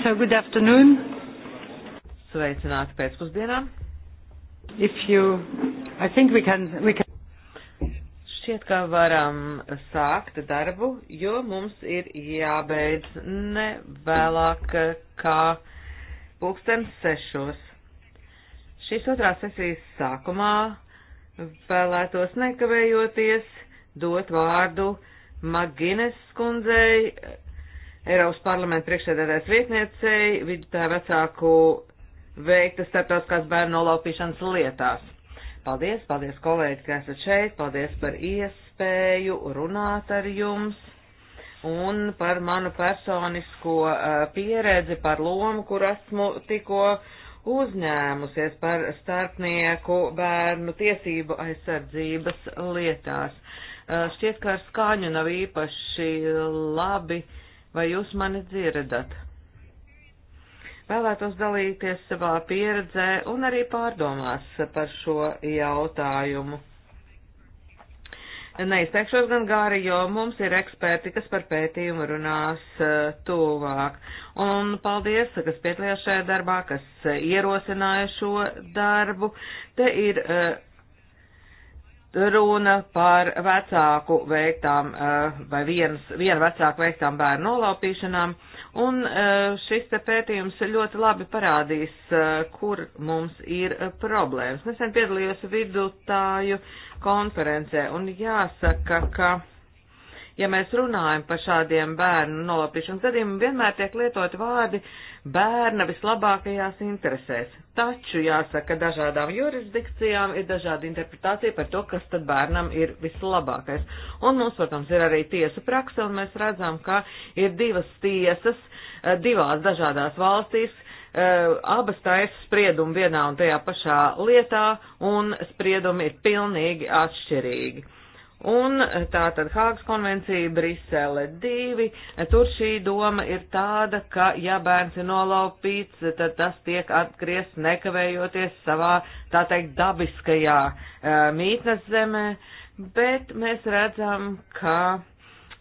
So good afternoon. Sveicināti pēcpusdienā. If you, I think we can, we can. Šķiet, ka varam sākt darbu, jo mums ir jābeidz ne vēlāk kā pulksten sešos. Šīs otrās sesijas sākumā vēlētos nekavējoties dot vārdu Magines skundzei Eiropas parlamenta priekšsēdētājs vietniecei, vidutāju vecāku veikta starptautiskās bērnu nolaupīšanas lietās. Paldies, paldies kolēģi, ka esat šeit, paldies par iespēju runāt ar jums un par manu personisko uh, pieredzi, par lomu, kur esmu tikko uzņēmusies par starpnieku bērnu tiesību aizsardzības lietās. Uh, šķiet, ka ar skaņu nav īpaši labi. Uh, Vai jūs mani dzirdat? Vēlētos dalīties savā pieredzē un arī pārdomās par šo jautājumu. Neizteikšos gan gāri, jo mums ir eksperti, kas par pētījumu runās uh, tuvāk. Un paldies, kas piedalījās šajā darbā, kas ierosināja šo darbu. Te ir uh, runa par vecāku veiktām eh, vai vienas, viena vecāku veiktām bērnu nolaupīšanām, un eh, šis te pētījums ļoti labi parādīs, eh, kur mums ir problēmas. Nesen piedalījos vidutāju konferencē, un jāsaka, ka ja mēs runājam par šādiem bērnu nolapīšanas gadījumiem, vienmēr tiek lietot vārdi bērna vislabākajās interesēs. Taču jāsaka, dažādām jurisdikcijām ir dažāda interpretācija par to, kas tad bērnam ir vislabākais. Un mums, protams, ir arī tiesu praksa, un mēs redzam, ka ir divas tiesas eh, divās dažādās valstīs, eh, abas taisa spriedumu vienā un tajā pašā lietā, un spriedumi ir pilnīgi atšķirīgi. Un tā tad Hāgas konvencija, Brisele 2, tur šī doma ir tāda, ka ja bērns ir nolaupīts, tad tas tiek atgriezt nekavējoties savā, tā teikt, dabiskajā mītnes zemē, bet mēs redzam, ka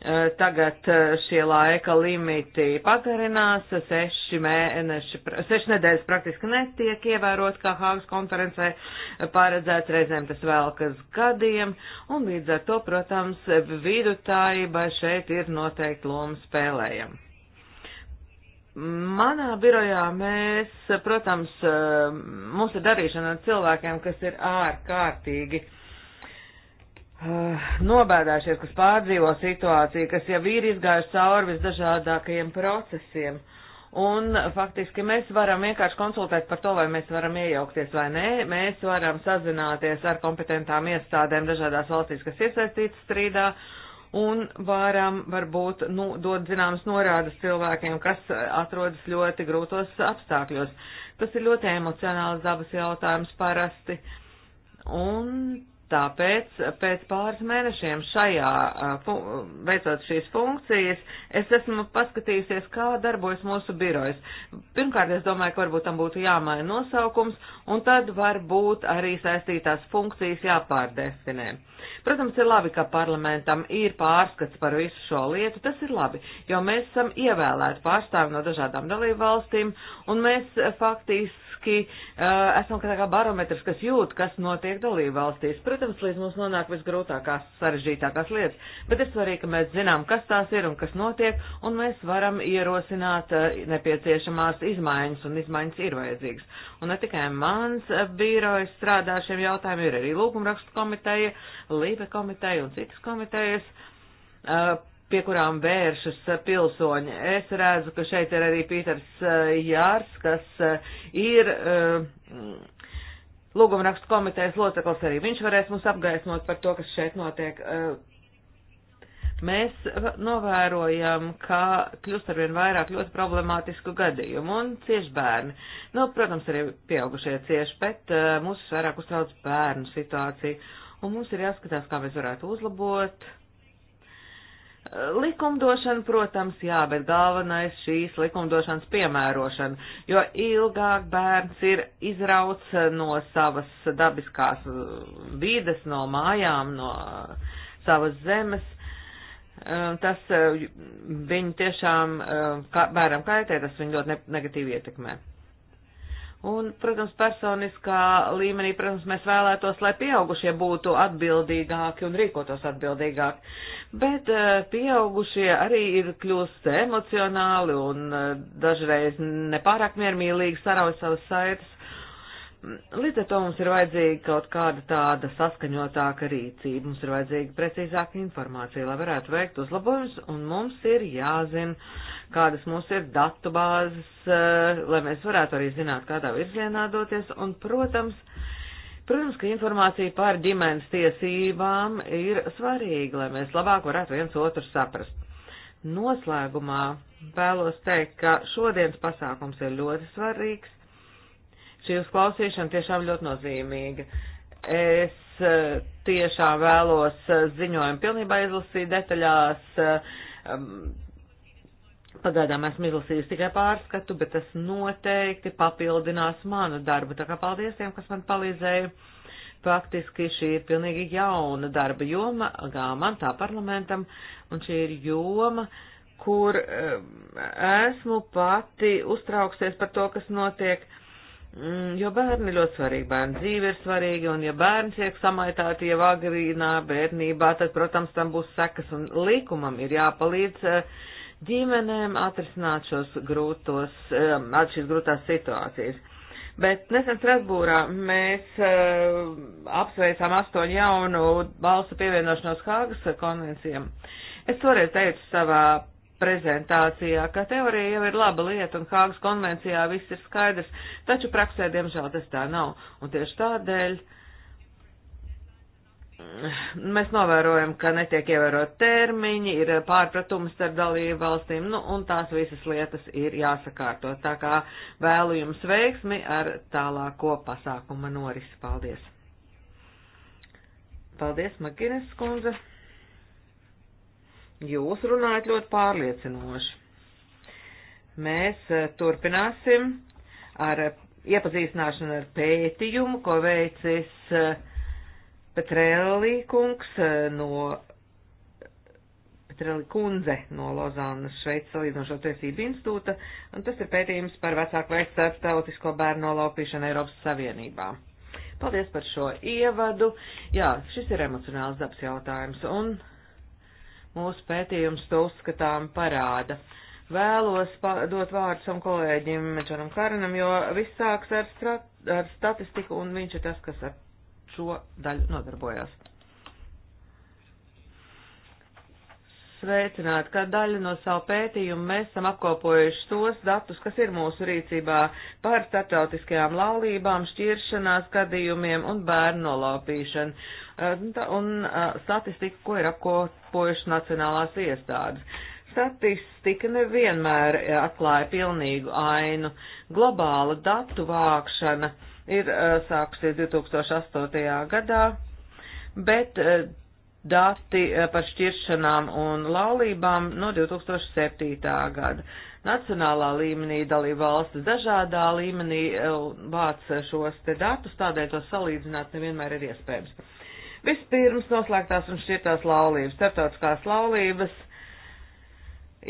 Eh, tagad eh, šie laika limiti pagarinās, seši, mēneši, seši nedēļas praktiski netiek ievērot, kā Hāgas konferencē paredzēts, reizēm tas vēlkas gadiem, un līdz ar to, protams, vidutājība šeit ir noteikti loma spēlējama. Manā birojā mēs, protams, eh, mums ir darīšana ar cilvēkiem, kas ir ārkārtīgi Ah, nobēdājušies, kas pārdzīvo situāciju, kas jau ir izgājuši cauri visdažādākajiem procesiem. Un faktiski mēs varam vienkārši konsultēt par to, vai mēs varam iejaukties vai nē. Mēs varam sazināties ar kompetentām iestādēm dažādās valstīs, kas iesaistītas strīdā, un varam varbūt nu, dot zināmas norādes cilvēkiem, kas atrodas ļoti grūtos apstākļos. Tas ir ļoti emocionāls dabas jautājums parasti. Un Tāpēc pēc pāris mēnešiem šajā, veicot šīs funkcijas, es esmu paskatījusies, kā darbojas mūsu birojas. Pirmkārt, es domāju, ka varbūt tam būtu jāmaina nosaukums, un tad varbūt arī saistītās funkcijas jāpārdefinē. Protams, ir labi, ka parlamentam ir pārskats par visu šo lietu, tas ir labi, jo mēs esam ievēlēti pārstāvi no dažādām dalību valstīm, un mēs faktiski faktiski uh, esam kā, kā barometrs, kas jūt, kas notiek dalību valstīs. Protams, līdz mums nonāk visgrūtākās, sarežģītākās lietas, bet ir svarīgi, ka mēs zinām, kas tās ir un kas notiek, un mēs varam ierosināt uh, nepieciešamās izmaiņas, un izmaiņas ir vajadzīgas. Un ne tikai mans uh, bīrojas strādā šiem jautājumiem, ir arī lūgumrakstu komiteja, Lībe komiteja un citas komitejas. Uh, pie kurām vēršas eh, pilsoņi. Es redzu, ka šeit ir arī Pīters eh, Jārs, kas eh, ir lūgumrakstu komitejas loceklis arī. Viņš varēs mums apgaismot par to, kas šeit notiek. Mēs novērojam, ka kļūst arvien vairāk ļoti problemātisku gadījumu un cieši bērni. Nu, protams, arī pieaugušie cieši, bet mūs vairāk uztrauc bērnu situāciju. Un mums ir jāskatās, kā mēs varētu uzlabot uh, Likumdošana, protams, jā, bet galvenais šīs likumdošanas piemērošana, jo ilgāk bērns ir izrauts no savas dabiskās mm, vides, no mājām, no mm, savas zemes, mm, tas viņu tiešām bērnam kaitē, tas viņu ļoti negatīvi ietekmē. Un, protams, personiskā līmenī, protams, mēs vēlētos, lai pieaugušie būtu atbildīgāki un rīkotos atbildīgāk. Bet eh, pieaugušie arī ir kļūst emocionāli un eh, dažreiz nepārāk miermīlīgi sarauj savas saites Līdz ar to mums ir vajadzīga kaut kāda tāda saskaņotāka rīcība, mums ir vajadzīga precīzāka informācija, lai varētu veikt uzlabojumus, un mums ir jāzina, kādas mums ir datu bāzes, eh, lai mēs varētu arī zināt, kādā virzienā doties, un, protams, protams, ka informācija par ģimenes tiesībām ir svarīga, lai mēs labāk varētu viens otru saprast. Noslēgumā vēlos teikt, ka šodienas pasākums ir ļoti svarīgs šī uzklausīšana tiešām ļoti nozīmīga. Es eh, tiešām vēlos eh, ziņojumu pilnībā izlasīt detaļās. Eh, pagaidām esmu izlasījusi tikai pārskatu, bet tas noteikti papildinās manu darbu. Tā kā paldies tiem, kas man palīdzēja. Faktiski šī ir pilnīgi jauna darba joma, kā man tā parlamentam, un šī ir joma, kur esmu pati uztrauksies par to, kas notiek Mm, jo bērni ļoti svarīgi, bērnu dzīve ir svarīga, un ja bērns tiek samaitāti jau agrīnā bērnībā, tad, protams, tam būs sekas, un likumam ir jāpalīdz eh, ģimenēm atrisināt šos grūtos, eh, šīs grūtās situācijas. Bet nesen Strasbūrā mēs uh, apsveicām astoņu jaunu balsu pievienošanos Hāgas konvencijām. Es toreiz teicu savā prezentācijā, ka teorija jau ir laba lieta un Hāgas konvencijā viss ir skaidrs, taču praksē, diemžēl, tas tā nav. Un tieši tādēļ mēs novērojam, ka netiek ievērot termiņi, ir pārpratums starp dalību valstīm, nu, un tās visas lietas ir jāsakārto. Tā kā vēlu jums veiksmi ar tālāko pasākuma norisi. Paldies! Paldies, Maginis Kunze! Jūs runājat ļoti pārliecinoši. Mēs eh, turpināsim ar iepazīstināšanu ar pētījumu, ko veicis eh, Petrēlī kungs eh, no Petrēlī kundze no Lozānas Šveicas salīdzinošo tiesību institūta, un tas ir pētījums par vecāku vai starptautisko bērnu nolaupīšanu Eiropas Savienībā. Paldies par šo ievadu. Jā, šis ir emocionāls dabas jautājums, un mūsu pētījums to uzskatām parāda. Vēlos dot vārdu savam kolēģim Mečanam Karanam, jo viss sāks ar, strat, ar statistiku, un viņš ir tas, kas ar šo daļu nodarbojās. Sveicināt, kā daļu no savu pētījumu mēs esam apkopojuši tos datus, kas ir mūsu rīcībā par starptautiskajām laulībām, šķiršanās gadījumiem un bērnu nolaupīšanu. Nu un statistika, ko ir apkopot kopojuši nacionālās iestādes. Statistika nevienmēr atklāja pilnīgu ainu. Globāla datu vākšana ir eh, sākusies 2008. gadā, bet eh, dati eh, par šķiršanām un laulībām no 2007. gada. Nacionālā līmenī dalība valsts dažādā līmenī vāc šos te datus, tādēļ tos salīdzināt nevienmēr ir iespējams. Vispirms noslēgtās un šķirtās laulības, starptautiskās laulības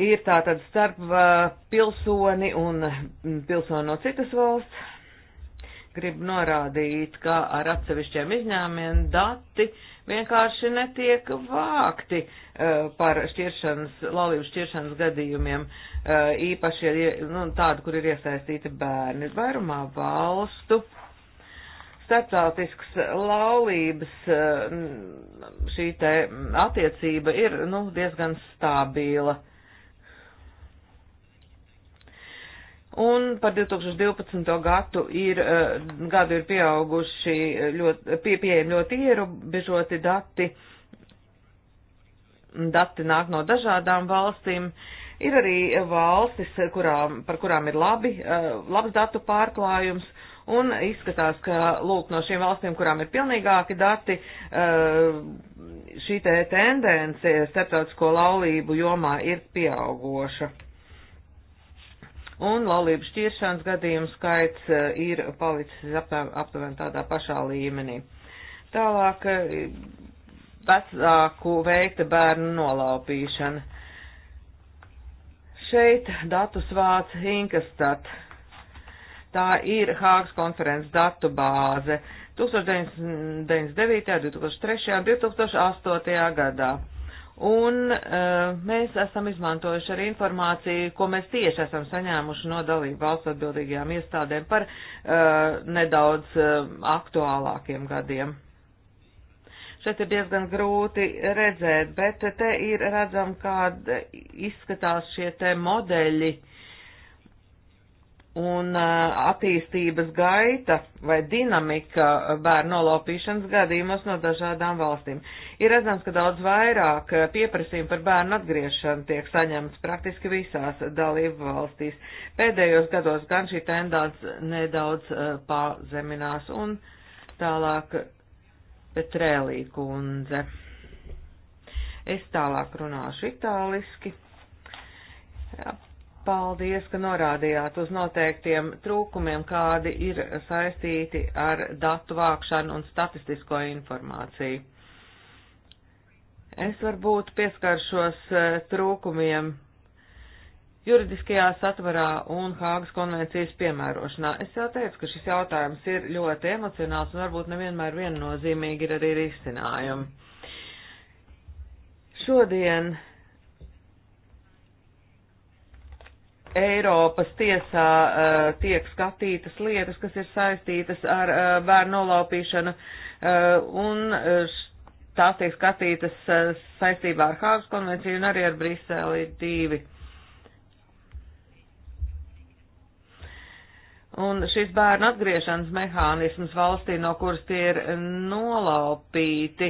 ir tātad starp uh, pilsoni un pilsoni no citas valsts. Gribu norādīt, ka ar atsevišķiem izņēmumiem dati vienkārši netiek vākti uh, par šķiršanas, laulību šķiršanas gadījumiem, uh, īpaši, ja, nu, tādu, kur ir iesaistīti bērni. Vairumā valstu uh, starptautisks laulības eh, šī te attiecība ir, nu, diezgan stabila. Un par 2012. gadu ir, eh, gadu ir pieauguši ļoti, pie, pieejami ļoti ierobežoti dati. Dati nāk no dažādām valstīm. Ir arī valstis, kurām, par kurām ir labi, eh, labs datu pārklājums Un izskatās, ka, lūk, no šīm valstīm, kurām ir pilnīgāki dati, eh, šī te tendence starptautisko laulību jomā ir pieaugoša. Un laulību šķiršanas gadījumu skaits eh, ir palicis aptuveni tādā pašā līmenī. Tālāk eh, vecāku veikta bērnu nolaupīšana. Šeit datus vāc Inkastat Tā ir Hāgas konferences datu bāze 1999., 2003. un 2008. gadā. Un uh, mēs esam izmantojuši arī informāciju, ko mēs tieši esam saņēmuši no dalību valsts atbildīgajām iestādēm par uh, nedaudz uh, aktuālākiem gadiem. Šeit ir diezgan grūti redzēt, bet te ir redzam, kāda izskatās šie te modeļi uh, un attīstības gaita vai dinamika bērnu nolaupīšanas gadījumos no dažādām valstīm. Ir redzams, ka daudz vairāk pieprasījumu par bērnu atgriešanu tiek saņemts praktiski visās dalību valstīs. Pēdējos gados gan šī tendence nedaudz pazeminās un tālāk Petrēlī kundze. Es tālāk runāšu itāliski. Jā Paldies, ka norādījāt uz noteiktiem trūkumiem, kādi ir saistīti ar datu vākšanu un statistisko informāciju. Es varbūt pieskaršos eh, trūkumiem juridiskajā satvarā un Hāgas konvencijas piemērošanā. Es jau teicu, ka šis jautājums ir ļoti emocionāls un varbūt nevienmēr viennozīmīgi ir arī risinājumi. Šodien Eiropas tiesā uh, tiek skatītas lietas, kas ir saistītas ar uh, bērnu nolaupīšanu, uh, un uh, tās tiek skatītas uh, saistībā ar Hāgas konvenciju un arī ar Briseli 2. Un šis bērnu atgriešanas mehānisms valstī, no kuras tie ir nolaupīti,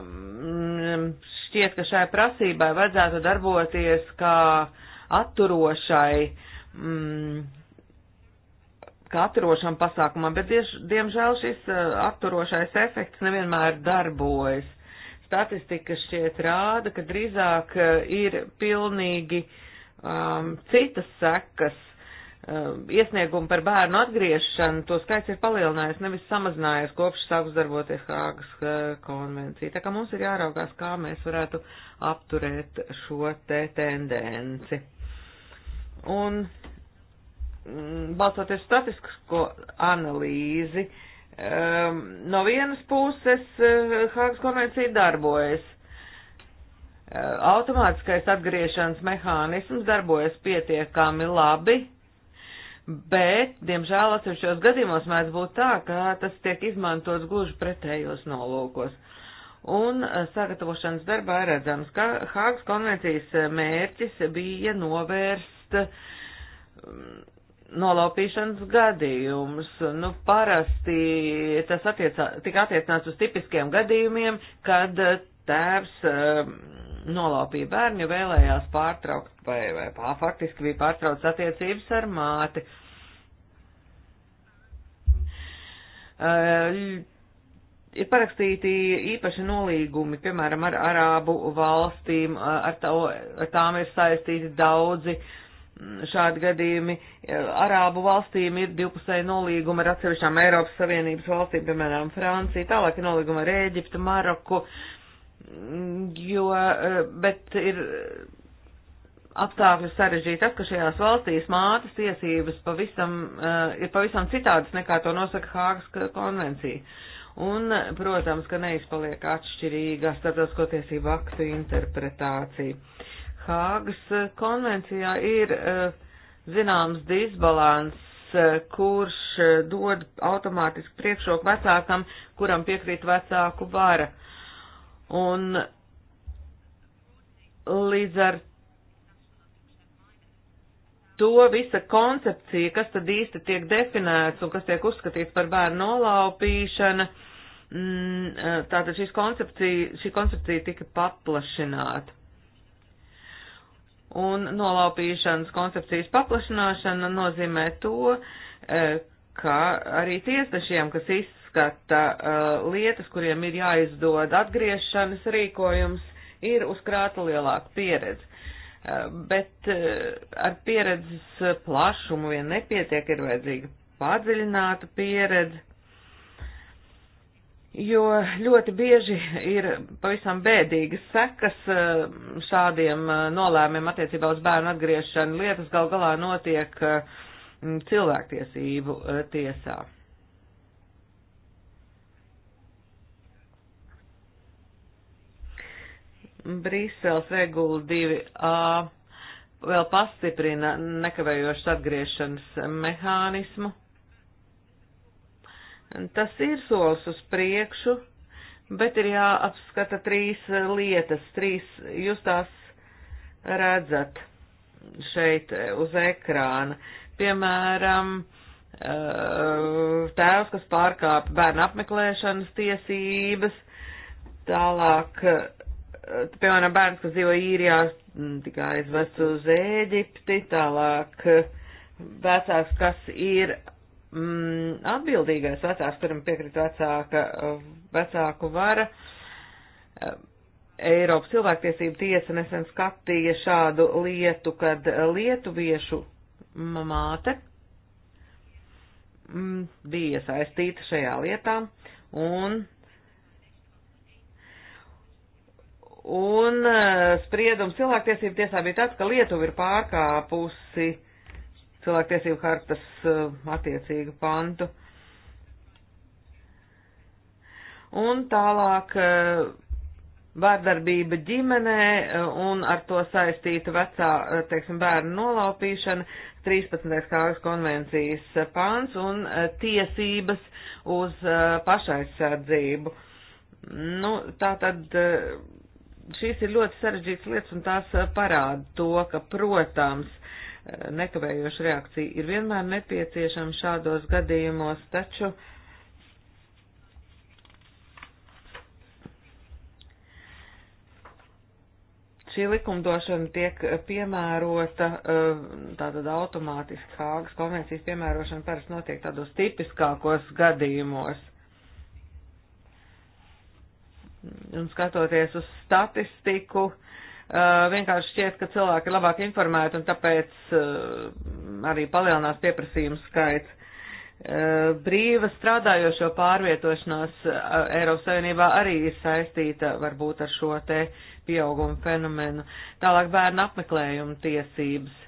um, šķiet, ka šai prasībai vajadzētu darboties kā uh, atturošai, mm, kā atturošam pasākumam, bet diež, diemžēl šis eh, atturošais efekts nevienmēr darbojas. Statistika šķiet rāda, ka drīzāk eh, ir pilnīgi um, citas sekas. Um, iesniegumu par bērnu atgriešanu to skaits ir palielinājies, nevis samazinājies kopš sākus darboties Hāgas uh, konvencija. Tā kā mums ir jāraugās, kā mēs varētu apturēt šo te tendenci. Un mm, balstoties statistisko analīzi, um, no vienas puses eh, Hāgas konvencija darbojas. Eh, automātiskais atgriešanas mehānisms darbojas pietiekami labi, bet, diemžēl, atsevišķos gadījumos mēs būtu tā, ka tas tiek izmantots gluži pretējos nolūkos un eh, sagatavošanas darbā redzams, ka Hāgas konvencijas mērķis bija novērst novērst um, nolaupīšanas gadījumus. Nu, parasti tas attiecā, tika attiecināts uz tipiskiem gadījumiem, kad uh, tēvs um, nolaupīja bērnu, jo vēlējās pārtraukt vai, vai pā, faktiski bija pārtraucis attiecības ar māti. Uh, ir parakstīti īpaši nolīgumi, piemēram, ar arābu valstīm, uh, ar, tā, ar tām ir saistīti daudzi uh, šādi gadījumi e, Arābu valstīm ir divpusēji nolīgumi ar atsevišķām Eiropas Savienības valstīm, piemēram, Francija, tālāk ir nolīgumi ar Ēģiptu, Maroku, mm, jo, e, bet ir apstākļi sarežģīti tas, ka šajās valstīs mātes tiesības pavisam, e, ir pavisam citādas nekā to nosaka Hāgas konvencija. Un, protams, ka neizpaliek atšķirīga starptautisko tiesību aktu interpretācija. Hāgas eh, konvencijā ir eh, zināms disbalans, eh, kurš dod automātiski priekšroku vecākam, kuram piekrīt vecāku vara. Un līdz ar to visa koncepcija, kas tad īsti tiek definēts un kas tiek uzskatīts par bērnu nolaupīšana, mm, tātad šī koncepcija tika paplašināta un nolaupīšanas koncepcijas paplašināšana nozīmē to, e, ka arī tiesnešiem, kas izskata e, lietas, kuriem ir jāizdod atgriešanas rīkojums, ir uzkrāta lielāka pieredze. E, bet ar pieredzes plašumu vien nepietiek, ir vajadzīga padziļināta pieredze, jo ļoti bieži ir pavisam bēdīgas sekas eh, šādiem eh, nolēmiem attiecībā uz bērnu atgriešanu. Lietas gal galā notiek eh, cilvēktiesību tiesā. Brīseles regula 2a vēl pastiprina nekavējošas atgriešanas mehānismu Tas ir solis uz priekšu, bet ir jāapskata trīs lietas, trīs jūs tās redzat šeit uz ekrāna. Piemēram, tēvs, kas pārkāpa bērnu apmeklēšanas tiesības, tālāk, piemēram, bērns, kas dzīvo īrijā, tika aizvests uz Ēģipti, tālāk vecāks, kas ir mm, atbildīgais vecāks, kuram piekrīt vecāka, vecāku vara. Eiropas cilvēktiesība tiesa nesen skatīja šādu lietu, kad lietuviešu māte mm, bija saistīta šajā lietā un, un eh, spriedums cilvēktiesība tiesā bija tāds, ka Lietuva ir pārkāpusi uh, cilvēktiesību hartas eh, attiecīgu pantu. Un tālāk eh, vārdarbība ģimenē eh, un ar to saistīta vecā, teiksim, bērnu nolaupīšana, 13. kājas konvencijas pants un tiesības uz pašaizsardzību. Nu, tā tad šīs ir ļoti sarežģītas lietas un tās parāda to, ka, protams, nekavējoša reakcija ir vienmēr nepieciešama šādos gadījumos, taču šī likumdošana tiek piemērota, eh, tātad automātiski Hāgas konvencijas piemērošana parasti notiek tādos tipiskākos gadījumos. Un skatoties uz statistiku, uh, vienkārši šķiet, ka cilvēki ir labāk informēti un tāpēc arī palielinās pieprasījums skaits. Brīva strādājošo pārvietošanās Eiropas Savienībā arī ir saistīta varbūt ar šo te pieauguma fenomenu. Tālāk bērnu apmeklējumu tiesības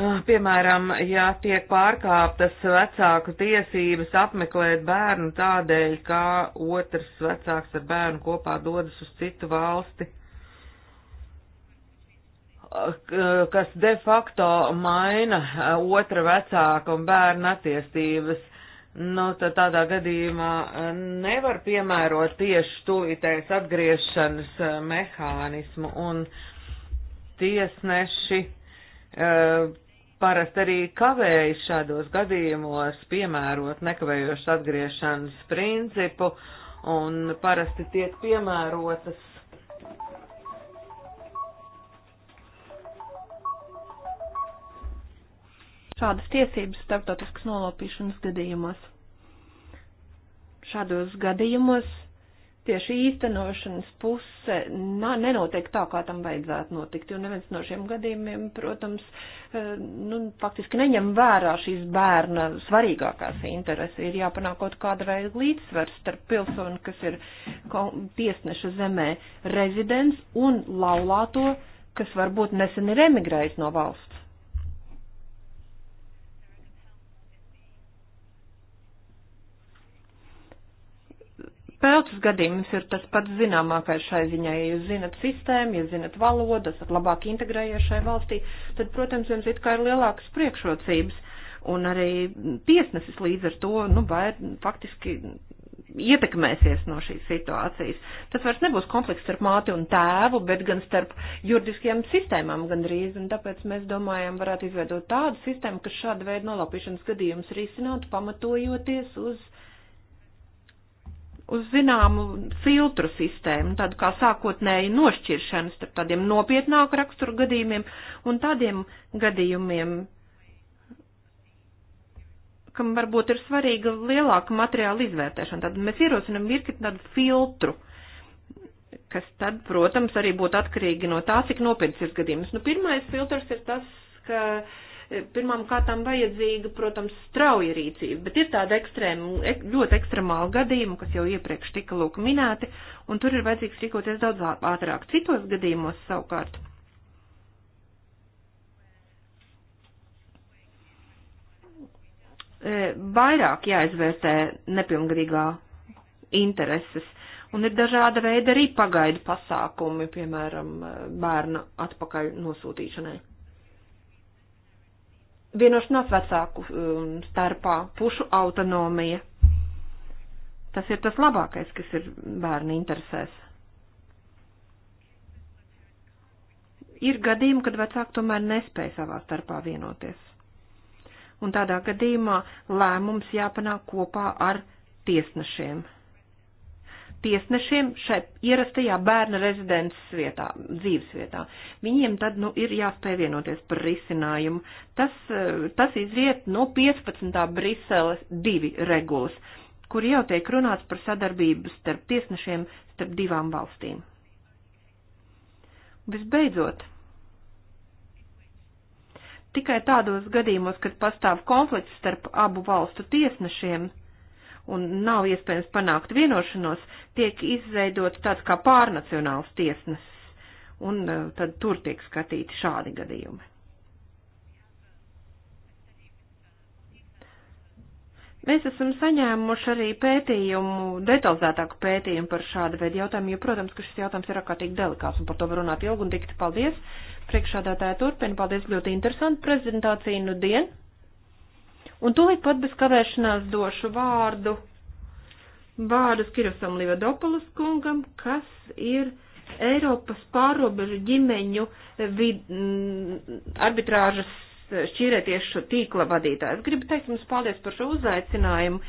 Ah, piemēram, ja tiek pārkāptas vecāku tiesības apmeklēt bērnu tādēļ, kā otrs vecāks ar bērnu kopā dodas uz citu valsti, kas de facto maina eh, otra vecāka un bērna attiestības, nu, tad tādā gadījumā eh, nevar piemērot tieši tūlītējas atgriešanas eh, mehānismu un tiesneši. Uh, parasti arī kavējas šādos gadījumos piemērot nekavējošu atgriešanas principu, un parasti tiek piemērotas. Šādas tiesības starptautiskas nolopīšanas gadījumos. Šādos gadījumos tieši īstenošanas puse nā, nenotiek tā, kā tam vajadzētu notikt, jo neviens no šiem gadījumiem, protams, eh, nu, faktiski neņem vērā šīs bērna svarīgākās intereses. Ir jāpanāk kaut kāda veida līdzsvars starp pilsoni, kas ir tiesneša zemē rezidents un laulāto, kas varbūt nesen ir emigrējis no valsts. Peltas gadījums ir tas pats zināmākais šai ziņai. Ja jūs zinat sistēmu, ja zinat valodu, esat labāk integrējies šai valstī, tad, protams, jums it kā ir lielākas priekšrocības. Un arī tiesnesis līdz ar to, nu, vai faktiski ietekmēsies no šīs situācijas. Tas vairs nebūs konflikts starp māti un tēvu, bet gan starp juridiskajām sistēmām gandrīz, un tāpēc mēs domājam, varētu izveidot tādu sistēmu, kas šāda veida nolapīšanas gadījumus risinātu pamatojoties uz uh, uz zināmu filtru sistēmu, tādu kā sākotnēji nošķiršanu starp tādiem nopietnāku raksturu gadījumiem un tādiem gadījumiem, kam varbūt ir svarīga lielāka materiāla izvērtēšana. Tad mēs ierosinam virkni tādu filtru, kas tad, protams, arī būtu atkarīgi no tā, cik nopietns ir gadījums. Nu, pirmais filtrs ir tas, ka uh, pirmām kārtām vajadzīga, protams, strauja rīcība, bet ir tāda ekstrēma, ļoti ekstremāla gadījuma, kas jau iepriekš tika lūk minēti, un tur ir vajadzīgs rīkoties daudz ātrāk. Citos gadījumos savukārt. E, vairāk jāizvērtē nepilngadīgā intereses. Un ir dažāda veida arī pagaidu pasākumi, piemēram, e, bērna atpakaļ nosūtīšanai vienošanās vecāku um, starpā, pušu autonomija. Tas ir tas labākais, kas ir bērni interesēs. Ir gadījumi, kad vecāki tomēr nespēja savā starpā vienoties. Un tādā gadījumā lēmums jāpanāk kopā ar tiesnešiem tiesnešiem šai ierastajā bērna rezidences vietā, dzīves vietā. Viņiem tad, nu, ir jāspēj vienoties par risinājumu. Tas, eh, tas izriet no 15. Briseles divi regulas, kur jau tiek runāts par sadarbību starp tiesnešiem starp divām valstīm. Visbeidzot, tikai tādos gadījumos, kad pastāv konflikts starp abu valstu tiesnešiem, un nav iespējams panākt vienošanos, tiek izveidots tāds kā pārnacionāls tiesnes, un eh, tad tur tiek skatīti šādi gadījumi. Mēs esam saņēmuši arī pētījumu, detalizētāku pētījumu par šādu veidu jautājumu, jo, protams, ka šis jautājums ir ārkārtīgi delikāts un par to var runāt ilgi un dikti. Paldies! Priekšādātāja turpina. Paldies, ļoti interesanti prezentācija nu dien. Un tūlīt pat bez kavēšanās došu vārdu vārdus Kirosam Livadopulus kungam, kas ir Eiropas pārobežu ģimeņu vid, m, mm, arbitrāžas šķīrētiešu tīkla vadītājs. Gribu teikt jums paldies par šo uzaicinājumu.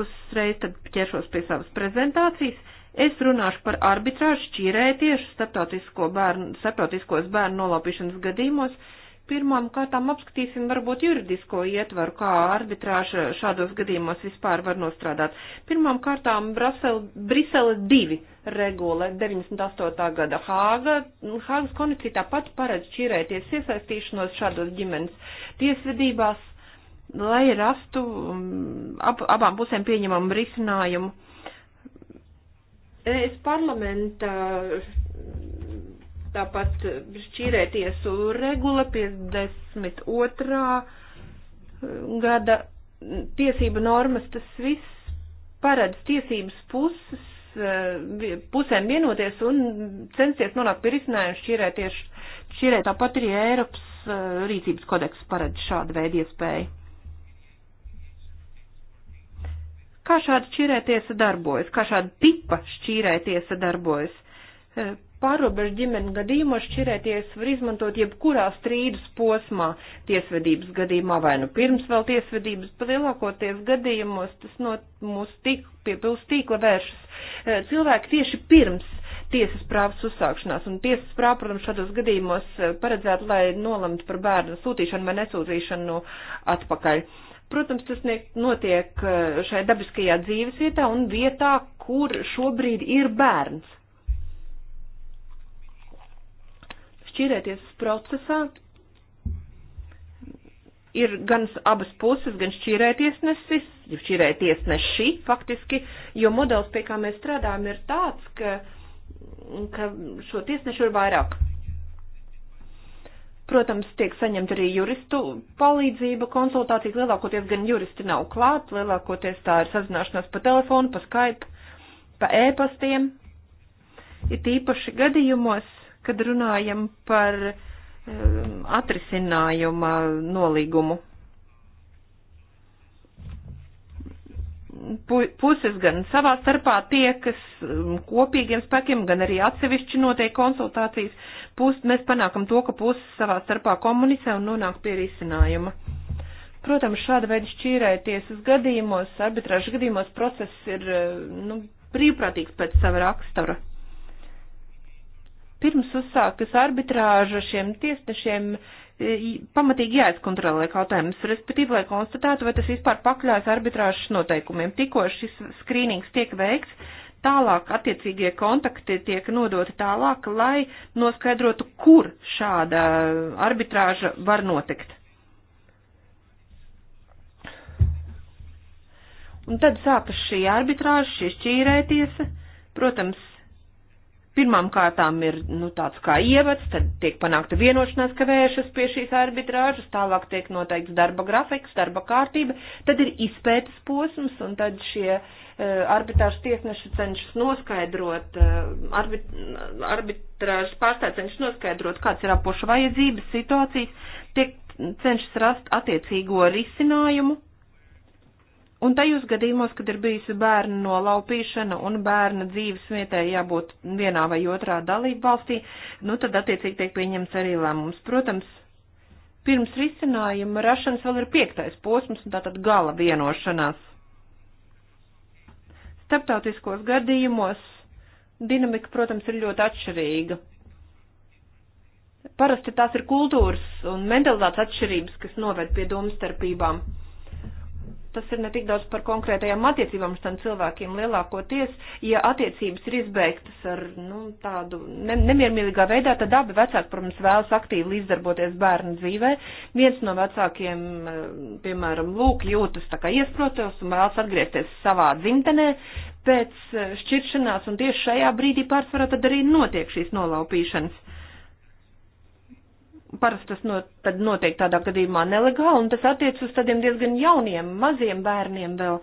Uzreiz tad ķeršos pie savas prezentācijas. Es runāšu par arbitrāžu šķīrētiešu starptautisko bērnu, starptautiskos bērnu nolaupīšanas gadījumos. Uh, Pirmām kārtām apskatīsim varbūt juridisko ietvaru, kā arbitrāža šādos gadījumos vispār var nostrādāt. Pirmām kārtām Brasel, Brisele 2 regula 98. gada Hāga. Hāgas konvencija tāpat paredz čirēties iesaistīšanos šādos ģimenes tiesvedībās, lai rastu um, ab, abām pusēm pieņemamu risinājumu. Es parlamenta Tāpat šķīrētiesu regula 52. Eh, gada tiesība normas, tas viss paredz tiesības puses, eh, pusēm vienoties un censties nonākt pie risinājuma šķīrētiešu. Šķīrē tāpat arī Eiropas eh, rīcības kodeks paredz šādu veidu iespēju. Kā šāda šķīrētiesa darbojas? Kā šāda tipa šķīrētiesa darbojas? pārobežu ģimeni gadījumos šķirēties var izmantot jebkurā strīdus posmā tiesvedības gadījumā vai nu pirms vēl tiesvedības, pa lielākoties gadījumos tas no mūsu tīk, pie pilsētas tīkla vēršas eh, cilvēki tieši pirms tiesas prāvas uzsākšanās, un tiesas prāva, protams, šādos gadījumos eh, paredzētu, lai nolemtu par bērnu sūtīšanu vai nesūtīšanu atpakaļ. Protams, tas notiek eh, šai dabiskajā dzīves vietā un vietā, kur šobrīd ir bērns. šķīrēties procesā ir gan abas puses, gan šķīrētiesnesis, šķīrētiesneši faktiski, jo modelis, pie kā mēs strādājam, ir tāds, ka, ka šo tiesnešu ir vairāk. Protams, tiek saņemta arī juristu palīdzība, konsultācijas lielākoties gan juristi nav klāt, lielākoties tā ir sazināšanās pa telefonu, pa Skype, pa e-pastiem. Ir tīpaši gadījumos, kad runājam par um, atrisinājuma nolīgumu. Puses gan savā starpā tiekas um, kopīgiem spēkiem, gan arī atsevišķi notiek konsultācijas. Pus, mēs panākam to, ka puses savā starpā komunicē un nonāk pie risinājuma. Protams, šāda veida šķīrētiesas gadījumos, arbitrāžu gadījumos process ir uh, nu, brīvprātīgs pēc sava rakstura pirms uzsākas arbitrāža šiem tiesnešiem e, pamatīgi jāizkontrolē jautājums, respektīvi, lai konstatētu, vai tas vispār pakļājas arbitrāžas noteikumiem. Tikko šis skrīnings tiek veikts, tālāk attiecīgie kontakti tiek nodoti tālāk, lai noskaidrotu, kur šāda arbitrāža var notikt. Un tad sākas šī arbitrāža, šī šķīrētiesa. Protams, Pirmām kārtām ir nu, tāds kā ievads, tad tiek panākta vienošanās, ka vēršas pie šīs arbitrāžas, tālāk tiek noteikts darba grafiks, darba kārtība, tad ir izpētes posms un tad šie uh, arbitrāžas tiesneši cenšas noskaidrot, eh, arbit, arbitrāžas pārstāvji cenšas noskaidrot, kāds ir apošu vajadzības situācijas, tiek cenšas rast attiecīgo risinājumu Un tajos gadījumos, kad ir bijusi bērnu nolaupīšana un bērna dzīves vietai jābūt vienā vai otrā dalību valstī, nu tad attiecīgi tiek pieņemts arī lēmums. Protams, pirms risinājuma rašanas vēl ir piektais posms un tātad gala vienošanās. Starptautiskos gadījumos dinamika, protams, ir ļoti atšķirīga parasti tās ir kultūras un mentalitātes atšķirības, kas noved pie domstarpībām tas ir ne tik daudz par konkrētajām attiecībām ar cilvēkiem lielākoties, ja attiecības ir izbeigtas ar nu, tādu ne, nemiermīlīgā veidā, tad abi vecāki, protams, vēlas aktīvi līdzdarboties bērnu dzīvē. Viens no vecākiem, eh, piemēram, lūk, jūtas tā kā iesprotos un vēlas atgriezties savā dzimtenē pēc eh, šķiršanās, un tieši šajā brīdī pārsvarā tad arī notiek šīs nolaupīšanas parasti tas no, tad notiek tādā gadījumā nelegāli, un tas attiec uz tādiem diezgan jauniem, maziem bērniem vēl.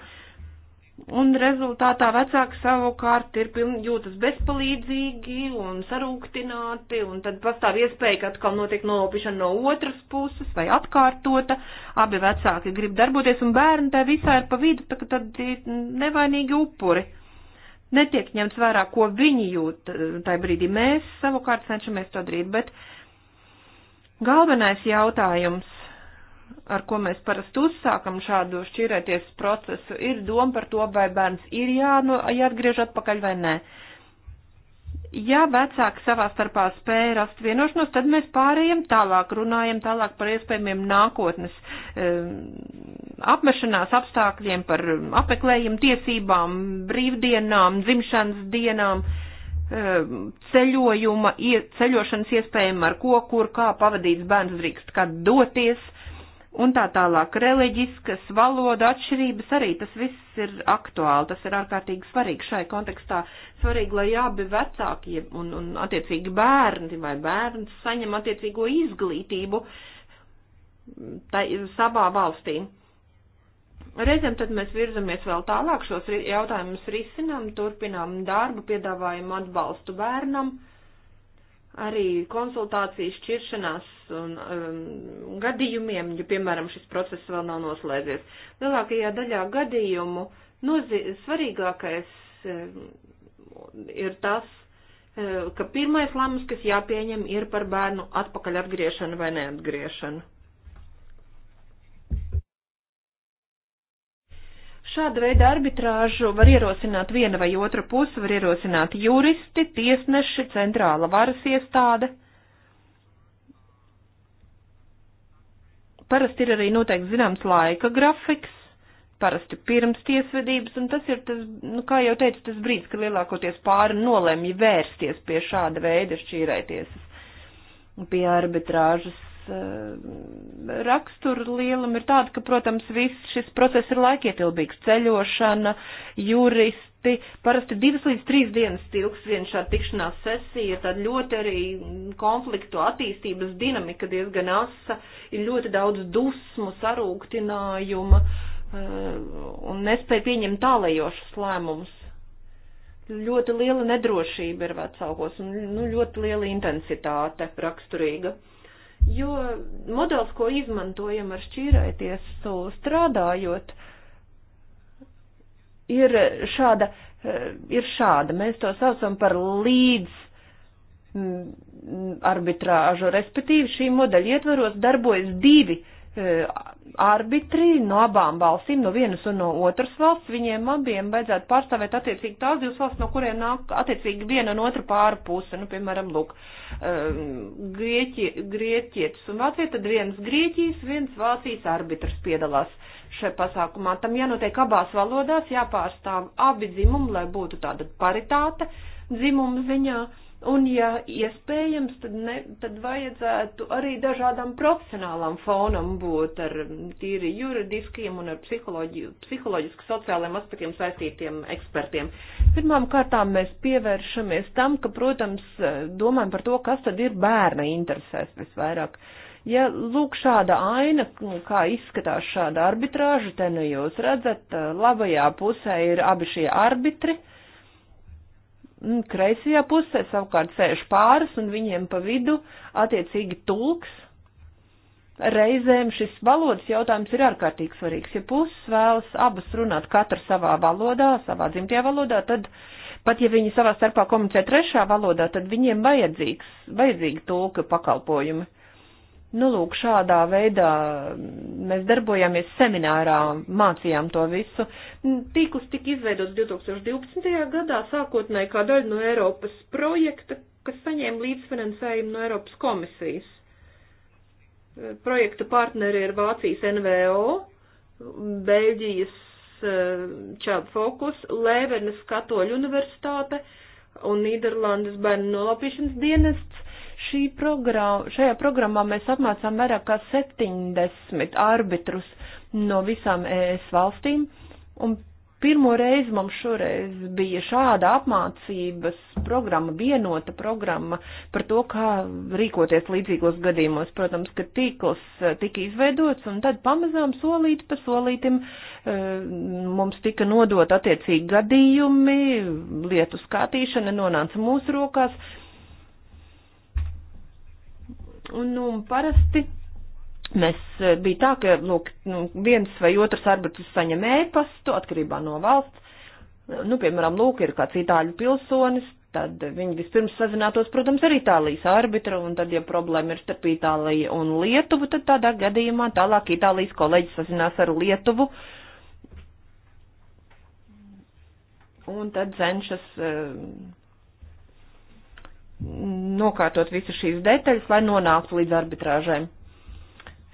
Un rezultātā vecāki savukārt ir piln, jūtas bezpalīdzīgi un sarūktināti, un tad pastāv iespēja, ka atkal notiek nolaupīšana no otras puses vai atkārtota, abi vecāki grib darboties, un bērni tā visā ir pa vidu, tā ka tad ir nevainīgi upuri netiek ņemts vērā, ko viņi jūt eh, tajā brīdī. Mēs savukārt cenšamies to darīt, bet Galvenais jautājums, ar ko mēs parasti uzsākam šādu šķirēties procesu, ir doma par to, vai bērns ir jāno, nu, jāatgriež atpakaļ vai nē. Ja vecāki savā starpā spēja rast vienošanos, tad mēs pārējiem tālāk runājam tālāk par iespējamiem nākotnes apmešanās apstākļiem, par apeklējumu tiesībām, brīvdienām, dzimšanas dienām. Uh, Um, ceļojuma, ceļošanas iespējām ar ko, kur, kā pavadīts bērns drīkst, kad doties un tā tālāk. Reliģiskas valoda atšķirības arī tas viss ir aktuāli, tas ir ārkārtīgi svarīgi šai kontekstā. Svarīgi, lai abi vecāki un, un attiecīgi bērni vai bērns saņem attiecīgo izglītību tai, savā valstī. Reizēm tad mēs virzamies vēl tālāk, šos jautājumus risinām, turpinām darbu, piedāvājam atbalstu bērnam, arī konsultācijas šķiršanās un um, gadījumiem, ja, piemēram, šis process vēl nav noslēdzies. Lielākajā daļā gadījumu nozi svarīgākais um, ir tas, um, ka pirmais lēmums, kas jāpieņem, ir par bērnu atpakaļ atgriešanu vai neatgriešanu. Šāda veida arbitrāžu var ierosināt viena vai otra puse, var ierosināt juristi, tiesneši, centrāla varas iestāde. Parasti ir arī noteikti zināms laika grafiks, parasti pirms tiesvedības, un tas ir tas, nu, kā jau teicu, tas brīdis, kad lielākoties pāri nolemj vērsties pie šāda veida šķīrētiesas, pie arbitrāžas Eh, rakstura lielam ir tāda, ka, protams, viss šis process ir laikietilbīgs. Ceļošana, juristi, parasti divas līdz trīs dienas ilgs viena šāda tikšanās sesija, tad ļoti arī konfliktu attīstības dinamika diezgan asa, ir ļoti daudz dusmu, sarūktinājuma eh, un nespēja pieņemt tālējošus lēmumus ļoti liela nedrošība ir vecaukos un nu, ļoti liela intensitāte raksturīga jo modelis, ko izmantojam ar šķīrētiesu strādājot, ir šāda, eh, ir šāda. Mēs to saucam par līdz mm, mm, arbitrāžu, respektīvi šī modeļa ietvaros darbojas divi eh, arbitri no abām valstīm, no vienas un no otras valsts, viņiem abiem vajadzētu pārstāvēt attiecīgi tās divas valsts, no kuriem nāk attiecīgi viena un otra pāri puse, nu, piemēram, lūk, um, grieķi, grieķietis un vācija, tad viens Grieķijas, viens Vācijas arbitrs piedalās šajā pasākumā. Tam jānotiek abās valodās, jāpārstāv abi dzimumi, lai būtu tāda paritāte dzimumu ziņā. Uh, Un, ja iespējams, tad, ne, tad vajadzētu arī dažādām profesionālām fonam būt ar tīri juridiskiem un ar psiholoģiski sociālajiem aspektiem saistītiem ekspertiem. Pirmām kārtām mēs pievēršamies tam, ka, protams, domājam par to, kas tad ir bērna interesēs visvairāk. Ja lūk šāda aina, kā izskatās šāda arbitrāža, te nu jūs redzat, labajā pusē ir abi šie arbitri Mm, kreisajā pusē savukārt sēž pāris un viņiem pa vidu attiecīgi tulks. Reizēm šis valodas jautājums ir ārkārtīgi svarīgs. Ja puses vēlas abas runāt katra savā valodā, savā dzimtajā valodā, tad pat ja viņi savā starpā komunicē trešā valodā, tad viņiem vajadzīgs, vajadzīgi tulka pakalpojumi. Nu, lūk, šādā veidā mēs darbojāmies seminārā, mācījām to visu. Tīklus tika izveidots 2012. gadā, sākotnēji kā daļa no Eiropas projekta, kas saņēma līdzfinansējumu no Eiropas komisijas. Projekta partneri ir Vācijas NVO, Beļģijas eh, Čāda Fokus, Lēvernes Katoļu universitāte un Nīderlandes bērnu nolapīšanas dienests Šī programma, šajā programmā mēs apmācām vairāk kā 70 arbitrus no visām ES valstīm, un pirmo reizi mums šoreiz bija šāda apmācības programma, vienota programma par to, kā rīkoties līdzīgos gadījumos. Protams, ka tīkls eh, tika izveidots un tad pamazām solīti pa solītim eh, mums tika nodot attiecīgi gadījumi, lietu skatīšana nonāca mūsu rokās Un, nu, parasti mēs eh, bija tā, ka, lūk, nu, viens vai otrs arbitrs saņem ēpastu atkarībā no valsts. Nu, piemēram, lūk, ir kāds itāļu pilsonis, tad viņi vispirms sazinātos, protams, ar Itālijas arbitru, un tad, ja problēma ir starp Itāliju un Lietuvu, tad tādā gadījumā tālāk Itālijas kolēģis sazinās ar Lietuvu, un tad cenšas. Uh, nokārtot visu šīs detaļas, lai nonāktu līdz arbitrāžai.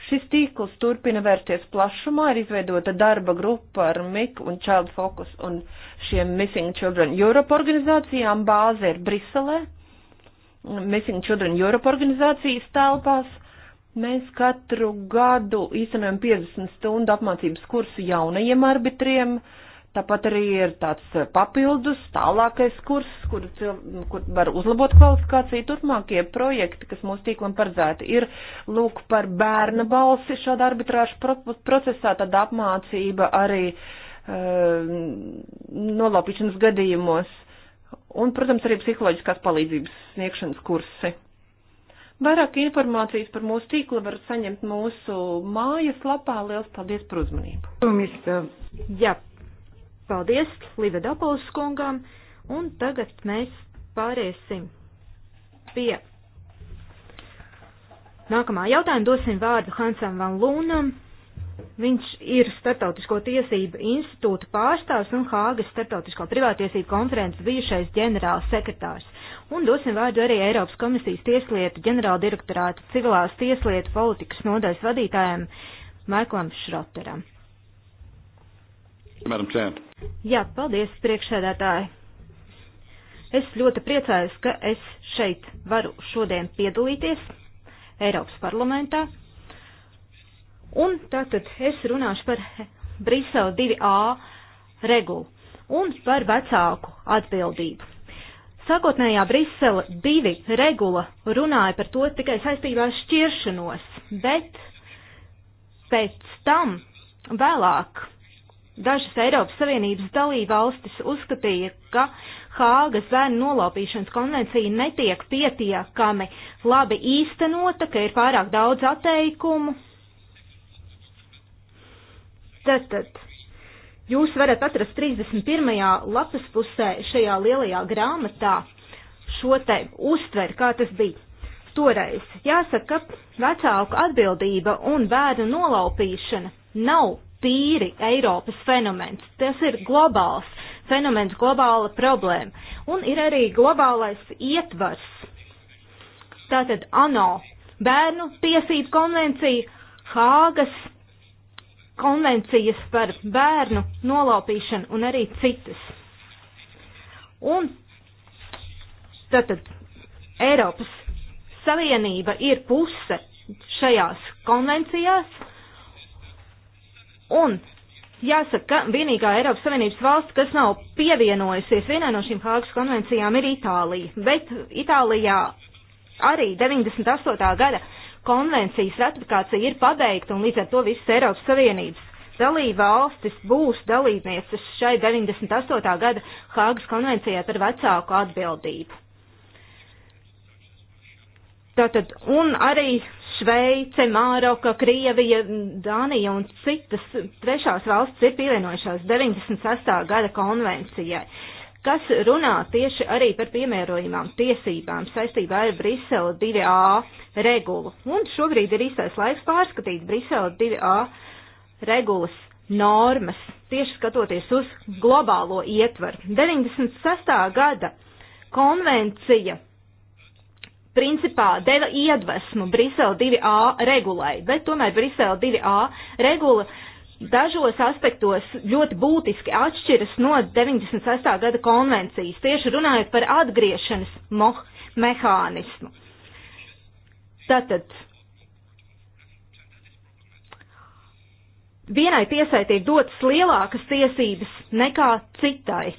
Šis tīkls turpina vērsties plašumā, ir izveidota darba grupa ar MIK un Child Focus un šiem Missing Children Europe organizācijām. Bāze ir Briselē, Missing Children Europe organizācijas telpās. Mēs katru gadu īstenojam 50 stundu apmācības kursu jaunajiem arbitriem. Uh, Tāpat arī ir tāds papildus, tālākais kurs, kur, kur var uzlabot kvalifikāciju. Turpmākie projekti, kas mūsu tīklam paredzēti, ir lūk par bērna balsi šāda arbitrāža procesā, tad apmācība arī uh, nolaupīšanas gadījumos un, protams, arī psiholoģiskās palīdzības sniegšanas kursi. Vairāk informācijas par mūsu tīklu var saņemt mūsu mājas lapā. Lielas paldies par uzmanību! Jā, Paldies Livedopolis kungam, un tagad mēs pāriesim pie nākamā jautājuma. Dosim vārdu Hansam Van Lūnam. Viņš ir Startautisko tiesību institūta pārstāvs un Hāgas Startautisko privātiesību konferences bijušais ģenerāls sekretārs. Un dosim vārdu arī Eiropas komisijas tieslietu ģenerāla direktorāta civilās tieslietu politikas nodaļas vadītājiem Maiklam Šroteram. Jā, paldies, priekšsēdētāji. Es ļoti priecājos, ka es šeit varu šodien piedalīties Eiropas parlamentā. Un tātad es runāšu par Brisele 2A regulu un par vecāku atbildību. Sākotnējā Brisele 2 regula runāja par to tikai saistībā ar šķiršanos, bet pēc tam vēlāk Dažas Eiropas Savienības dalībvalstis uzskatīja, ka Hāgas bērnu nolaupīšanas konvencija netiek pietiekami labi īstenota, ka ir pārāk daudz atteikumu. Tātad, jūs varat atrast 31. lapas pusē šajā lielajā grāmatā šo te uztveri, kā tas bija toreiz. Jāsaka, ka vecāku atbildība un bērnu nolaupīšana nav tīri Eiropas fenomens. Tas ir globāls fenomens, globāla problēma. Un ir arī globālais ietvars. Tātad ANO bērnu tiesību konvencija, Hāgas konvencijas par bērnu nolaupīšanu un arī citas. Un tātad Eiropas Savienība ir puse šajās konvencijās Un jāsaka, ka vienīgā Eiropas Savienības valsts, kas nav pievienojusies vienai no šīm Hāgas konvencijām, ir Itālija. Bet Itālijā arī 98. gada konvencijas ratifikācija ir pabeigta un līdz ar to visas Eiropas Savienības dalība valstis būs dalībnieces šai 98. gada Hāgas konvencijai par vecāku atbildību. Tātad, un arī Šveice, Māroka, Krievija, Dānija un citas trešās valsts ir pievienojušās 96. gada konvencijai, kas runā tieši arī par piemērojumām tiesībām saistībā ar Brisele 2A regulu. Un šobrīd ir īstais laiks pārskatīt Brisele 2A regulas normas, tieši skatoties uz globālo ietvaru. 96. gada konvencija principā deva iedvesmu Brisele 2A regulai, bet tomēr Brisele 2A regula dažos aspektos ļoti būtiski atšķiras no 96. gada konvencijas, tieši runājot par atgriešanas mehānismu. Tātad vienai tiesai tiek dotas lielākas tiesības nekā citai.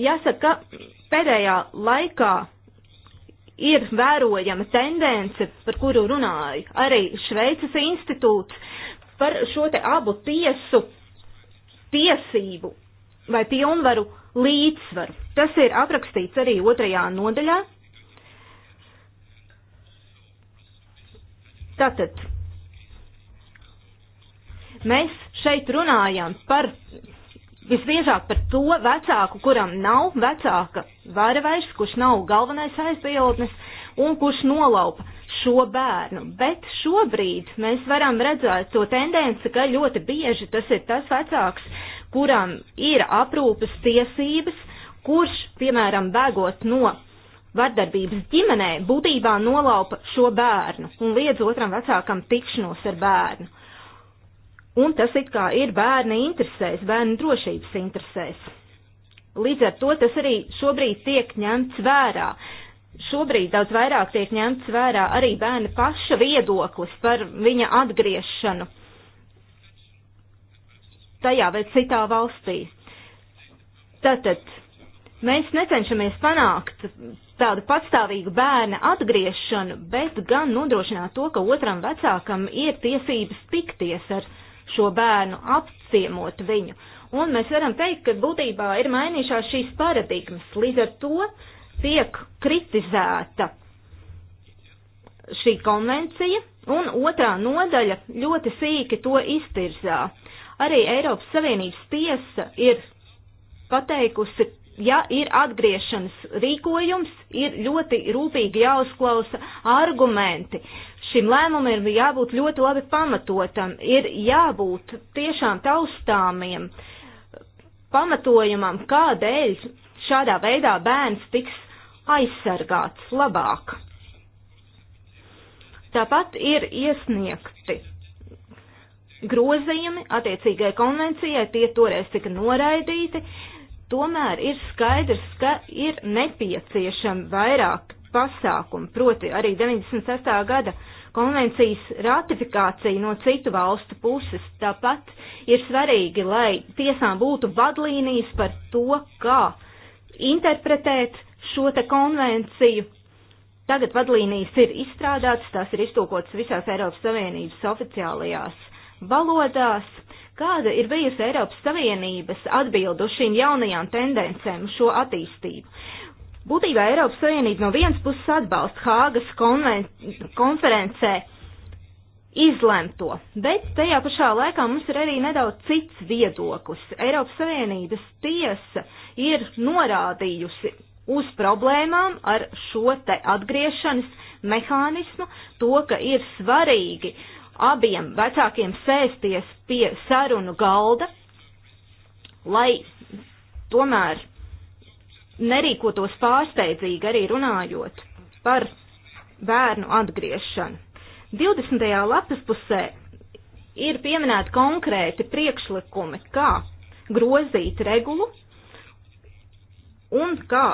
Jāsaka, ka pēdējā laikā ir vērojama tendence, par kuru runāju arī Šveices institūts, par šo te abu tiesu tiesību vai pilnvaru līdzsvaru. Tas ir aprakstīts arī otrajā nodaļā. Tātad mēs šeit runājam par visbiežāk par to vecāku, kuram nav vecāka vara vairs, kurš nav galvenais aizbildnis un kurš nolaupa šo bērnu. Bet šobrīd mēs varam redzēt to tendenci, ka ļoti bieži tas ir tas vecāks, kuram ir aprūpas tiesības, kurš, piemēram, bēgot no vardarbības ģimenē, būtībā nolaupa šo bērnu un liedz otram vecākam tikšanos ar bērnu un tas it kā ir bērna interesēs, bērnu drošības interesēs. Līdz ar to tas arī šobrīd tiek ņemts vērā. Šobrīd daudz vairāk tiek ņemts vērā arī bērna paša viedoklis par viņa atgriešanu tajā vai citā valstī. Tātad mēs necenšamies panākt tādu patstāvīgu bērna atgriešanu, bet gan nodrošināt to, ka otram vecākam ir tiesības tikties ar šo bērnu, apciemot viņu. Un mēs varam teikt, ka būtībā ir mainījušās šīs paradigmas. Līdz ar to tiek kritizēta šī konvencija, un otrā nodaļa ļoti sīki to iztirzā. Arī Eiropas Savienības tiesa ir pateikusi, ja ir atgriešanas rīkojums, ir ļoti rūpīgi jāuzklausa argumenti. Uh, šim lēmumam ir jābūt ļoti labi pamatotam, ir jābūt tiešām taustāmiem pamatojumam, kādēļ šādā veidā bērns tiks aizsargāts labāk. Tāpat ir iesniegti grozījumi attiecīgai konvencijai, tie toreiz tika noraidīti, tomēr ir skaidrs, ka ir nepieciešami vairāk pasākumu, proti arī 96. gada konvencijas ratifikācija no citu valstu puses. Tāpat ir svarīgi, lai tiesām būtu vadlīnijas par to, kā interpretēt šo te konvenciju. Tagad vadlīnijas ir izstrādātas, tās ir iztūkotas visās Eiropas Savienības oficiālajās valodās. Kāda ir bijusi Eiropas Savienības atbildu šīm jaunajām tendencēm, šo attīstību? Būtībā Eiropas Savienība no vienas puses atbalsta Hāgas konferencē izlemto, bet tajā pašā laikā mums ir arī nedaudz cits viedoklis. Eiropas Savienības tiesa ir norādījusi uz problēmām ar šo te atgriešanas mehānismu, to, ka ir svarīgi abiem vecākiem sēsties pie sarunu galda, lai tomēr nerīkotos pārsteidzīgi arī runājot par bērnu atgriešanu. 20. lapas pusē ir pieminēti konkrēti priekšlikumi, kā grozīt regulu un kā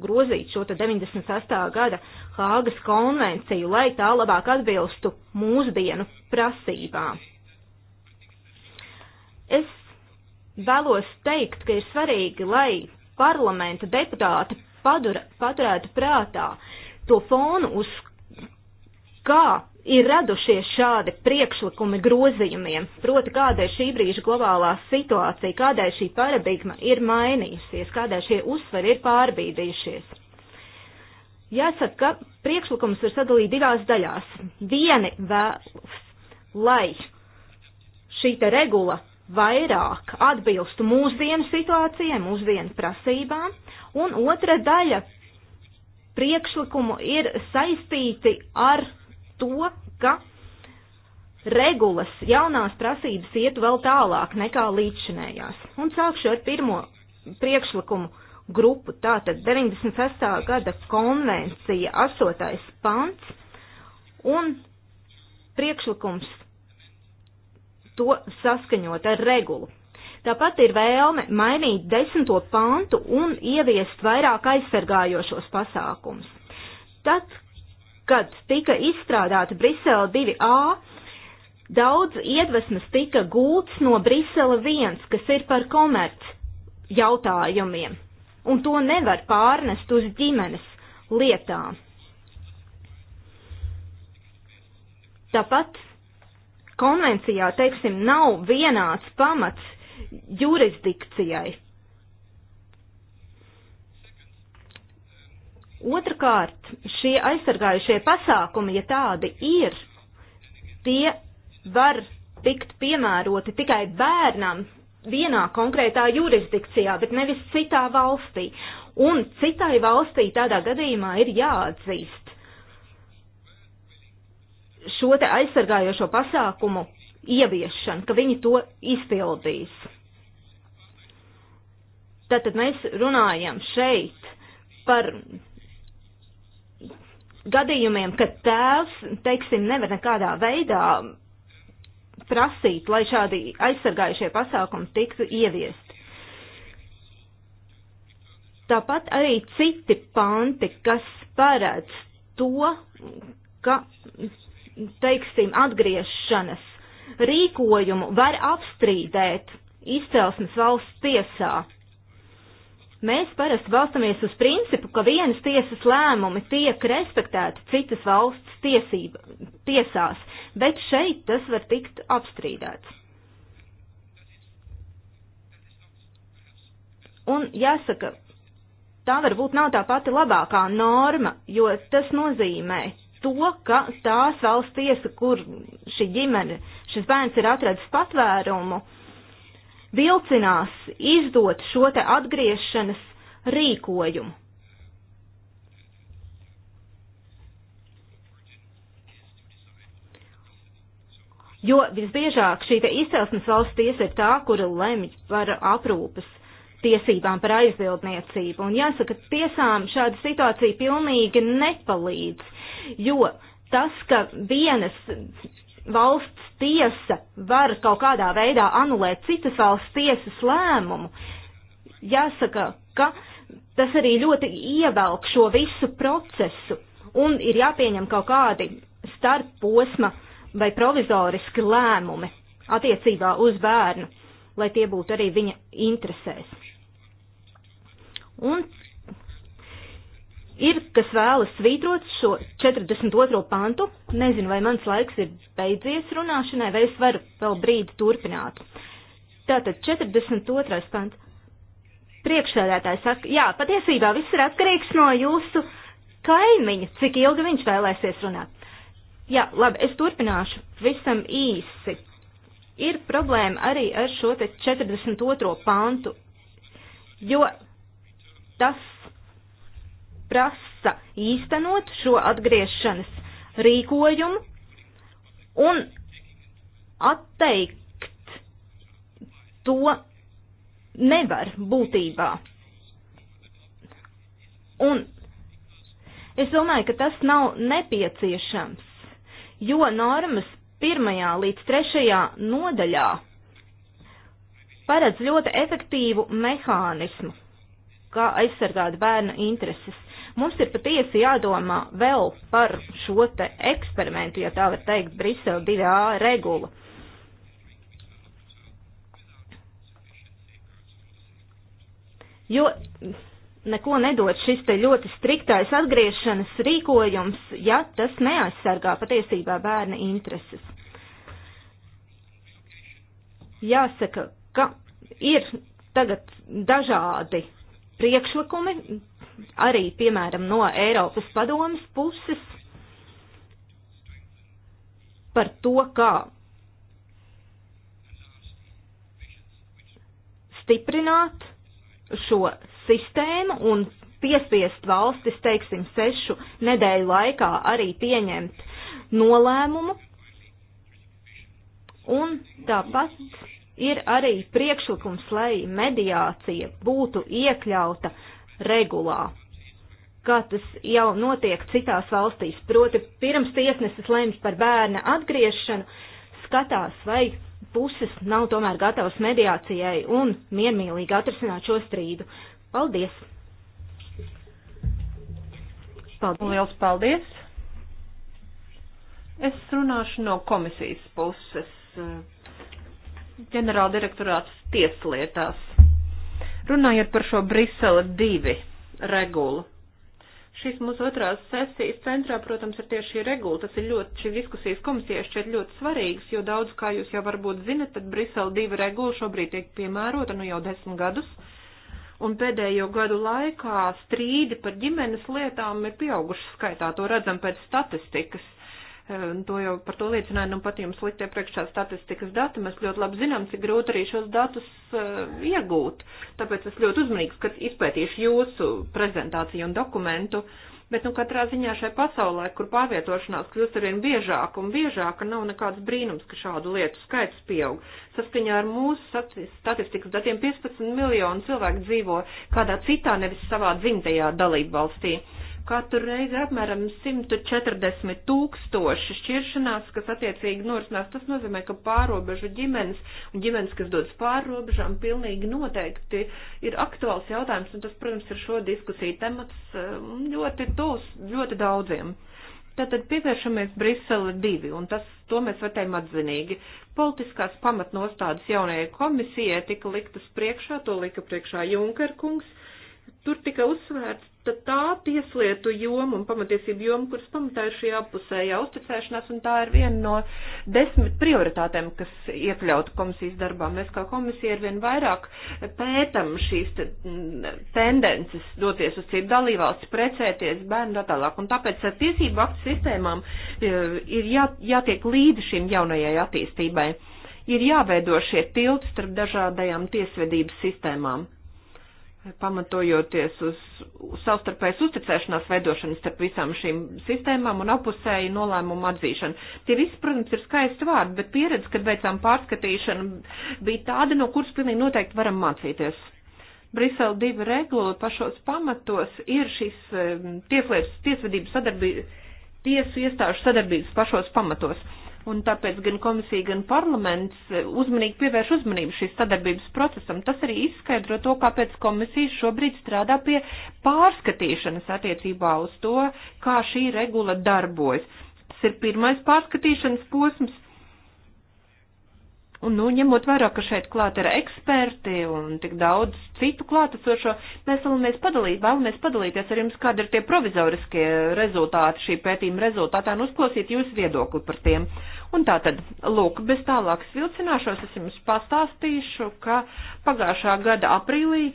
grozīt šo 98. gada Hāgas konvenciju, lai tā labāk atbilstu mūsdienu prasībām. Es vēlos teikt, ka ir svarīgi, lai parlamenta deputāti padura, paturētu prātā to fonu, uz kā ir radušies šādi priekšlikumi grozījumiem, proti kādēļ šī brīža globālā situācija, kādēļ šī paradigma ir mainījusies, kādēļ šie uzsveri ir pārbīdījušies. Jāsaka, ka priekšlikums ir sadalīts divās daļās. Vieni vēlas, lai šī te regula vairāk atbilstu mūsdienu situācijai, mūsdienu prasībām, un otra daļa priekšlikumu ir saistīti ar to, ka regulas jaunās prasības iet vēl tālāk nekā līdzinējās. Un sākšu ar pirmo priekšlikumu grupu, tātad 96. gada konvencija, astotais pants, un priekšlikums to saskaņot ar regulu. Tāpat ir vēlme mainīt desmito pantu un ieviest vairāk aizsargājošos pasākums. Tad, kad tika izstrādāta Brisele 2A, daudz iedvesmas tika gūts no Brisele 1, kas ir par komerc jautājumiem, un to nevar pārnest uz ģimenes lietām. Tāpat konvencijā, teiksim, nav vienāds pamats jurisdikcijai. Otrakārt, šie aizsargājušie pasākumi, ja tādi ir, tie var tikt piemēroti tikai bērnam vienā konkrētā jurisdikcijā, bet nevis citā valstī. Un citai valstī tādā gadījumā ir jāatzīst, šo te aizsargājošo pasākumu ieviešanu, ka viņi to izpildīs. Tātad mēs runājam šeit par gadījumiem, kad tēvs, teiksim, nevar nekādā veidā prasīt, lai šādi aizsargājušie pasākumi tiktu ieviesti. Tāpat arī citi panti, kas paredz to, ka teiksim, atgriešanas rīkojumu var apstrīdēt izcelsmes valsts tiesā. Mēs parasti balstamies uz principu, ka vienas tiesas lēmumi tiek respektēti citas valsts tiesība, tiesās, bet šeit tas var tikt apstrīdēts. Un jāsaka, tā varbūt nav tā pati labākā norma, jo tas nozīmē, to, ka tās valsts tiesa, kur šī ģimene, šis bērns ir atradis patvērumu, vilcinās izdot šo te atgriešanas rīkojumu. Jo visbiežāk šī izcelsmes valsts tiesa ir tā, kura lemj par aprūpes tiesībām par aizbildniecību. Un jāsaka, tiesām šāda situācija pilnīgi nepalīdz jo tas, ka vienas valsts tiesa var kaut kādā veidā anulēt citas valsts tiesas lēmumu, jāsaka, ka tas arī ļoti ievelk šo visu procesu un ir jāpieņem kaut kādi starp posma vai provizoriski lēmumi attiecībā uz bērnu, lai tie būtu arī viņa interesēs. Un Ir, kas vēlas svītrot šo 42. pantu. Nezinu, vai mans laiks ir beidzies runāšanai, vai es varu vēl brīdi turpināt. Tātad 42. pants. Priekšsēdētājs saka, jā, patiesībā viss ir atkarīgs no jūsu kaimiņa, cik ilgi viņš vēlēsies runāt. Jā, labi, es turpināšu visam īsi. Ir problēma arī ar šo te 42. pantu, jo tas prasa īstenot šo atgriešanas rīkojumu un atteikt to nevar būtībā. Un es domāju, ka tas nav nepieciešams, jo normas pirmajā līdz trešajā nodaļā paredz ļoti efektīvu mehānismu, kā aizsargāt bērnu intereses. Mums ir patiesi jādomā vēl par šo te eksperimentu, ja tā var teikt, Brisele 2A regula. Jo neko nedod šis te ļoti striktais atgriešanas rīkojums, ja tas neaizsargā patiesībā bērna intereses. Jāsaka, ka ir tagad dažādi priekšlikumi, arī, piemēram, no Eiropas padomas puses par to, kā stiprināt šo sistēmu un piespiest valstis, teiksim, sešu nedēļu laikā arī pieņemt nolēmumu. Un tāpat ir arī priekšlikums, lai mediācija būtu iekļauta regulā, kā tas jau notiek citās valstīs. Proti, pirms tiesnesis lems par bērna atgriešanu, skatās, vai puses nav tomēr gatavas mediācijai un miermīlīgi atrisināt šo strīdu. Paldies! Paldies! Liels paldies! Es runāšu no komisijas puses ģenerāldirektorāts tieslietās. Runājot par šo Brisele 2 regulu. Šis mūsu otrās sesijas centrā, protams, ir tieši šī regula. Tas ir ļoti, šī diskusijas komisija šķiet ļoti svarīgas, jo daudz, kā jūs jau varbūt zinat, tad Brisele 2 regula šobrīd tiek piemērota nu jau desmit gadus. Un pēdējo gadu laikā strīdi par ģimenes lietām ir pieauguši skaitā, to redzam pēc statistikas Ehm, to jau par to liecināja, nu pat jums liktie priekšā statistikas dati, mēs ļoti labi zinām, cik grūti arī šos datus uh, iegūt. Tāpēc es ļoti uzmanīgi, kad izpētīšu jūsu prezentāciju un dokumentu, bet nu katrā ziņā šai pasaulē, kur pārvietošanās kļūst arvien biežāk un biežāk, nav nekāds brīnums, ka šādu lietu skaits pieaug. Saskaņā ar mūsu statistikas datiem 15 miljonu cilvēku dzīvo kādā citā, nevis savā dzimtajā dalību valstī katru reizi apmēram 140 tūkstoši šķiršanās, kas attiecīgi norisinās. Tas nozīmē, ka pārobežu ģimenes un ģimenes, kas dodas pārobežām, pilnīgi noteikti ir aktuāls jautājums, un tas, protams, ir šo diskusiju temats um, ļoti tūs, ļoti daudziem. Tātad pievēršamies Brisele 2, un tas, to mēs vērtējam atzinīgi. Politiskās pamatnostādes jaunajai komisijai tika liktas priekšā, to lika priekšā Junker kungs tur tika uzsvērta tā tieslietu joma un pamatiesību joma, kuras pamatā ir šī apusējā uzticēšanās, un tā ir viena no desmit prioritātēm, kas iekļauta komisijas darbā. Mēs kā komisija ar vien vairāk pētam šīs te, mm, tendences doties uz citu dalībvalsts, precēties bērnu tā tālāk, un tāpēc ar tiesību aktu sistēmām e, ir jā, jātiek līdzi šīm jaunajai attīstībai. Ir jāveido šie tilti starp dažādajām tiesvedības sistēmām pamatojoties uz savstarpējas uzticēšanās veidošanu starp visām šīm sistēmām un apusēju nolēmumu atzīšanu. Tie visi, protams, ir skaisti vārdi, bet pieredze, kad veicām pārskatīšanu, bija tāda, no kuras pilnīgi noteikti varam mācīties. Brisele 2 regula pašos pamatos ir šīs eh, tieslietas, tiesvedības sadarbības, tiesu iestāžu sadarbības pašos pamatos un tāpēc gan komisija, gan parlaments eh, uzmanīgi pievērš uzmanību šīs sadarbības procesam. Tas arī izskaidro to, kāpēc komisija šobrīd strādā pie pārskatīšanas attiecībā uz to, kā šī regula darbojas. Tas ir pirmais pārskatīšanas posms Un, nu, ņemot vērā, ka šeit klāt ir eksperti un tik daudz citu klātesošo, mēs vēlamies padalīt, vēlamies padalīties ar jums, kāda ir tie provizoriskie rezultāti šī pētījuma rezultātā un uzklausīt jūsu viedokli par tiem. Un tā tad, lūk, bez tālākas vilcināšos es jums pastāstīšu, ka pagājušā gada aprīlī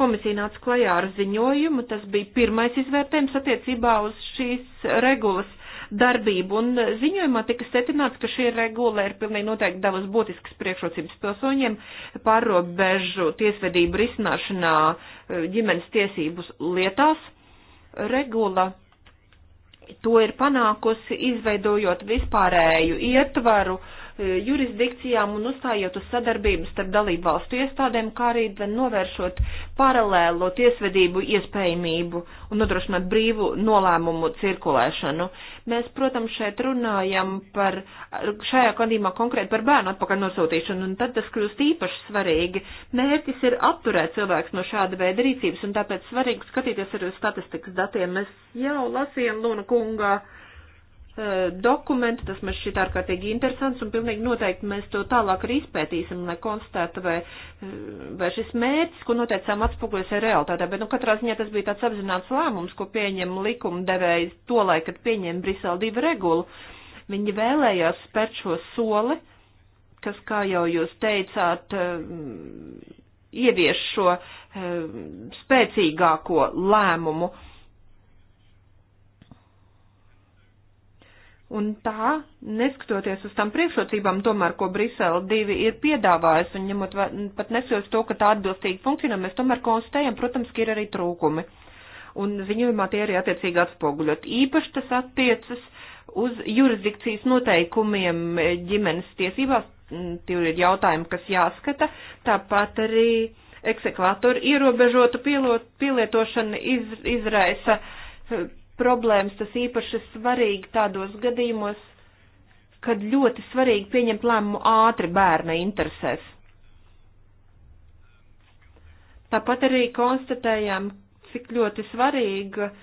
komisija nāca klajā ar ziņojumu, tas bija pirmais izvērtējums attiecībā uz šīs regulas darbību, un ziņojumā tika secināts, ka šī regula ir pilnīgi noteikti devas būtiskas priekšrocības pilsoņiem pārobežu tiesvedību risināšanā e, ģimenes tiesības lietās. Regula to ir panākusi, izveidojot vispārēju ietvaru uh, E, jurisdikcijām un uzstājot uz sadarbības starp dalību valstu iestādēm, kā arī novēršot paralēlo tiesvedību iespējamību un nodrošināt brīvu nolēmumu cirkulēšanu. Mēs, protams, šeit runājam par šajā gadījumā konkrēti par bērnu atpakaļ nosūtīšanu, un tad tas kļūst īpaši svarīgi. Mērķis ir apturēt cilvēks no šāda veida rīcības, un tāpēc svarīgi skatīties arī uz statistikas datiem. Mēs jau lasījām Luna kungā Eh, dokumenti, tas man šķiet ārkārtīgi interesants un pilnīgi noteikti mēs to tālāk arī izpētīsim, lai konstatētu, vai, eh, vai šis mērķis, ko noteicām atspoguļos ir realitātē, bet nu katrā ziņā tas bija tāds apzināts lēmums, ko pieņem likumdevējs to laiku, kad pieņem Brisele 2 regulu. Viņi vēlējās spērt šo soli, kas, kā jau jūs teicāt, eh, ievieš šo spēcīgāko lēmumu Un tā, neskatoties uz tam priekšrocībām, tomēr, ko Brisele 2 ir piedāvājusi, un ņemot pat neskatoties to, ka tā atbilstīgi funkcionē, mēs tomēr konstatējam, protams, ka ir arī trūkumi. Un ziņojumā tie arī attiecīgi atspoguļot. Īpaši tas attiecas uz jurisdikcijas noteikumiem ģimenes tiesībās, mm, tie ir jautājumi, kas jāskata, tāpat arī eksekvatoru ierobežotu pielot, pielietošana iz, izraisa problēmas, tas īpaši svarīgi tādos gadījumos, kad ļoti svarīgi pieņemt lēmumu ātri bērna interesēs. Tāpat arī konstatējām, cik ļoti svarīga uh,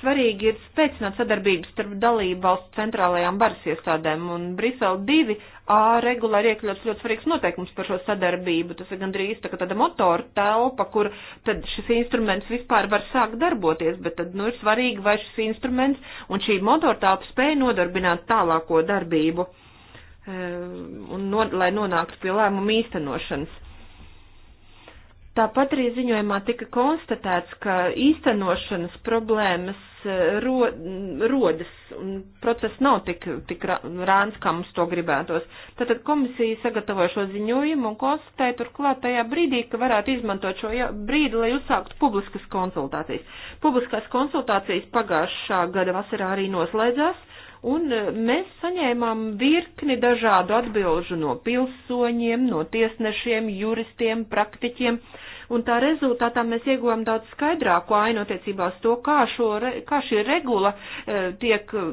svarīgi ir spēcināt sadarbības starp dalību valstu centrālajām varas iestādēm, un Brisele 2A regulāri iekļauts ļoti svarīgs noteikums par šo sadarbību. Tas ir gandrīz tā kā tāda motora telpa, kur tad šis instruments vispār var sākt darboties, bet tad, nu, ir svarīgi, vai šis instruments un šī motora telpa spēja nodarbināt tālāko darbību, eh, un no, lai nonāktu pie lēmumu īstenošanas Tāpat arī ziņojumā tika konstatēts, ka īstenošanas problēmas eh, ro, rodas un process nav tik, tik rāns, kā mums to gribētos. Tātad komisija sagatavoja šo ziņojumu un konstatēja turklāt tajā brīdī, ka varētu izmantot šo brīdi, lai uzsāktu publiskas konsultācijas. Publiskās konsultācijas pagājušā gada vasarā arī noslēdzās Un eh, mēs saņēmām virkni dažādu atbilžu no pilsoņiem, no tiesnešiem, juristiem, praktiķiem, un tā rezultātā mēs ieguvām daudz skaidrāku ainu attiecībā uz to, kā, šo, kā šī regula eh, tiek eh,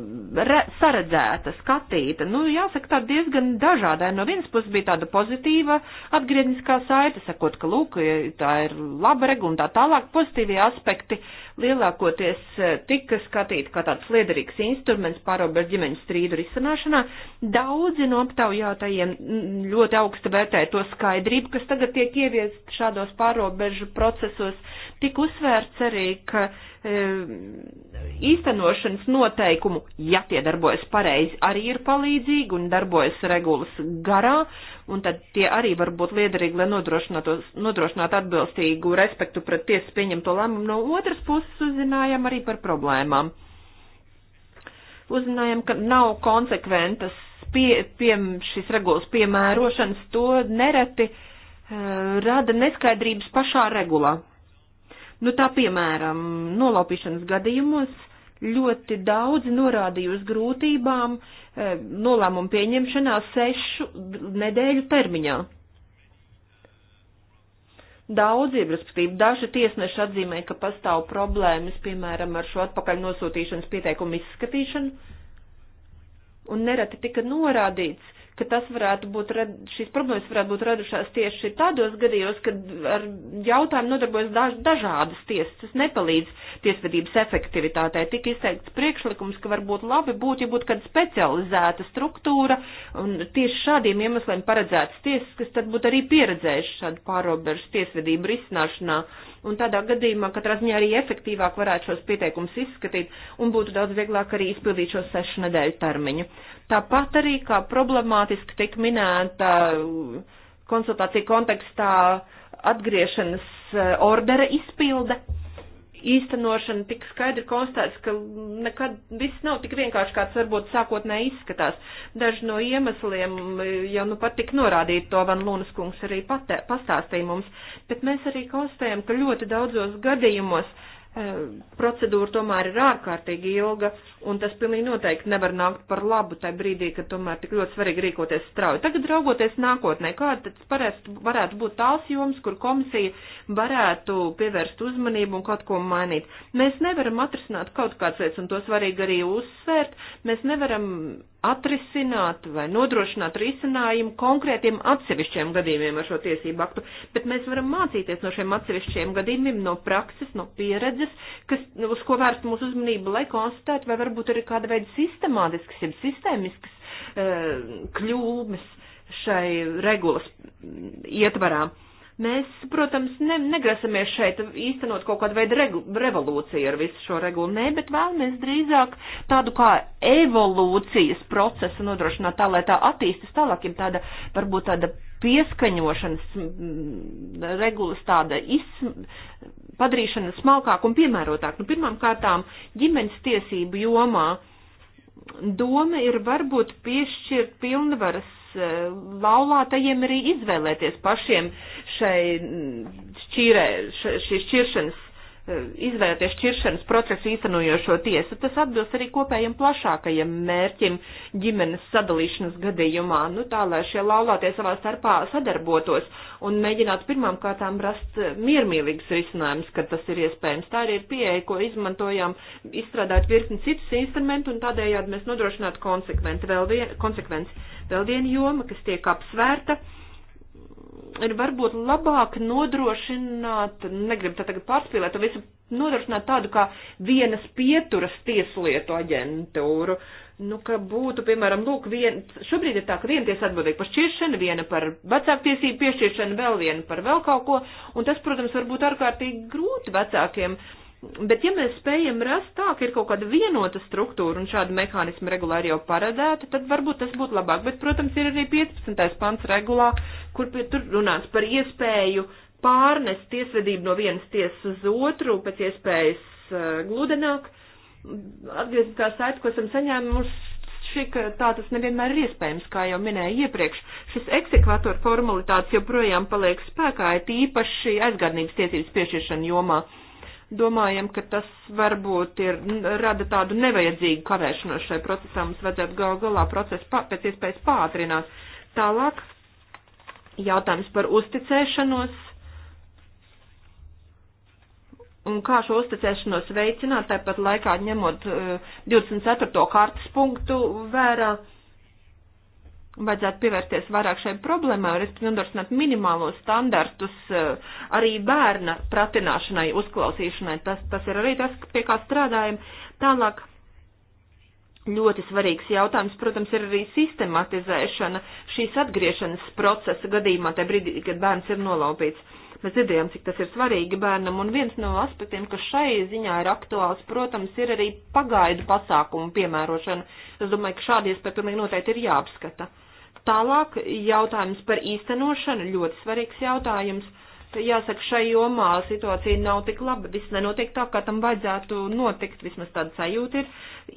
re, saredzēta, skatīta. Nu, jāsaka, tā diezgan dažādai. No vienas puses bija tāda pozitīva atgriezniskā saita, sakot, ka, lūk, tā ir laba regula un tā tālāk, pozitīvie aspekti lielākoties eh, tika skatīta kā tāds liederīgs instruments pārobežu ģimeņu strīdu risināšanā. Daudzi no aptaujātajiem ļoti augstu vērtē to skaidrību, kas tagad tiek ieviest šādos pārobežu procesos. Tik uzsvērts arī, ka īstenošanas noteikumu, ja tie darbojas pareizi, arī ir palīdzīgi un darbojas regulas garā, un tad tie arī var būt liederīgi, lai nodrošinātu atbilstīgu respektu pret tiesas pieņemto lēmumu. No otras puses uzzinājām arī par problēmām. Uzzinājām, ka nav konsekventas pie, pie šis regulas piemērošanas, to nereti uh, rada neskaidrības pašā regulā Nu tā piemēram, nolaupīšanas gadījumos ļoti daudzi norādīja uz grūtībām eh, nolēmumu pieņemšanā sešu nedēļu termiņā. Daudzi, respektīvi, daži tiesneši atzīmē, ka pastāv problēmas, piemēram, ar šo atpakaļ nosūtīšanas pieteikumu izskatīšanu, un nereti tika norādīts, ka tas varētu būt, šīs problēmas varētu būt radušās tieši tādos gadījos, kad ar jautājumu nodarbojas daž, dažādas tiesas. Tas nepalīdz tiesvedības efektivitātei. Tik izteikts priekšlikums, ka varbūt labi būtu, ja būtu kāda specializēta struktūra un tieši šādiem iemesliem paredzētas tiesas, kas tad būtu arī pieredzējuši šādu pārobežu tiesvedību risināšanā. Un tādā gadījumā katrā ziņā arī efektīvāk varētu šos pieteikumus izskatīt un būtu daudz vieglāk arī izpildīt šo sešu nedēļu termiņu. Tāpat arī kā problemātiski tik minēta uh, konsultācija kontekstā atgriešanas uh, ordera izpilde īstenošana tik skaidri konstatēts, ka nekad viss nav tik vienkārši, kāds varbūt sākotnēji izskatās. Daži no iemesliem uh, jau nu pat tik norādīt to Van Lūnas kungs arī patē, pastāstīja mums, bet mēs arī konstatējam, ka ļoti daudzos gadījumos e, procedūra tomēr ir ārkārtīgi ilga Un tas pilnīgi noteikti nevar nākt par labu tajā brīdī, kad tomēr tik ļoti svarīgi rīkoties strauji. Tagad raugoties nākotnē, kāda varētu būt tās jomas, kur komisija varētu pievērst uzmanību un kaut ko mainīt. Mēs nevaram atrisināt kaut kāds lietas, un to svarīgi arī uzsvērt. Mēs nevaram atrisināt vai nodrošināt risinājumu konkrētiem atsevišķiem gadījumiem ar šo tiesību aktu, bet mēs varam mācīties no šiem atsevišķiem gadījumiem, no prakses, no pieredzes, kas, uz ko vērst mūsu uzmanību, lai konstatētu, vai var varbūt arī kāda veida sistemātiskas, jeb sistēmiskas uh, kļūmes šai regulas mm, ietvarā. Mēs, protams, ne, negrasamies šeit īstenot kaut kādu veidu regu, revolūciju ar visu šo regulu, nē, bet vēlamies drīzāk tādu kā evolūcijas procesu nodrošināt tā, lai tā attīstas tālāk, ja tāda, varbūt tāda pieskaņošanas mm, regulas tāda iz, padarīšana smalkāk un piemērotāk. Nu, pirmām kārtām ģimenes tiesību jomā doma ir varbūt piešķirt pilnvaras eh, laulātajiem arī izvēlēties pašiem šai mm, šķīrē, šī šķiršanas Eh, izvērties šķiršanas procesu īstenojošo tiesu. Tas atbilst arī kopējiem plašākajiem mērķim ģimenes sadalīšanas gadījumā, nu tā, lai šie laulātie savā starpā sadarbotos un mēģinātu pirmām kārtām rast eh, miermīlīgs risinājums, kad tas ir iespējams. Tā arī ir pieeja, ko izmantojām izstrādāt virkni citus instrumentu un tādējādi mēs nodrošinātu konsekvenci. Vēl vien, konsekvenci. Vēl viena joma, kas tiek apsvērta ir varbūt labāk nodrošināt, negribu tā tagad pārspīlēt, visu nodrošināt tādu kā vienas pieturas tieslietu aģentūru. Nu, ka būtu, piemēram, lūk, vien, šobrīd ir tā, ka viena tiesa atbildīga par šķiršanu, viena par vecāktiesību piešķiršanu, vēl viena par vēl kaut ko, un tas, protams, var būt ārkārtīgi grūti vecākiem. Uh, Bet ja mēs spējam rast tā, ka ir kaut kāda vienota struktūra un šāda mehānisma regulāri jau paredzēta, tad varbūt tas būtu labāk. Bet, protams, ir arī 15. pants regulā, kur pie, tur runāts par iespēju pārnest tiesvedību no vienas tiesas uz otru, pēc iespējas uh, gludenāk. Atgriezniskā saita, ko esam saņēmuši, šī, ka tā tas nevienmēr ir iespējams, kā jau minēju iepriekš. Šis eksekvatora formalitāts joprojām paliek spēkā, ir tīpaši aizgādnības tiesības piešķiršana jomā. Uh, domājam, ka tas varbūt ir, rada tādu nevajadzīgu kavēšanos šai procesā. Mums vajadzētu gal galā procesu pā, pēc iespējas pātrināt. Tālāk jautājums par uzticēšanos. Un kā šo uzticēšanos veicināt, tāpat laikā ņemot uh, 24. kārtas punktu vērā. Uh, vajadzētu pievērsties vairāk šai problēmai, respektīvi nodrošināt minimālos standartus eh, arī bērna pratināšanai, uzklausīšanai. Tas, tas ir arī tas, pie kā strādājam. Tālāk ļoti svarīgs jautājums, protams, ir arī sistematizēšana šīs atgriešanas procesa gadījumā, tajā brīdī, kad bērns ir nolaupīts. Mēs dzirdējām, cik tas ir svarīgi bērnam, un viens no aspektiem, kas šai ziņā ir aktuāls, protams, ir arī pagaidu pasākumu piemērošana. Es domāju, ka šādi iespēja pilnīgi noteikti ir jāapskata. Uh, Tālāk jautājums par īstenošanu, ļoti svarīgs jautājums. Jāsaka, šai jomā situācija nav tik laba, viss nenotiek tā, kā tam vajadzētu notikt, vismaz tāda sajūta ir.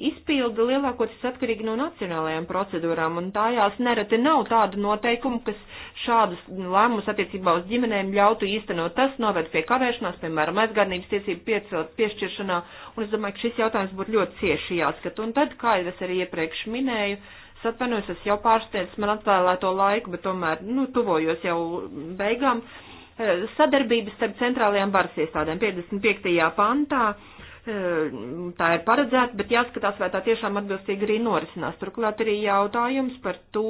Izpilda lielākoties atkarīgi no nacionālajām procedūrām, un tājās nereti nav tādu noteikumu, kas šādus lēmumus attiecībā uz ģimenēm ļautu īstenot. Tas noved pie kavēšanās, piemēram, aizgādnības tiesību piešķiršanā, un es domāju, ka šis jautājums būtu ļoti cieši jāskata. Un tad, kā jau es arī iepriekš minēju, uh, Es atvainojos, es jau pārsteidzu man atvēlēto laiku, bet tomēr, nu, tuvojos jau beigām. Eh, sadarbības starp centrālajām varas iestādēm 55. pantā eh, tā ir paredzēta, bet jāskatās, vai tā tiešām atbilstīgi arī norisinās. Turklāt arī jautājums par to,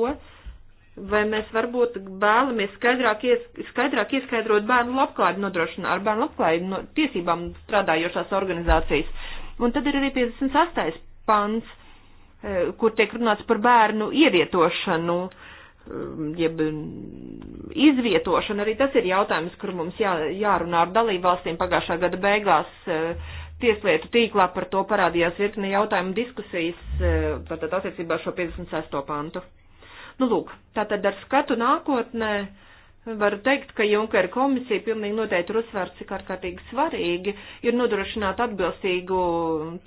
vai mēs varbūt vēlamies skaidrāk, ies, skaidrāk ieskaidrot bērnu labklājību nodrošināt ar bērnu labklājību no tiesībām strādājošās organizācijas. Un tad ir arī 58. pants kur tiek runāts par bērnu ievietošanu, jeb izvietošanu. Arī tas ir jautājums, kur mums jā, jārunā ar dalībvalstīm pagājušā gada beigās. Eh, tieslietu tīklā par to parādījās virkne jautājumu diskusijas, eh, tātad attiecībā ar šo 56. pantu. Nu, lūk, tātad ar skatu nākotnē Varu teikt, ka Junkera komisija pilnīgi noteikti ir uzsvērts, cik ārkārtīgi svarīgi ir nodrošināt atbilstīgu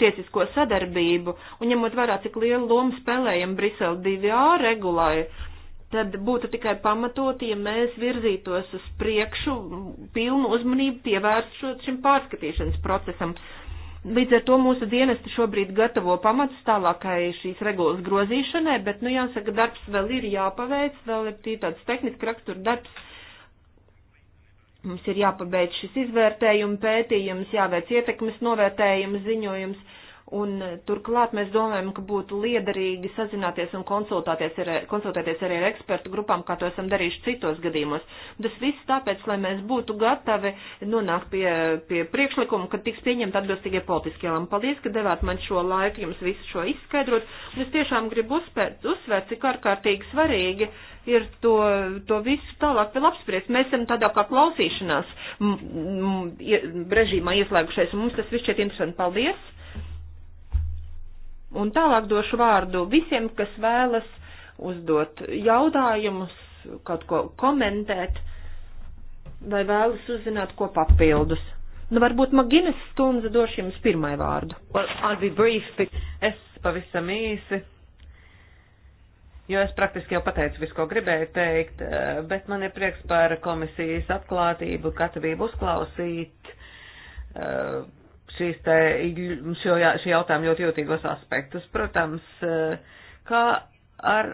tiesisko sadarbību, un ņemot vērā, cik lielu lomu spēlējam Brisele 2A regulai, tad būtu tikai pamatoti, ja mēs virzītos uz priekšu, pilnu uzmanību pievērst šim pārskatīšanas procesam. Līdz ar to mūsu dienesti šobrīd gatavo pamatus tālākai šīs regulas grozīšanai, bet, nu, jāsaka, darbs vēl ir jāpaveic, vēl ir tāds tehniski rakstura darbs, Mums ir jāpabeidz šis izvērtējuma pētījums, jāveic ietekmes novērtējums, ziņojums Un e, turklāt mēs domājam, ka būtu liederīgi sazināties un konsultēties ar, konsultēties arī ar ekspertu grupām, kā to esam darījuši citos gadījumos. Tas viss tāpēc, lai mēs būtu gatavi nonākt pie, pie priekšlikuma, ka tiks pieņemta atbilstīgie politiskie lēmumi. Paldies, ka devāt man šo laiku jums visu šo izskaidrot. Un es tiešām gribu uzspēt, uzsvērt, cik ārkārtīgi svarīgi ir to, to visu tālāk vēl apspriest. Mēs esam tādā kā klausīšanās režīmā ieslēgušies, un mums tas viss šķiet interesanti. Paldies! Un tālāk došu vārdu visiem, kas vēlas uzdot jautājumus, kaut ko komentēt, vai vēlas uzzināt ko papildus. Nu, varbūt Maginas stundze došu jums pirmai vārdu. Well, brief, but... Es pavisam īsi, jo es praktiski jau pateicu visu, ko gribēju teikt, eh, bet man ir prieks par komisijas atklātību, gatavību uzklausīt. Uh, šīs te, šo, šī jautājuma ļoti jūtīgos aspektus. Protams, eh, kā ar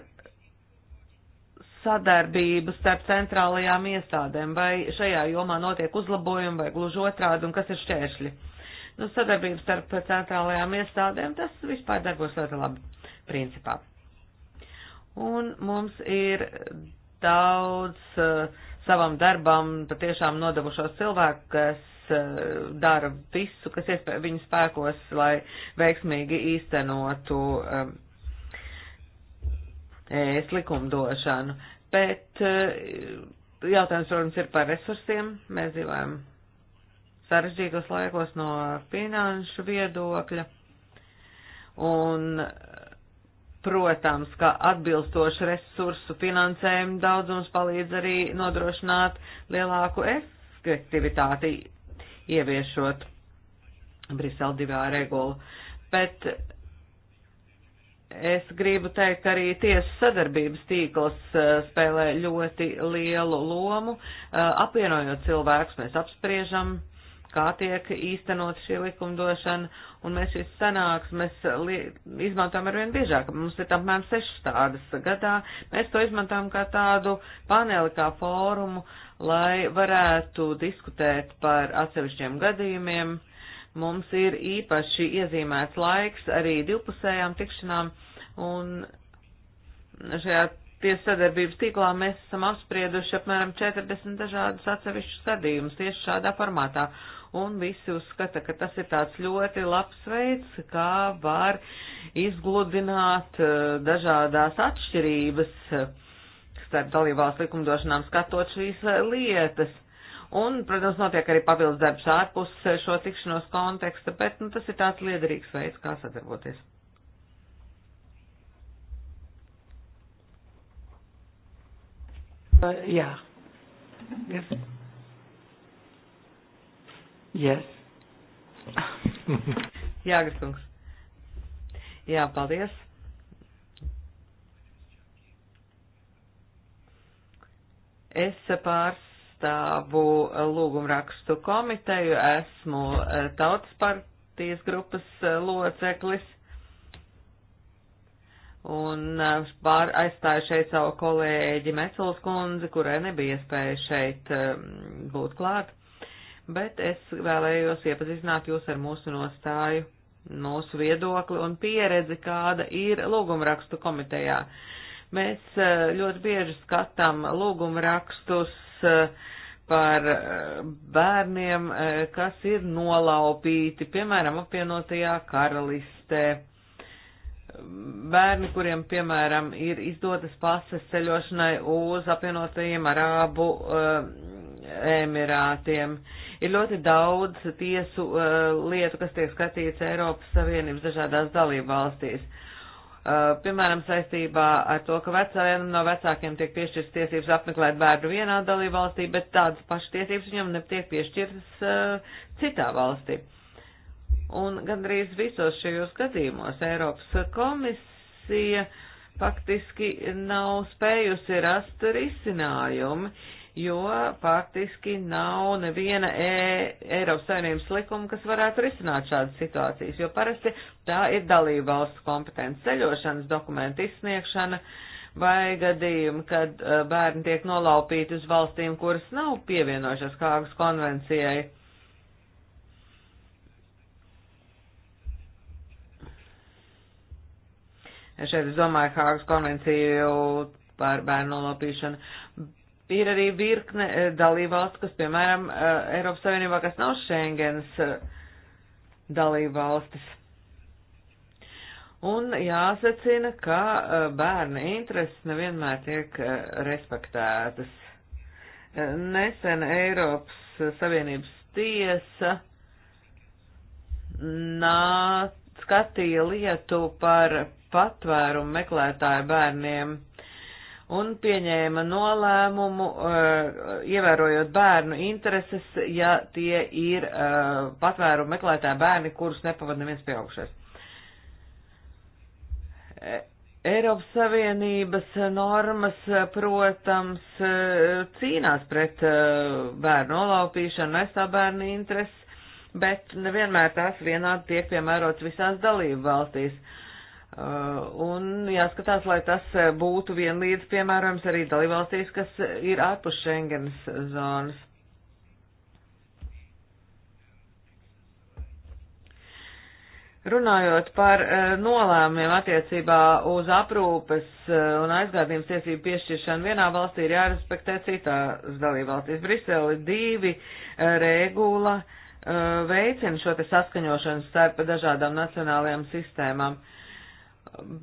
sadarbību starp centrālajām iestādēm, vai šajā jomā notiek uzlabojumi, vai gluži otrādi, un kas ir šķēršļi? Nu, sadarbība starp centrālajām iestādēm, tas vispār darbos ļoti labi, principā. Un mums ir daudz uh, savam darbam patiešām nodevušos cilvēku, kas Eh, dara visu, kas iespēj viņu spēkos, lai veiksmīgi īstenotu es eh, likumdošanu. Bet eh, jautājums, protams, ir par resursiem. Mēs dzīvojam sarežģītos laikos no finanšu viedokļa. Un, protams, ka atbilstoši resursu finansējumu daudzums palīdz arī nodrošināt lielāku efektivitāti ieviešot Brisele 2 regulu. Bet es gribu teikt, ka arī tiesu sadarbības tīkls eh, spēlē ļoti lielu lomu. Eh, apvienojot cilvēkus, mēs apspriežam kā tiek īstenot šī likumdošana, un mēs šīs sanāksmes izmantojam arvien biežāk. Mums ir apmēram sešas tādas gadā. Mēs to izmantojam kā tādu paneli, kā fórumu, lai varētu diskutēt par atsevišķiem gadījumiem. Mums ir īpaši iezīmēts laiks arī divpusējām tikšanām, un šajā tiesu sadarbības tīklā mēs esam apsprieduši apmēram 40 dažādus atsevišķus gadījumus tieši šādā formātā. Un visi uzskata, ka tas ir tāds ļoti labs veids, kā var izgludināt eh, dažādās atšķirības starp dalībvalstu likumdošanām skatot šīs eh, lietas. Un, protams, notiek arī papildus darbs ārpus eh, šo tikšanos konteksta, bet nu, tas ir tāds liederīgs veids, kā sadarboties. Uh, jā. Yes. Yes. jā, Gastungs. Jā, paldies. Es pārstāvu lūgumrakstu komiteju, esmu e, tautas partijas grupas e, loceklis un e, pār aizstāju šeit savu kolēģi Mesols kundzi, kurai nebija iespēja šeit būt klāt, bet es vēlējos iepazīstināt jūs ar mūsu nostāju, mūsu viedokli un pieredzi, kāda ir lūgumrakstu komitejā. Uh, Mēs eh, ļoti bieži skatām lūguma rakstus eh, par eh, bērniem, kas ir nolaupīti, piemēram, apvienotajā karalistē. Bērni, kuriem, piemēram, ir izdotas pases ceļošanai uz apvienotajiem Arābu Emirātiem. Ir ļoti daudz tiesu lietu, kas tiek skatīts Eiropas Savienības dažādās dalību valstīs. Eh, piemēram, saistībā ar to, ka vecākiem no vecākiem tiek piešķirtas tiesības apmeklēt bērnu vienā dalībvalstī, bet tādas pašas tiesības viņam netiek piešķirtas uh, citā valstī. Un gandrīz visos šajos gadījumos Eiropas komisija faktiski nav spējusi rast risinājumi, jo faktiski nav neviena e Eiropas Savienības likuma, kas varētu risināt šādas situācijas, jo parasti tā ir dalība valsts kompetence ceļošanas dokumentu izsniegšana vai gadījumi, kad e, bērni tiek nolaupīti uz valstīm, kuras nav pievienojušās Kāgas konvencijai. Šeit es domāju Hāgas konvenciju par bērnu nolaupīšanu. Uh, ir arī virkne eh, dalībvalstu, kas, piemēram, eh, Eiropas Savienībā, kas nav Schengens eh, dalībvalstis. Un jāsacina, ka bērna intereses nevienmēr tiek respektētas. Nesen Eiropas Savienības tiesa nā, skatīja lietu par patvērumu meklētāju bērniem un pieņēma nolēmumu, eh, ievērojot bērnu intereses, ja tie ir eh, patvērumu meklētāji bērni, kurus nepavada neviens pieaugšais. E, Eiropas Savienības normas, protams, eh, cīnās pret bērnu nolaupīšanu, aizstāv bērnu intereses, bet nevienmēr tās vienādi tiek piemērots visās dalību valstīs. Uh, un jāskatās, lai tas uh, būtu vienlīdz piemērojams arī dalībvalstīs, kas uh, ir ārpus Schengenas zonas. Runājot par nolēmumiem attiecībā uz aprūpes un aizgādījums tiesību piešķiršanu vienā valstī ir jārespektē citās dalībvalstīs. Brisele divi regula veicina šo te saskaņošanu starp dažādām nacionālajām sistēmām. Uh,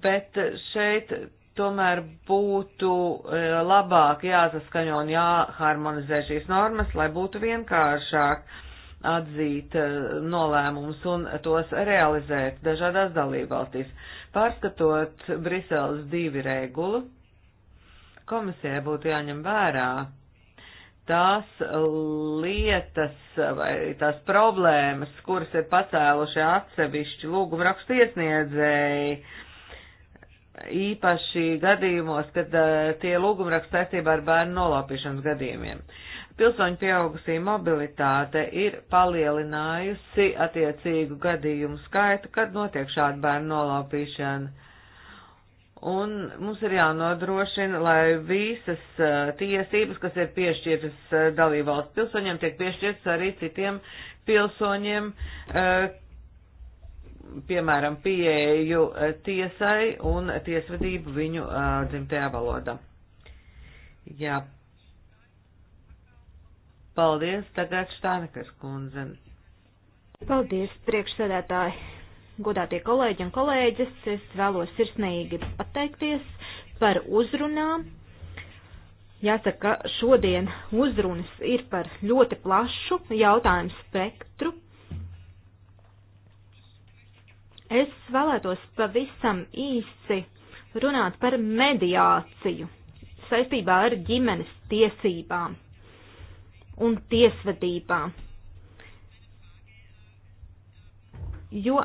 bet šeit tomēr būtu e, labāk jāsaskaņo un jāharmonizē šīs normas, lai būtu vienkāršāk atzīt e, nolēmumus un tos realizēt dažādās dalībvalstīs. Pārskatot Briseles divi regulu, komisijai būtu jāņem vērā tās lietas vai tās problēmas, kuras ir pacēluši atsevišķi lūguma rakstu iesniedzēji, uh, īpaši gadījumos, kad uh, tie lūgumraksti saistībā ar bērnu nolapīšanas gadījumiem. Pilsoņu pieaugusī mobilitāte ir palielinājusi attiecīgu gadījumu skaitu, kad notiek šāda bērnu nolapīšana. Un mums ir jānodrošina, lai visas uh, tiesības, kas ir piešķirtas uh, dalībvalsts pilsoņiem, tiek piešķirtas arī citiem pilsoņiem, uh, piemēram, pieeju eh, tiesai un tiesvedību viņu eh, dzimtajā valodā. Jā. Paldies, tagad Štānikas kundze. Paldies, priekšsēdētāji, godātie kolēģi un kolēģis. Es vēlos sirsnīgi pateikties par uzrunām. Jāsaka, šodien uzrunas ir par ļoti plašu jautājumu spektru, Es vēlētos pavisam īsi runāt par mediāciju saistībā ar ģimenes tiesībām un tiesvedībām. Jo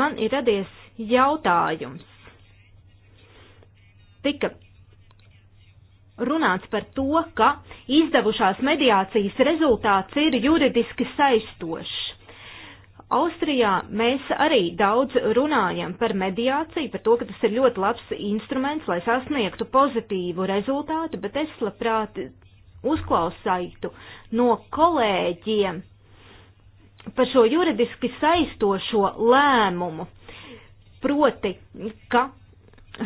man ir radies jautājums. Tika runāts par to, ka izdevušās mediācijas rezultāts ir juridiski saistošs. Austrijā mēs arī daudz runājam par mediāciju, par to, ka tas ir ļoti labs instruments, lai sasniegtu pozitīvu rezultātu, bet es labprāt uzklausītu no kolēģiem par šo juridiski saistošo lēmumu. Proti, ka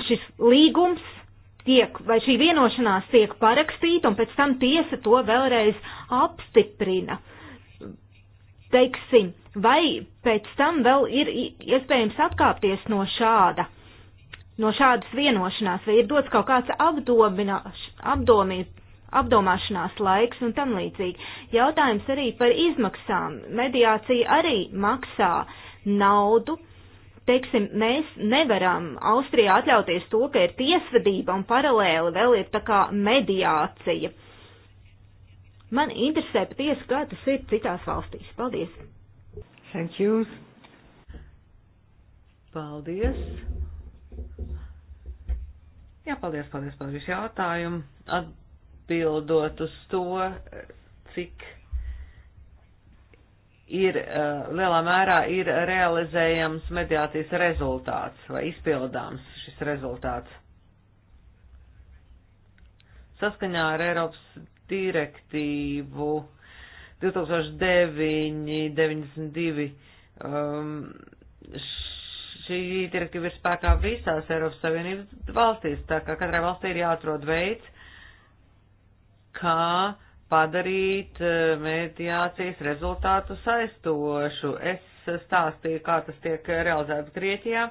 šis līgums tiek, vai šī vienošanās tiek parakstīta, un pēc tam tiesa to vēlreiz apstiprina. Teiksim, vai pēc tam vēl ir iespējams atkāpties no šāda, no šādas vienošanās, vai ir dots kaut kāds apdomī, apdomāšanās laiks un tam līdzīgi. Jautājums arī par izmaksām. Mediācija arī maksā naudu. Teiksim, mēs nevaram Austrijā atļauties to, ka ir tiesvedība un paralēli vēl ir tā kā mediācija. Man interesē patiesi, kā tas ir citās valstīs. Paldies! Thank you. Paldies. Jā, paldies, paldies par visu jautājumu. Atbildot uz to, cik ir uh, lielā mērā ir realizējams mediācijas rezultāts vai izpildāms šis rezultāts. Saskaņā ar Eiropas direktīvu 2009-92 um, šī direktīva ir spēkā visās Eiropas Savienības valstīs, tā kā katrai valstī ir jāatrod veids, kā padarīt uh, mediācijas rezultātu saistošu. Es stāstīju, kā tas tiek realizēts Grieķijā.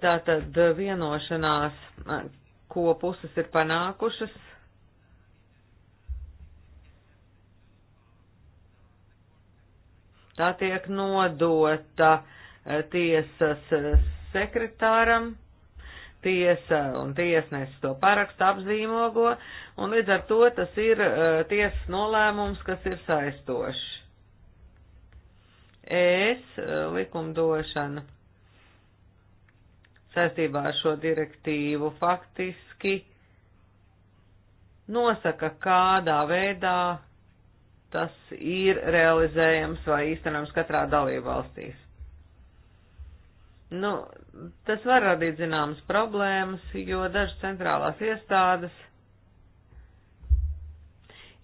Tātad vienošanās, ko puses ir panākušas, Tā tiek nodota eh, tiesas eh, sekretāram, tiesa un tiesnesis to parakstu apzīmogo, un līdz ar to tas ir eh, tiesas nolēmums, kas ir saistošs. Es likumdošana saistībā ar šo direktīvu faktiski nosaka, kādā veidā tas ir realizējams vai īstenojams katrā dalību valstīs. Nu, tas var radīt zināmas problēmas, jo dažas centrālās iestādes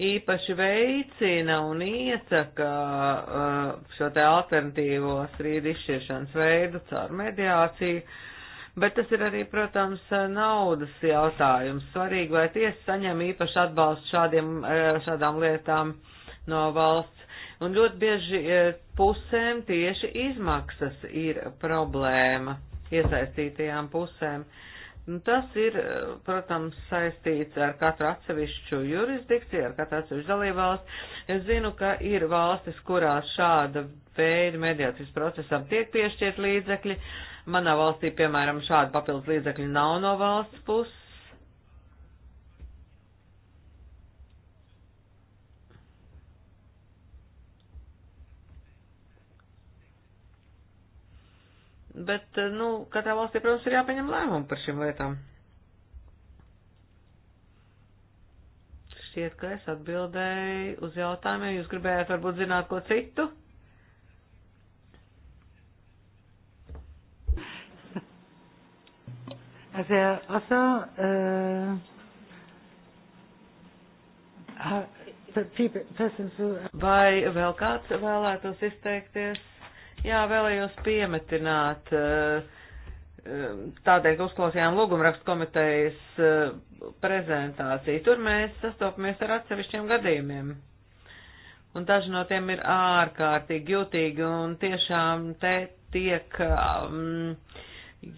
īpaši veicina un iesaka uh, šo te alternatīvo strīdu izšķiršanas veidu caur mediāciju, bet tas ir arī, protams, naudas jautājums. Svarīgi, vai tiesa saņem īpaši atbalstu šādiem, uh, šādām lietām. Uh, no valsts. Un ļoti bieži e, pusēm tieši izmaksas ir problēma iesaistītajām pusēm. Un nu, tas ir, e, protams, saistīts ar katru atsevišķu jurisdikciju, ar katru atsevišķu dalībvalstu. Es zinu, ka ir valstis, kurās šāda veida mediācijas procesam tiek piešķirt līdzekļi. Manā valstī, piemēram, šāda papildus līdzekļi nav no valsts puses Bet, eh, nu, katrā valstī, protams, ir jāpieņem lēmumu par šīm lietām. Šķiet, ka es atbildēju uz jautājumiem. Jūs gribējāt varbūt zināt ko citu? Also, also uh, uh, äh, Vai vēl kāds vēlētos izteikties? Jā, vēlējos piemetināt, eh, eh, tādēļ, ka uzklausījām lūgumrakstu komitejas eh, prezentāciju. Tur mēs sastopamies ar atsevišķiem gadījumiem. Un daži no tiem ir ārkārtīgi jūtīgi un tiešām te tiek um,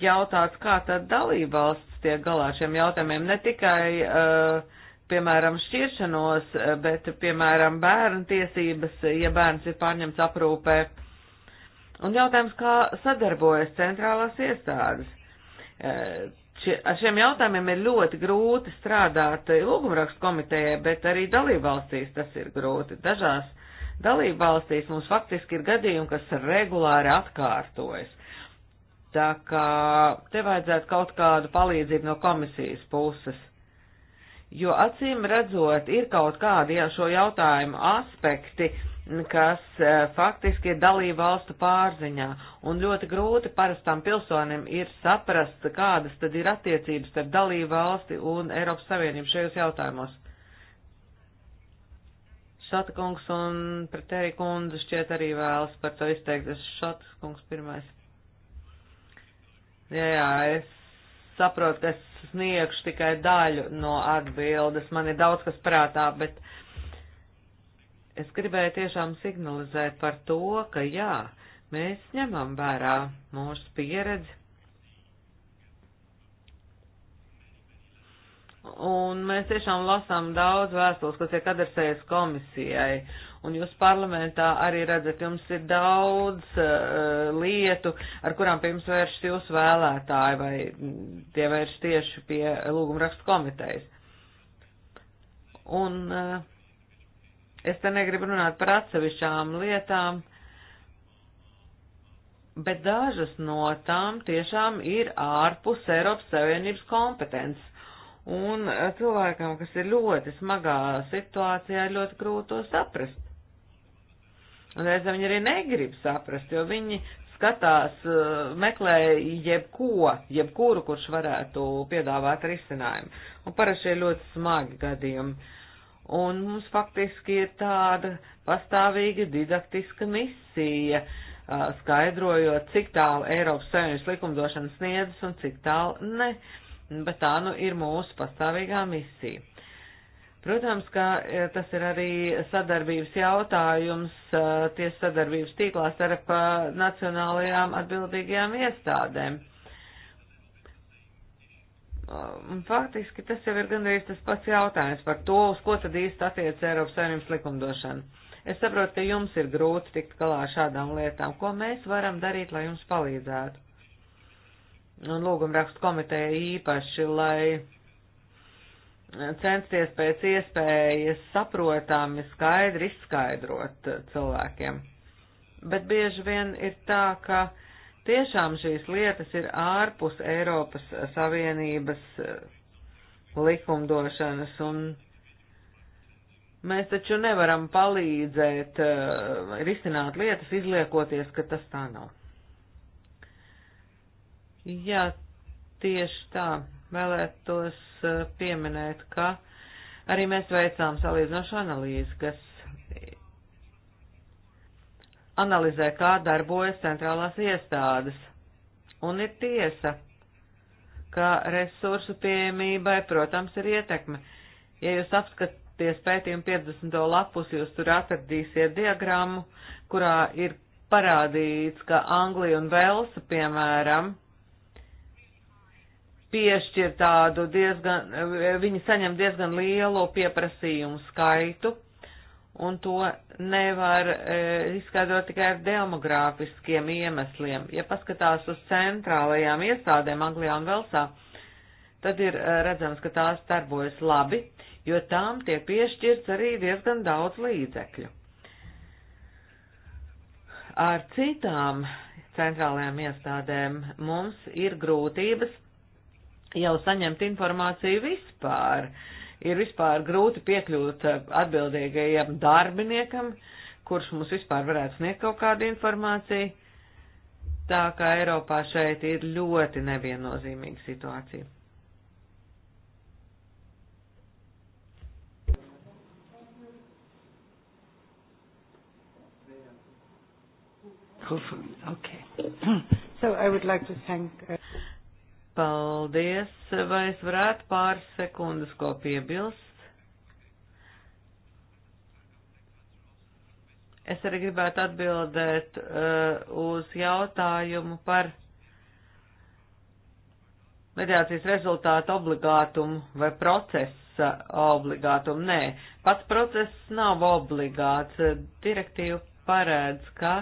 jautāts, kā tad dalībvalsts tiek galā ar šiem jautājumiem. Ne tikai uh, piemēram, šķiršanos, bet, piemēram, bērnu tiesības, ja bērns ir pārņemts aprūpē, Un jautājums, kā sadarbojas centrālās iestādes. E, šie, ar šiem jautājumiem ir ļoti grūti strādāt lūgumrakstu komitejā, bet arī dalībvalstīs tas ir grūti. Dažās dalībvalstīs mums faktiski ir gadījumi, kas regulāri atkārtojas. Tā kā te vajadzētu kaut kādu palīdzību no komisijas puses. Jo acīm redzot, ir kaut kādi jau šo jautājumu aspekti, uh, kas eh, faktiski ir dalība valstu pārziņā, un ļoti grūti parastam pilsonim ir saprast, kādas tad ir attiecības starp dalību valsti un Eiropas Savienību šajos jautājumos. Šata kungs un pretēji kundze šķiet arī vēlas par to izteikties. Šata kungs pirmais. Jā, jā, es saprotu, ka es sniegšu tikai daļu no atbildes. Man ir daudz kas prātā, bet uh, Es gribēju tiešām signalizēt par to, ka jā, mēs ņemam vērā mūsu pieredzi. Un mēs tiešām lasām daudz vēstules, kas ir adresējas komisijai, un jūs parlamentā arī redzat, jums ir daudz uh, lietu, ar kurām pie jums vēršas jūsu vēlētāji, vai tie vērš tieši pie lūgumrakstu komitejas. Un uh, Es te negribu runāt par atsevišķām lietām, bet dažas no tām tiešām ir ārpus Eiropas Savienības kompetences. Un eh, cilvēkam, kas ir ļoti smagā situācijā, ir ļoti grūti to saprast. Un reizē viņi arī negrib saprast, jo viņi skatās, eh, meklē jebko, jebkuru, kurš varētu piedāvāt risinājumu. Un parasti ir ļoti smagi gadījumi un mums faktiski ir tāda pastāvīga didaktiska misija, skaidrojot, cik tālu Eiropas Savienības likumdošana sniedzas un cik tālu ne, bet tā nu ir mūsu pastāvīgā misija. Protams, ka tas ir arī sadarbības jautājums, tiesa sadarbības tīklā starp nacionālajām atbildīgajām iestādēm Un um, faktiski tas jau ir gandrīz tas pats jautājums par to, uz ko tad īsti attiec Eiropas Savienības likumdošana. Es saprotu, ka jums ir grūti tikt galā ar šādām lietām. Ko mēs varam darīt, lai jums palīdzētu? Un lūgumrakstu komiteja īpaši, lai censties pēc iespējas saprotami skaidri izskaidrot cilvēkiem. Bet bieži vien ir tā, ka uh, Tiešām šīs lietas ir ārpus Eiropas Savienības eh, likumdošanas un mēs taču nevaram palīdzēt uh, risināt lietas, izliekoties, ka tas tā nav. Jā, tieši tā vēlētos eh, pieminēt, ka arī mēs veicām salīdzinošu analīzi, kas analizē, kā darbojas centrālās iestādes. Un ir tiesa, ka resursu pieejamībai, protams, ir ietekme. Ja jūs apskaties pētījumu 50. lapus, jūs tur atradīsiet diagrammu, kurā ir parādīts, ka Anglija un Velsa, piemēram, piešķir tādu diezgan, viņi saņem diezgan lielu pieprasījumu skaitu un to nevar e, izskaidrot tikai ar demogrāfiskiem iemesliem. Ja paskatās uz centrālajām iestādēm Anglijā un Velsā, tad ir e, redzams, ka tās darbojas labi, jo tām tiek piešķirts arī diezgan daudz līdzekļu. Ar citām centrālajām iestādēm mums ir grūtības jau saņemt informāciju vispār. Uh, ir vispār grūti piekļūt eh, atbildīgajam darbiniekam, kurš mums vispār varētu sniegt kaut kādu informāciju. Tā kā Eiropā šeit ir ļoti neviennozīmīga situācija. Okay. So I would like to thank. Uh... Paldies, vai es varētu pāris sekundes ko piebilst? Es arī gribētu atbildēt uh, uz jautājumu par mediācijas rezultātu obligātumu vai procesa obligātumu. Nē, pats process nav obligāts. Direktīva paredz, ka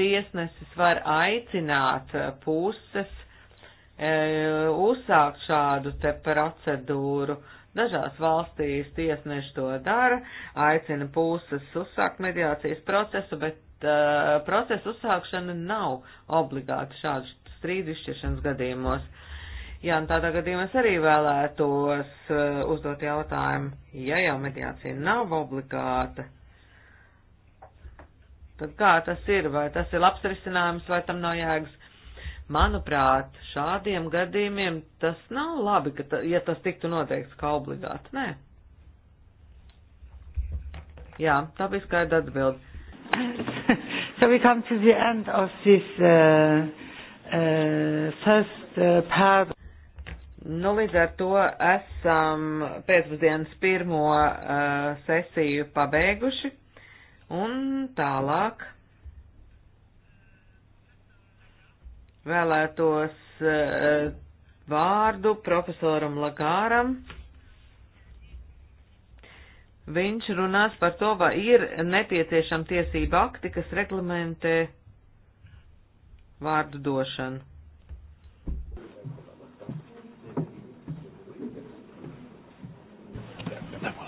tiesnesis var aicināt puses E, uzsākt šādu te procedūru. Dažās valstīs tiesneši to dara, aicina puses uzsākt mediācijas procesu, bet uh, e, procesa uzsākšana nav obligāta šādu strīdu izšķiršanas gadījumos. Jā, un tādā gadījumā es arī vēlētos uh, uzdot jautājumu, ja jau mediācija nav obligāta, tad kā tas ir, vai tas ir labs risinājums, vai tam nav jēgas Manuprāt, šādiem gadījumiem tas nav labi, ka, ta, ja tas tiktu noteikts kā obligāti. Nē. Jā, tā bija skaidra atbilde. so we come to the end of this uh, uh, first uh, part. Nu, līdz ar to esam pēcpusdienas pirmo uh, sesiju pabeiguši un tālāk Vēlētos eh, vārdu profesoram Lakāram. Viņš runās par to, vai ir nepieciešama tiesība akti, kas reglamentē vārdu došanu.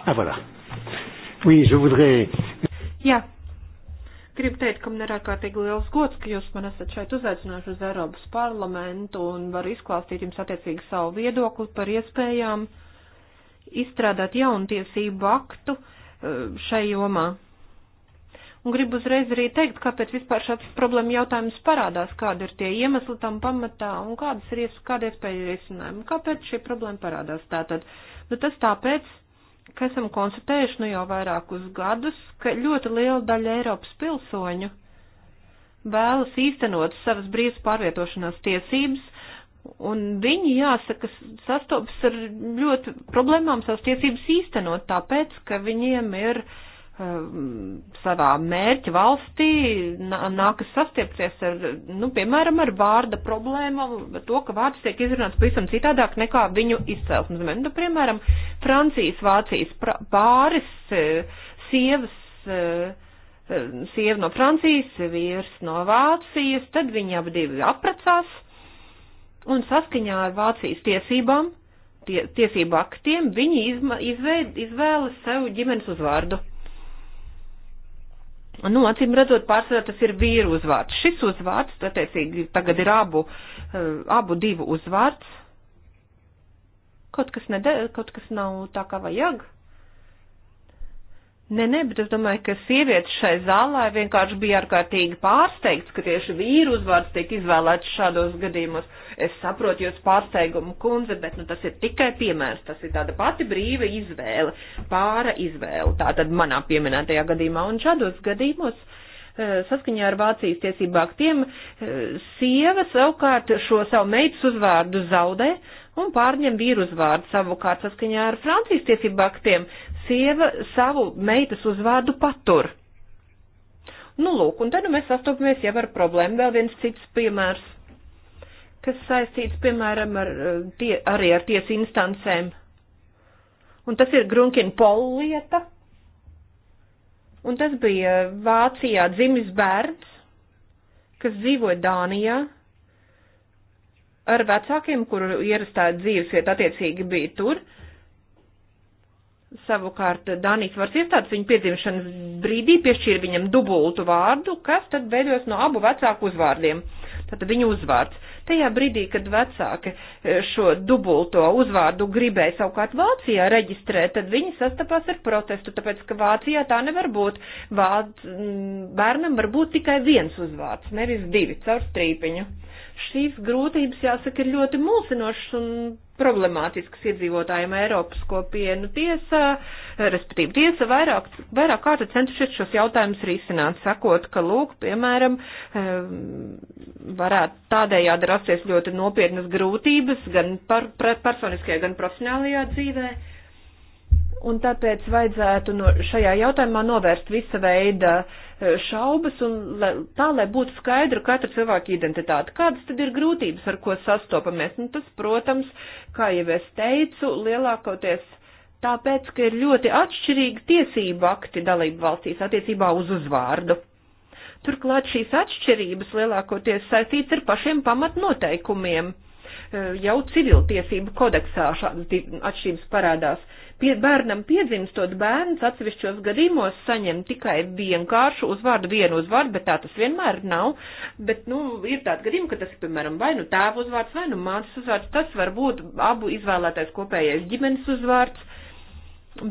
Ah, voilà. Oui, je voudrais. Jā, Gribu teikt, ka man ir ārkārtīgi liels gods, ka jūs man esat šeit uzaicinājuši uz Eiropas parlamentu un varu izklāstīt jums attiecīgi savu viedokli par iespējām izstrādāt jaunu tiesību aktu e, šai jomā. Un gribu uzreiz arī teikt, kāpēc vispār šāds problēma jautājums parādās, kāda ir tie iemesli tam pamatā un kādas ir kāda iespēja risinājumi, kāpēc šī problēma parādās. Tātad, nu tas tāpēc, ka esam konstatējuši nu jau vairākus gadus, ka ļoti liela daļa Eiropas pilsoņu vēlas īstenot savas brīvas pārvietošanās tiesības, un viņi, jāsaka, sastopas ar ļoti problēmām savas tiesības īstenot, tāpēc, ka viņiem ir uh, Um, savā mērķa valstī nākas sastiepties ar, nu, piemēram, ar vārda problēmām, to, ka vārds tiek izrunāts pavisam citādāk nekā viņu izcelsmes. Nu, nu piemēram, Francijas, Vācijas pāris, e, sievas, e, e, sieva no Francijas, vīrs no Vācijas, tad viņi abi divi apracās un saskaņā ar Vācijas tiesībām, tie, tiesību aktiem, viņi izma, izveid, izvēlas sev ģimenes uzvārdu. Nu, acīm redzot, pārsvarā tas ir vīru uzvārds. Šis uzvārds, attiecīgi, tagad ir abu, eh, abu divu uzvārds. Kaut kas, nede, kaut kas nav tā, kā vajag. Nē, nē, bet es domāju, ka sievietes šai zālē vienkārši bija ārkārtīgi pārsteigts, ka tieši vīru uzvārds tiek izvēlēts šādos gadījumos. Es saprotu jūs pārsteigumu, kundze, bet nu, tas ir tikai piemērs. Tas ir tāda pati brīva izvēle, pāra izvēle. Tā tad manā pieminētajā gadījumā un šādos gadījumos. Eh, saskaņā ar Vācijas tiesību aktiem eh, sieva savukārt šo savu meitas uzvārdu zaudē, un pārņem vīrusvārdu savukārt saskaņā ar Francijas tiesību aktiem sieva savu meitas uzvārdu patur. Nu, lūk, un tad nu, mēs sastopamies jau ar problēmu. Vēl viens cits piemērs, kas saistīts, piemēram, ar, tie, arī ar tiesu instancēm. Un tas ir Grunkin Pol lieta. Un tas bija Vācijā dzimis bērns, kas dzīvoja Dānijā ar vecākiem, kuru ierastā dzīvesvieta attiecīgi bija tur. Uh, Savukārt Dānijas varas iestādes viņa piedzimšanas brīdī piešķīra viņam dubultu vārdu, kas tad beidzos no abu vecāku uzvārdiem. Tātad viņa uzvārds. Tajā brīdī, kad vecāki eh, šo dubulto uzvārdu gribēja savukārt Vācijā reģistrēt, tad viņi sastapās ar protestu, tāpēc ka Vācijā tā nevar būt. Vāc, bērnam var būt tikai viens uzvārds, nevis divi caur strīpiņu šīs grūtības, jāsaka, ir ļoti mulsinošas un problemātiskas iedzīvotājiem Eiropas kopienu tiesā, respektīvi tiesa vairāk, vairāk kārta centušies šos jautājumus risināt, sakot, ka, lūk, piemēram, varētu tādējādi rasties ļoti nopietnas grūtības gan par, par, personiskajā, gan profesionālajā dzīvē. Un tāpēc vajadzētu no šajā jautājumā novērst visa veida uh, šaubas un lai, tā, lai būtu skaidra katra cilvēka identitāte. Kādas tad ir grūtības, ar ko sastopamies? Nu, tas, protams, kā jau es teicu, lielākoties tāpēc, ka ir ļoti atšķirīgi tiesību akti dalību valstīs attiecībā uz uzvārdu. Turklāt šīs atšķirības lielākoties saistīts ar pašiem pamatnoteikumiem. Jau civiltiesību kodeksā šādas atšķirības parādās. Uh, pie, bērnam piedzimstot bērns atsevišķos gadījumos saņem tikai vienkāršu uzvārdu, vienu uzvārdu, bet tā tas vienmēr nav. Bet, nu, ir tāda gadījuma, ka tas ir, piemēram, vai nu tēva uzvārds, vai nu mātes uzvārds, tas var būt abu izvēlētais kopējais ģimenes uzvārds.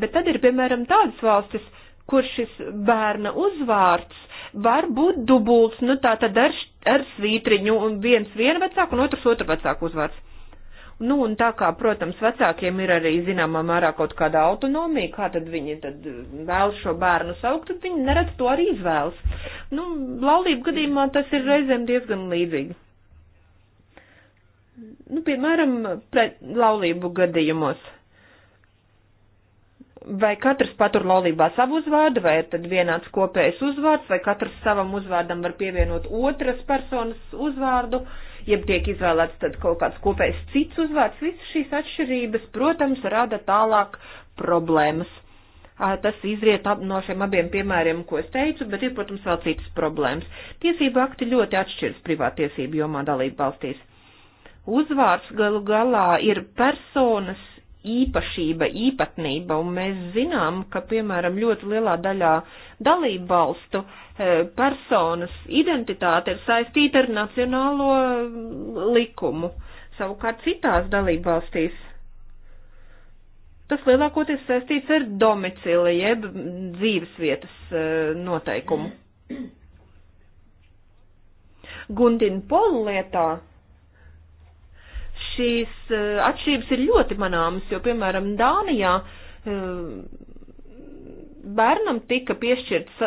Bet tad ir, piemēram, tādas valstis, kur šis bērna uzvārds var būt dubults, nu tā tad ar, ar svītriņu, un viens viena vecāku un otrs otru vecāku uzvārds. Nu, un tā kā, protams, vecākiem ir arī, zināmā mērā, kaut kāda autonomija, kā tad viņi tad mm, vēl šo bērnu saukt, tad viņi neredz to arī izvēlas. Nu, laulību gadījumā tas ir reizēm diezgan līdzīgi. Nu, piemēram, pret laulību gadījumos vai katrs patur laulībā savu uzvārdu, vai ir tad vienāds kopējs uzvārds, vai katrs savam uzvārdam var pievienot otras personas uzvārdu. Uh, jeb tiek izvēlēts tad kaut kāds kopējs cits uzvārds. Visas šīs atšķirības, protams, rada tālāk problēmas. Tas izriet no šiem abiem piemēriem, ko es teicu, bet ir, protams, vēl citas problēmas. Tiesību akti ļoti atšķiras privātiesību jomā dalību valstīs. Uzvārds galu galā ir personas īpašība, īpatnība, un mēs zinām, ka, piemēram, ļoti lielā daļā dalību valstu e, personas identitāte ir saistīta ar nacionālo mm, likumu, savukārt citās dalību valstīs. Tas lielākoties saistīts ar domicili, jeb mm, dzīvesvietas e, noteikumu. Gundin Pol lietā šīs eh, atšķirības ir ļoti manāmas, jo, piemēram, Dānijā eh, bērnam tika piešķirts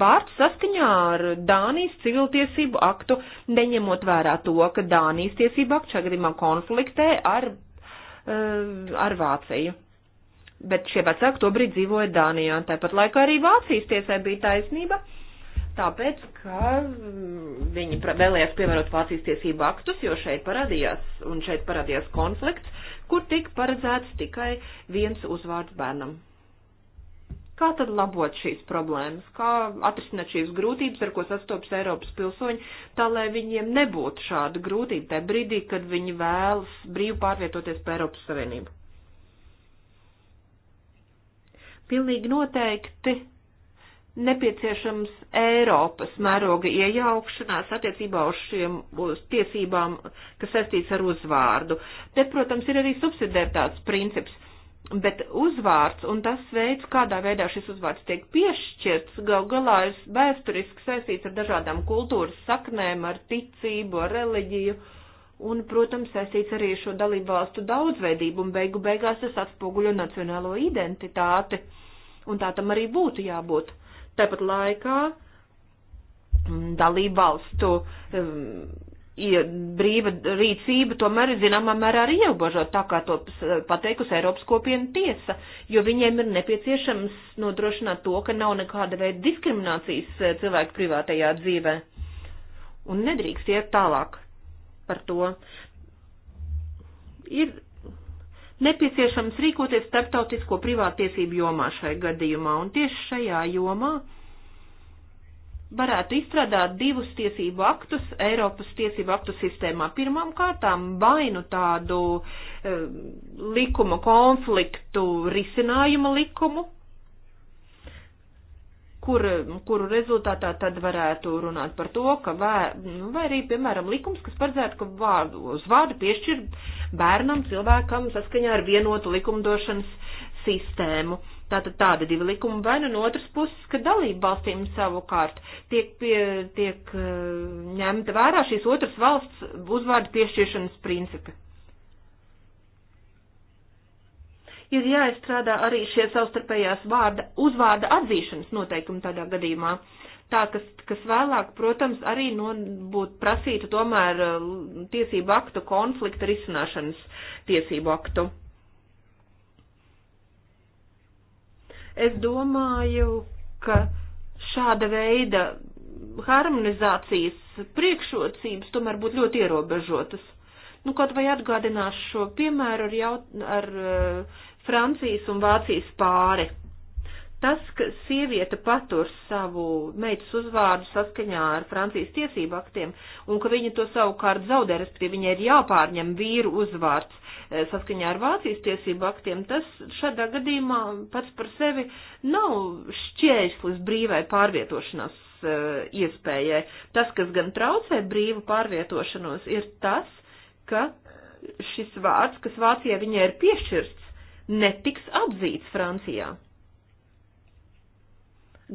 vārds saskaņā ar Dānijas civiltiesību aktu, neņemot vērā to, ka Dānijas tiesība akts šajā gadījumā konfliktē ar, eh, ar Vāciju. Bet šie vecāki tobrīd dzīvoja Dānijā. Tāpat laikā arī Vācijas tiesai bija taisnība tāpēc, ka mm, viņi vēlējās pievērot Vācijas tiesību aktus, jo šeit parādījās, un šeit parādījās konflikts, kur tika paredzēts tikai viens uzvārds bērnam. Kā tad labot šīs problēmas, kā atrisināt šīs grūtības, ar ko sastopas Eiropas pilsoņi, tā lai viņiem nebūtu šāda grūtība tajā brīdī, kad viņi vēlas brīvi pārvietoties pa Eiropas Savienību? Pilnīgi noteikti nepieciešams Eiropas mēroga iejaukšanās attiecībā uz šiem uz tiesībām, kas saistīts ar uzvārdu. Te, protams, ir arī subsidiaritātes princips, bet uzvārds un tas veids, kādā veidā šis uzvārds tiek piešķirts, gal galā ir vēsturiski saistīts ar dažādām kultūras saknēm, ar ticību, ar reliģiju. Un, protams, saistīts arī šo dalību valstu daudzveidību, un beigu beigās tas atspoguļo nacionālo identitāti. Un tā tam arī būtu jābūt Tāpat laikā mm, dalību valstu um, brīva rīcība tomēr zināmā mērā arī ierobežot, tā kā to pateikusi Eiropas kopiena tiesa, jo viņiem ir nepieciešams nodrošināt to, ka nav nekāda veida diskriminācijas e, cilvēku privātajā dzīvē. Un nedrīkst iet tālāk par to. Ir nepieciešams rīkoties starptautisko privātiesību jomā šai gadījumā, un tieši šajā jomā varētu izstrādāt divus tiesību aktus Eiropas tiesību aktu sistēmā. Pirmām kārtām vainu tādu e, likuma konfliktu risinājuma likumu, kur, kuru rezultātā tad varētu runāt par to, ka vai, nu, vai arī, piemēram, likums, kas paredzētu, ka vārdu, uz vārdu piešķir bērnam, cilvēkam saskaņā ar vienotu likumdošanas sistēmu. Tātad tāda divi likumi, vai nu no otras puses, ka dalība valstīm savukārt tiek, pie, tiek eh, ņemta vērā šīs otras valsts uzvārdu piešķiršanas principi. ir jāizstrādā arī šie savstarpējās vārda, uzvārda atzīšanas noteikumi tādā gadījumā. Tā, kas, kas vēlāk, protams, arī no, būtu prasītu tomēr uh, tiesību aktu konflikta risināšanas tiesību aktu. Es domāju, ka šāda veida harmonizācijas priekšrocības tomēr būtu ļoti ierobežotas. Nu, kaut vai atgādināšu šo piemēru ar, jaut, ar uh, Francijas un Vācijas pāri. Tas, ka sieviete patur savu meitas uzvārdu saskaņā ar Francijas tiesību aktiem un ka viņa to savukārt zaudē, respektīvi viņai ir jāpārņem vīru uzvārds eh, saskaņā ar Vācijas tiesību aktiem, tas šādā gadījumā pats par sevi nav šķērslis brīvai pārvietošanās eh, iespējai. Tas, kas gan traucē brīvu pārvietošanos, ir tas, ka šis vārds, kas Vācijā viņai ir piešķirts, netiks atzīts Francijā.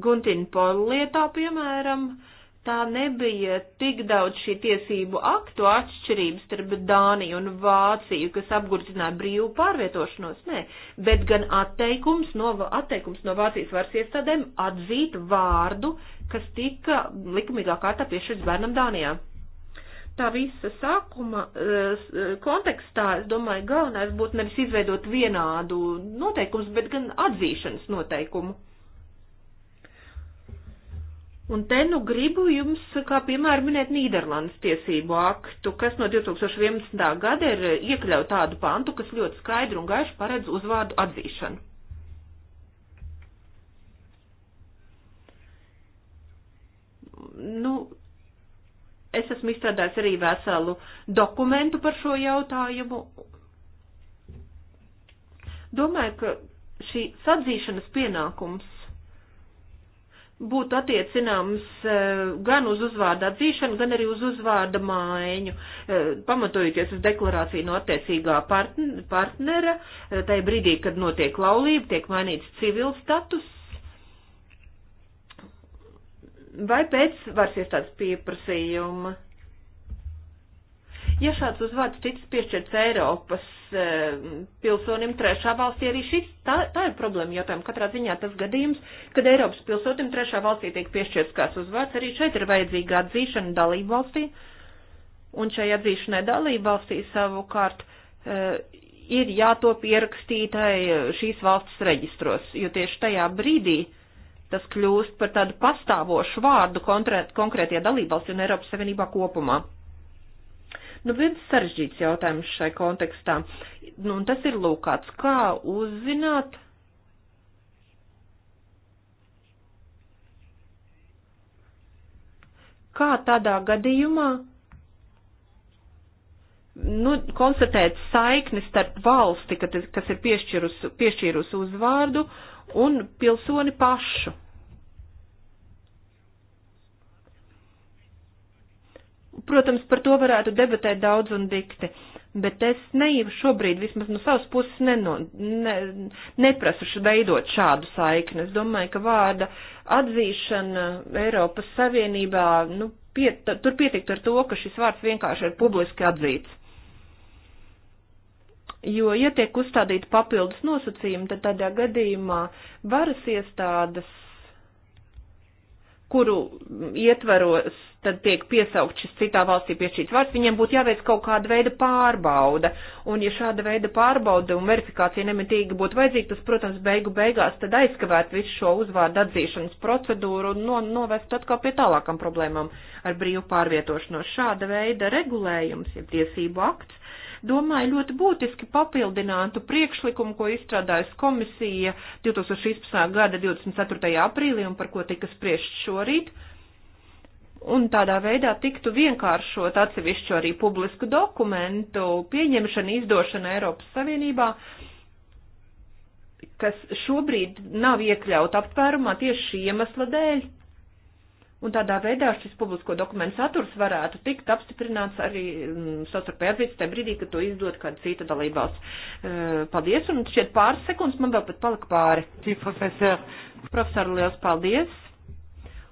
Guntina Porlietā, piemēram, tā nebija tik daudz šī tiesību aktu atšķirības starp Dāniju un Vāciju, kas apgurcināja brīvu pārvietošanos, nē, bet gan atteikums no, atteikums no Vācijas varas iestādēm atzīt vārdu, kas tika likumīgā kārtā piešķirts bērnam Dānijā tā visa sākuma eh, kontekstā, es domāju, galvenais būtu nevis izveidot vienādu noteikumus, bet gan atzīšanas noteikumu. Un te nu gribu jums, kā piemēram, minēt Nīderlandes tiesību aktu, kas no 2011. gada ir iekļaut tādu pantu, kas ļoti skaidru un gaišu paredz uzvārdu atzīšanu. Nu, es esmu izstrādājis arī veselu dokumentu par šo jautājumu. Domāju, ka šī sadzīšanas pienākums būtu attiecināms e, gan uz uzvārda atzīšanu, gan arī uz uzvārda mājiņu, e, pamatojoties uz deklarāciju no attiecīgā partnera, e, tajā brīdī, kad notiek laulība, tiek mainīts civil status, vai pēc varas iestādes pieprasījuma. Ja šāds uzvārds tiks piešķirts Eiropas e, pilsonim trešā valstī, arī šis, tā, tā ir problēma jautājuma. Katrā ziņā tas gadījums, kad Eiropas pilsotim trešā valstī tiek piešķirts kāds uzvārds, arī šeit ir vajadzīga atzīšana dalību valstī. Un šai atzīšanai dalību valstī savukārt e, ir jātop ierakstītai e, šīs valsts reģistros, jo tieši tajā brīdī tas kļūst par tādu pastāvošu vārdu konkrēt, konkrētie dalībvalsts un Eiropas Savienībā kopumā. Nu, viens sarežģīts jautājums šai kontekstā, nu, un tas ir lūkāts, kā uzzināt, kā tādā gadījumā nu, konstatēt saikni starp valsti, kas ir piešķīrusi, piešķīrusi uzvārdu, un pilsoni pašu. Protams, par to varētu debatēt daudz un dikti, bet es neīvu šobrīd, vismaz no savas puses, neno, ne, neprasuši veidot šādu saikni. Es domāju, ka vārda atzīšana Eiropas Savienībā, nu, piet, tur pietiktu ar to, ka šis vārds vienkārši ir publiski atzīts. Jo, ja tiek uzstādīti papildus nosacījumi, tad tādā gadījumā varas iestādes, kuru ietvaros tad tiek piesaukt šis citā valstī piešķīts vārds, viņiem būtu jāveic kaut kāda veida pārbauda. Un ja šāda veida pārbauda un verifikācija nemitīgi būtu vajadzīga, tas, protams, beigu beigās tad aizskavētu visu šo uzvārdu atzīšanas procedūru un no, novest atkal pie tālākam problēmām ar brīvu pārvietošanos. Šāda veida regulējums, ja tiesību akts, domāju, ļoti būtiski papildinātu priekšlikumu, ko izstrādājas komisija 2016. gada 24. aprīlī un par ko tika spriešts šorīt. Un tādā veidā tiktu vienkāršot atsevišķu arī publisku dokumentu pieņemšanu, izdošanu Eiropas Savienībā, kas šobrīd nav iekļauta aptvērumā tieši šī iemesla dēļ, Un tādā veidā šis publisko dokumentu saturs varētu tikt apstiprināts arī mm, sastarpēji atzīts tajā brīdī, kad to izdod kāda cita dalībvalsts. E, paldies, un šķiet pāris sekundes man vēl pat palika pāri. Cī, profesor. Profesor, liels paldies.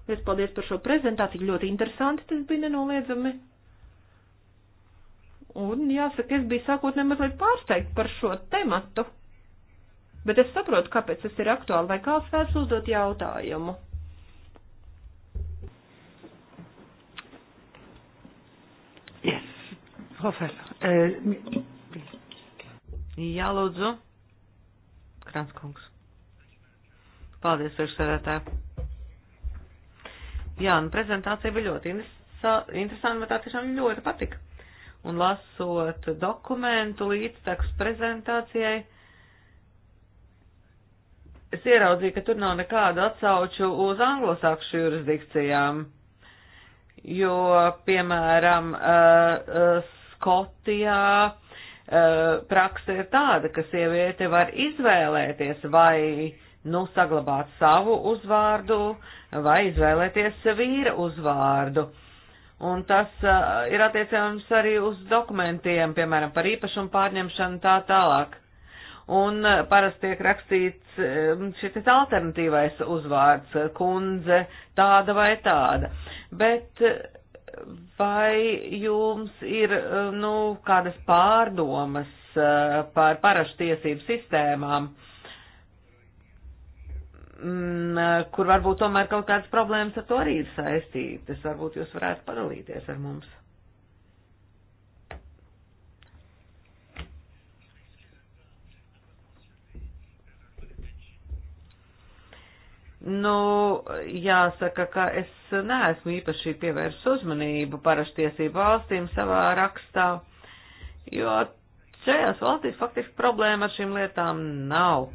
Liels paldies par šo prezentāciju. Ļoti interesanti tas bija nenoliedzami. Un jāsaka, es biju sākotnēji mazliet pārsteigta par šo tematu. Bet es saprotu, kāpēc tas ir aktuāli, vai kāds vērs uzdot jautājumu. Eh, Jā, lūdzu. Kranskungs. Paldies, priekšsēdētāji. Jā, nu prezentācija bija ļoti interesanta, man tā tiešām ļoti patika. Un lasot dokumentu līdztekstu prezentācijai, es ieraudzīju, ka tur nav nekādu atsauču uz anglosākšu jurisdikcijām jo, piemēram, eh, eh, Skotijā eh, praksa ir tāda, ka sieviete var izvēlēties vai nu saglabāt savu uzvārdu vai izvēlēties vīra uzvārdu. Un tas uh, ir attiecams arī uz dokumentiem, piemēram, par īpašumu pārņemšanu tā tālāk. Un uh, parasti tiek rakstīts uh, šis alternatīvais uzvārds - kundze, tāda vai tāda. Bet uh, Vai jums ir eh, nu, kādas pārdomas eh, par parašu tiesību sistēmām, mm, eh, kur varbūt tomēr kaut kādas problēmas ar to arī ir saistītas? Varbūt jūs varētu padalīties ar mums. Nu, jāsaka, ka es neesmu īpaši pievērsus uzmanību paraštiesību valstīm savā rakstā, jo šajās valstīs faktiski problēma ar šīm lietām nav,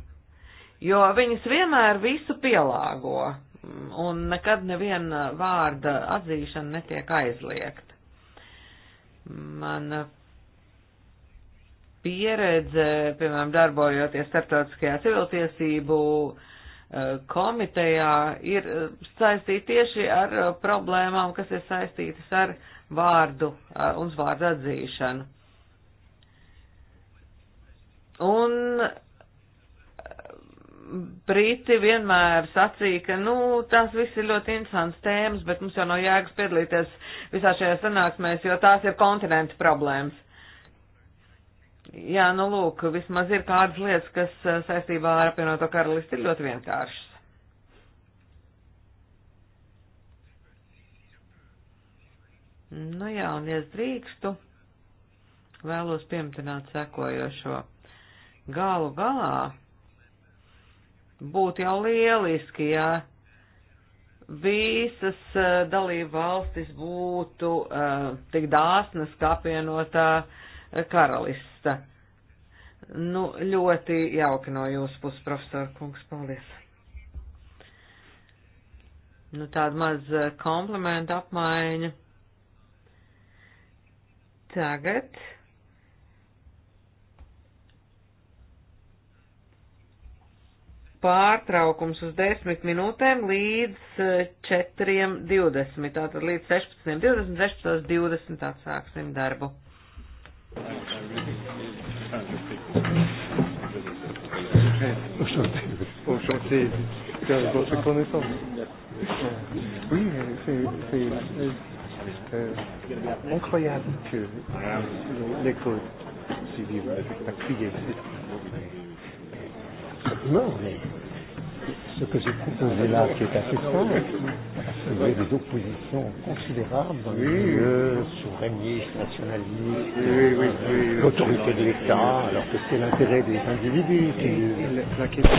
jo viņas vienmēr visu pielāgo un nekad neviena vārda atzīšana netiek aizliegta. Mana pieredze, piemēram, darbojoties starptautiskajā civiltiesību uh, komitejā ir eh, saistīti tieši ar eh, problēmām, kas ir saistītas ar vārdu eh, un vārdu atzīšanu. Un Briti vienmēr sacīja, ka, nu, tās viss ir ļoti interesants tēmas, bet mums jau nav jēgas piedalīties visā šajā sanāksmēs, jo tās ir kontinentu problēmas. Jā, nu lūk, vismaz ir kādas lietas, kas eh, saistībā ar apvienoto karalisti ir ļoti vienkāršas. Nu jā, un ja es drīkstu, vēlos piemtināt sekojošo. Galu galā būtu jau lieliski, ja visas uh, dalība valstis būtu uh, tik dāsnas kā apvienotā uh, karalis raksta. Nu, ļoti jauki no jūsu puses, profesor Kungs, paldies. Nu, tāda maz eh, komplementa apmaiņa. Tagad. pārtraukums uz 10 minūtēm līdz 4.20, eh, tātad līdz 16.20, 16.20 atsāksim darbu. Thank you. c'est votre connaissance. Oui, mais c'est, c'est euh, incroyable que l'école civile a crié. Non, mais ce que j'ai proposé là, qui est assez simple, il y a des oppositions considérables dans oui. le milieu souverainiste, nationaliste, oui, oui, oui, l'autorité de l'État, alors que c'est l'intérêt des individus. Et, qui... et la, la question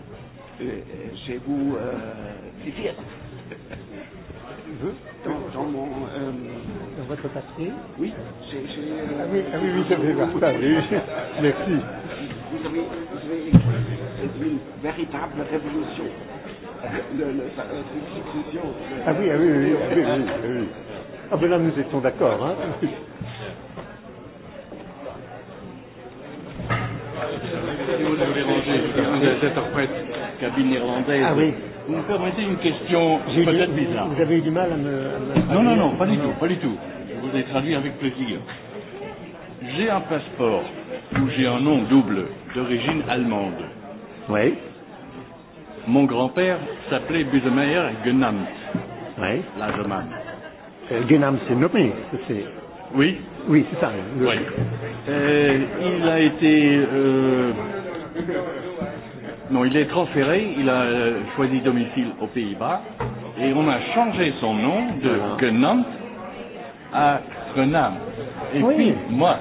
chez vous, euh, Zéphyr. Dans, dans mon. Euh, dans votre papier Oui, j'ai. Euh, ah oui, ah oui, oui, ça fait partager. Merci. Vous avez, vous avez écrit une véritable révolution. Le, le, la succession. Ah oui, ah oui, oui, ah oui, oui, oui. Ah ben là, nous étions d'accord, hein. Si vous devez ranger, vous êtes interprète cabine irlandaise. Ah oui. Vous me permettez une question peut-être bizarre. Vous avez eu du mal à me. À me non, non, non, pas du non. tout, pas du tout. Je vous ai traduit avec plaisir. J'ai un passeport où j'ai un nom double d'origine allemande. Oui. Mon grand-père s'appelait Busemeyer Gunamt. Oui. L'Allemagne. Euh, Gunamt, c'est nommé. C'est. Oui Oui, c'est ça. Le... Oui. Euh, il a été. Euh... Non, il est transféré, il a euh, choisi domicile aux Pays-Bas et on a changé son nom de voilà. Genant à Renam. Et oui. puis, moi,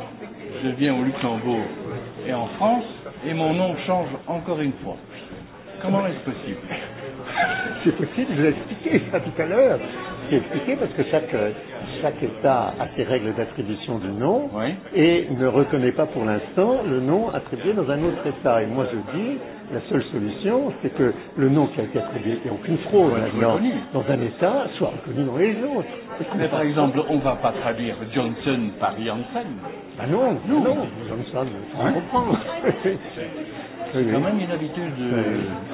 je viens au Luxembourg et en France et mon nom change encore une fois. Comment est-ce possible C'est possible, je vous ai expliqué ça tout à l'heure assez expliqué parce que chaque, chaque État a ses règles d'attribution du nom oui. et ne reconnaît pas pour l'instant le nom attribué dans un autre État. Et moi je dis, la seule solution, c'est que le nom qui a été attribué, il n'y a aucune fraude ouais, maintenant, dans un État, soit reconnu dans les autres. Mais par exemple, on ne va pas traduire Johnson par Janssen. Ah non, non, non, Johnson, on hein? comprend. C'est quand même une habitude euh,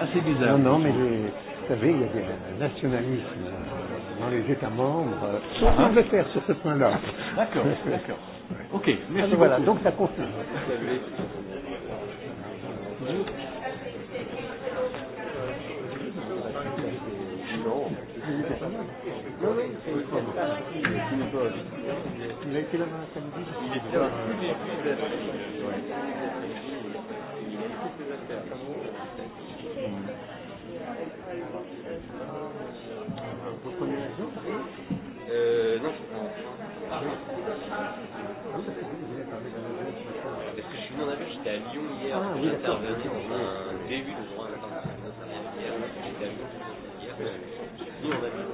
assez bizarre. Non, non, mais les, vous savez, il y a des nationalismes dans les États membres, euh, sauf hein? l'Angleterre sur ce point-là. D'accord, d'accord. Ok, merci. Alors, voilà, beaucoup. donc ça confirme. Il a été là-bas samedi. Il était là. Ouais. raison. Parce que je suis venu en avion, j'étais à Lyon hier. Ah, oui, intervenu dans un début de droit à euh, l'international hier. J'étais à Lyon hier. Venu en avion.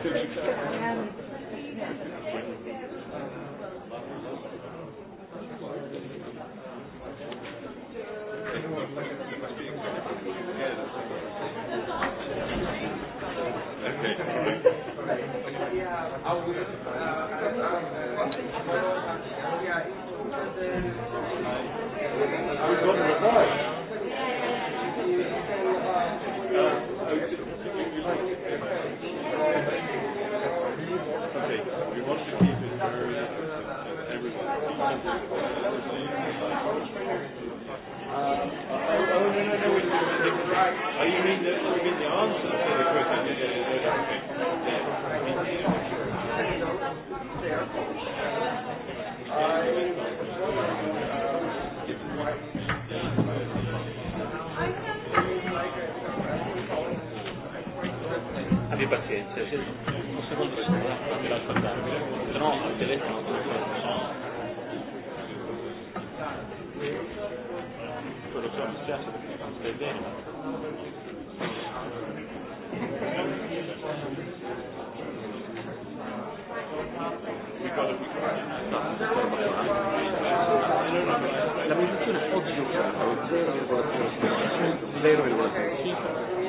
I was wondering why. Oh, you mean the, you mean the answer to the question? Yeah, yeah, yeah. yeah. Okay. Abbi pazienza, sì. un secondo che sono là, fammelo ascoltare, se no al telefono non so. Quello che mi spiace perché non stai bene, ma La posizione odiosa al 0,05,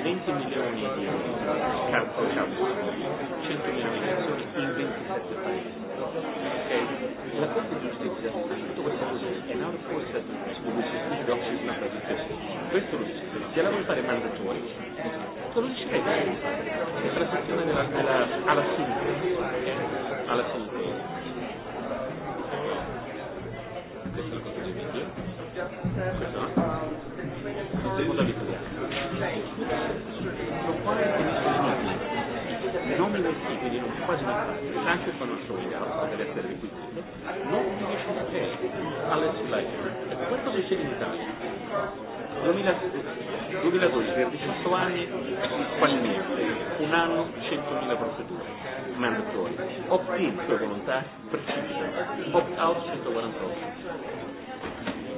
20 milioni di euro, cazzo cazzo, 100 milioni di persone in 27 paesi. Okay? La Corte di giustizia ha tutto questa posizione, and our court said, which is not a Questo lo dice gliela vuoi fare male da tuoi? Non riuscirei a È traslazione della, della, alla sintesi. Alla sintesi. Questa è la cosa di video. Questa no? Non devo da vita. Lo quale è il nome del tipo, quindi non quasi mai anche quando sono in gara, deve essere requisito, non finisce da te, unless you like it. E questo succede in Italia. 2006 2012 per 18 anni fallimento, un anno 100.000 procedure, mandatori, opt-in per volontà precisa, opt-out 148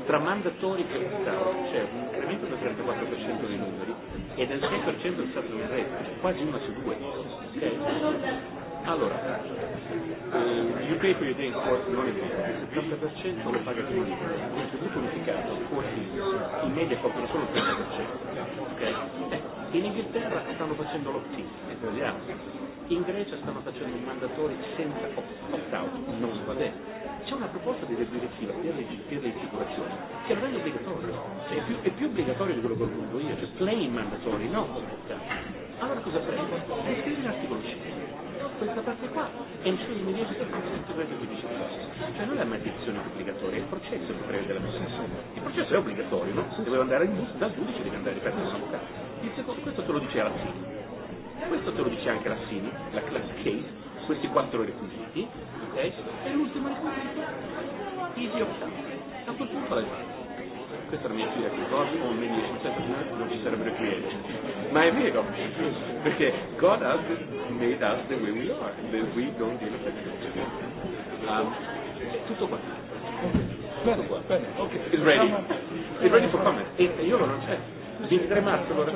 tra mandatori e opt-out c'è un incremento del 34% dei numeri e del 6% del stato di rete, cioè quasi una su due. Okay? Allora, eh, UK per idea in corso non è vero, il 70% lo paga il contributo unificato, forse in media coprono solo il 30% ok? Eh, in Inghilterra stanno facendo l'opt-in, e noi vediamo. In Grecia stanno facendo i mandatori senza opt-out, non va bene. C'è una proposta di direttiva per le, per le assicurazioni che lo rende obbligatorio, cioè è più, è più obbligatorio di quello che ho voluto io, cioè claim mandatori, non opt-out. Allora cosa prendo? Riscrivi l'articolo 5 questa parte qua è il suo immediato conseguente di dice cioè non è la maledizione obbligatoria, è il processo che prevede la maledizione. Il processo è obbligatorio, no? Se doveva andare in bus, dal giudice devi andare per questo avvocato. Il secondo, questo te lo dice la SINI, questo te lo dice anche la SINI, la class case, questi quattro requisiti, ok? E l'ultimo requisito, easy opt-out. A quel punto l'hai fatto. Questa è la mia figlia che ricordi, o meglio, non ci sarebbero clienti. Ma è vero, perché God has made us the way we are, that we don't deal with it. Um, tutto qua. Okay. Bene, bene, ok. It's ready. It's ready for comment. E io lo non c'è. 23 e marzo allora.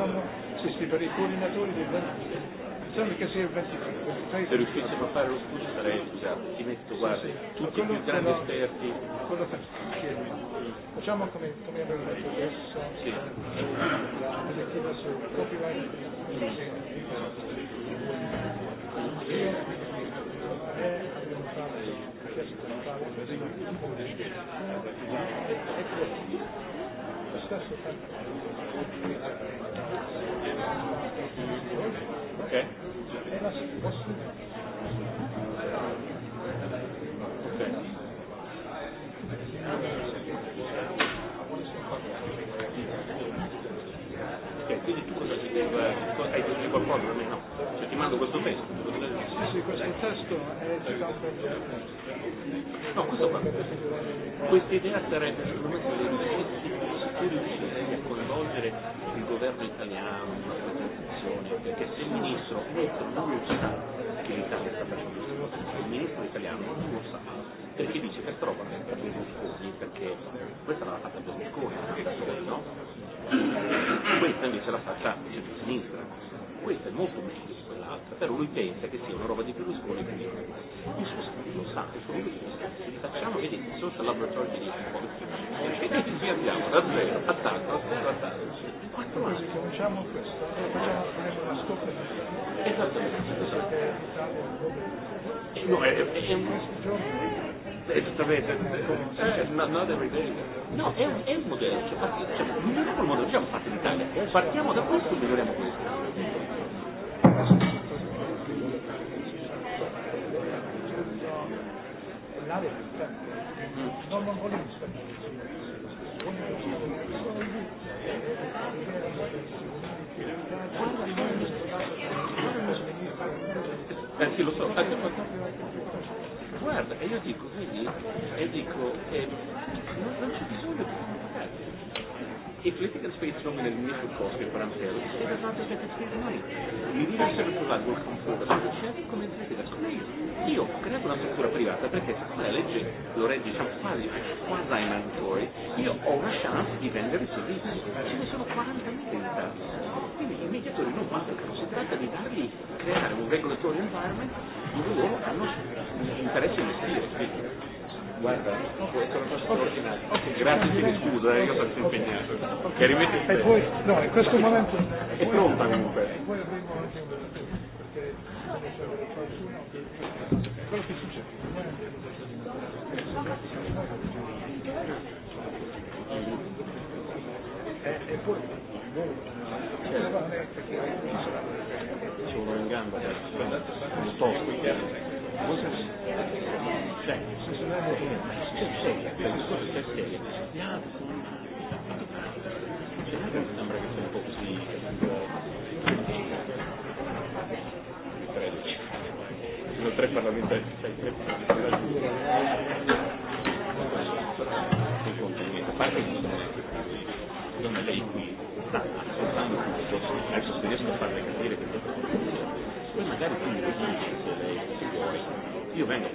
Sì, sì, per i coordinatori del 23 diciamo che sei 23 se riuscissimo a fare lo studio sarei scusato ti metto guarda tutti i più grandi però, esperti quello facciamo come, come abbiamo detto adesso sì. la direttiva sul copyright io e abbiamo fatto chiesto di fare No, questo qua, questa idea sarebbe secondo me se riuscissi, se riuscissi a coinvolgere il governo italiano in una protezione, perché se il ministro non lo sa che l'Italia sta facendo questa cosa, il ministro italiano non lo sa, perché dice che sta roba è per Berlusconi, perché questa l'ha fatta Berlusconi, no? Questa invece la faccia centro-sinistra, questa è molto meglio piazza, però lui pensa che sia una roba di Berlusconi e Mussolini. Il suo studio lo sa, è solo lui suo studio. Facciamo, vedi, il social laboratorio di ricerca, oh, e ci andiamo da zero a tanto, da zero a tanto. In quattro anni. Facciamo questo, eh, facciamo eh. una scopa. Esattamente. E eh, no, è, è, è un... Esattamente, eh, not, not every day. No, è un, è un modello, cioè, partiamo, cioè, miglioriamo il modello, diciamo fatto in Italia, partiamo da questo e miglioriamo questo. finale no non volevo aspettare eh sì lo so anche eh, guarda e io dico vedi e dico che non, non c'è bisogno di If litigants pay strong and initial cost in foreign sales, they have advantage that it's their money. Leadership for that will come forward as a chef come litigas come io. Io ho creato una struttura privata perché se la legge lo regge diciamo, quasi quasi mandatori, io ho una chance di vendere i servizi. Ce ne sono 40.000 in Italia. Quindi i mediatori non mancano, si tratta di dargli, creare un regulatory environment dove loro hanno interesse a investire. Guarda, okay. Okay. grazie e mi scusa, eh, io sono impegnato. Che rimette e poi, no, in questo momento è pronta comunque. E poi avremo anche una perché quello che succede. E, e poi sono in gamba, non sto. Cioè, nel senso non è ma c'è seria, quel discorso c'è seria. No, cioè, non è che mi sembra che sia un po' così, capito? Sono tre parlamentari, sei tre parlamentari. A parte che non è lei qui, sta ascoltando il discorso, adesso se riesco a farle capire che cosa poi magari tu mi dici se lei se vuoi. Io vengo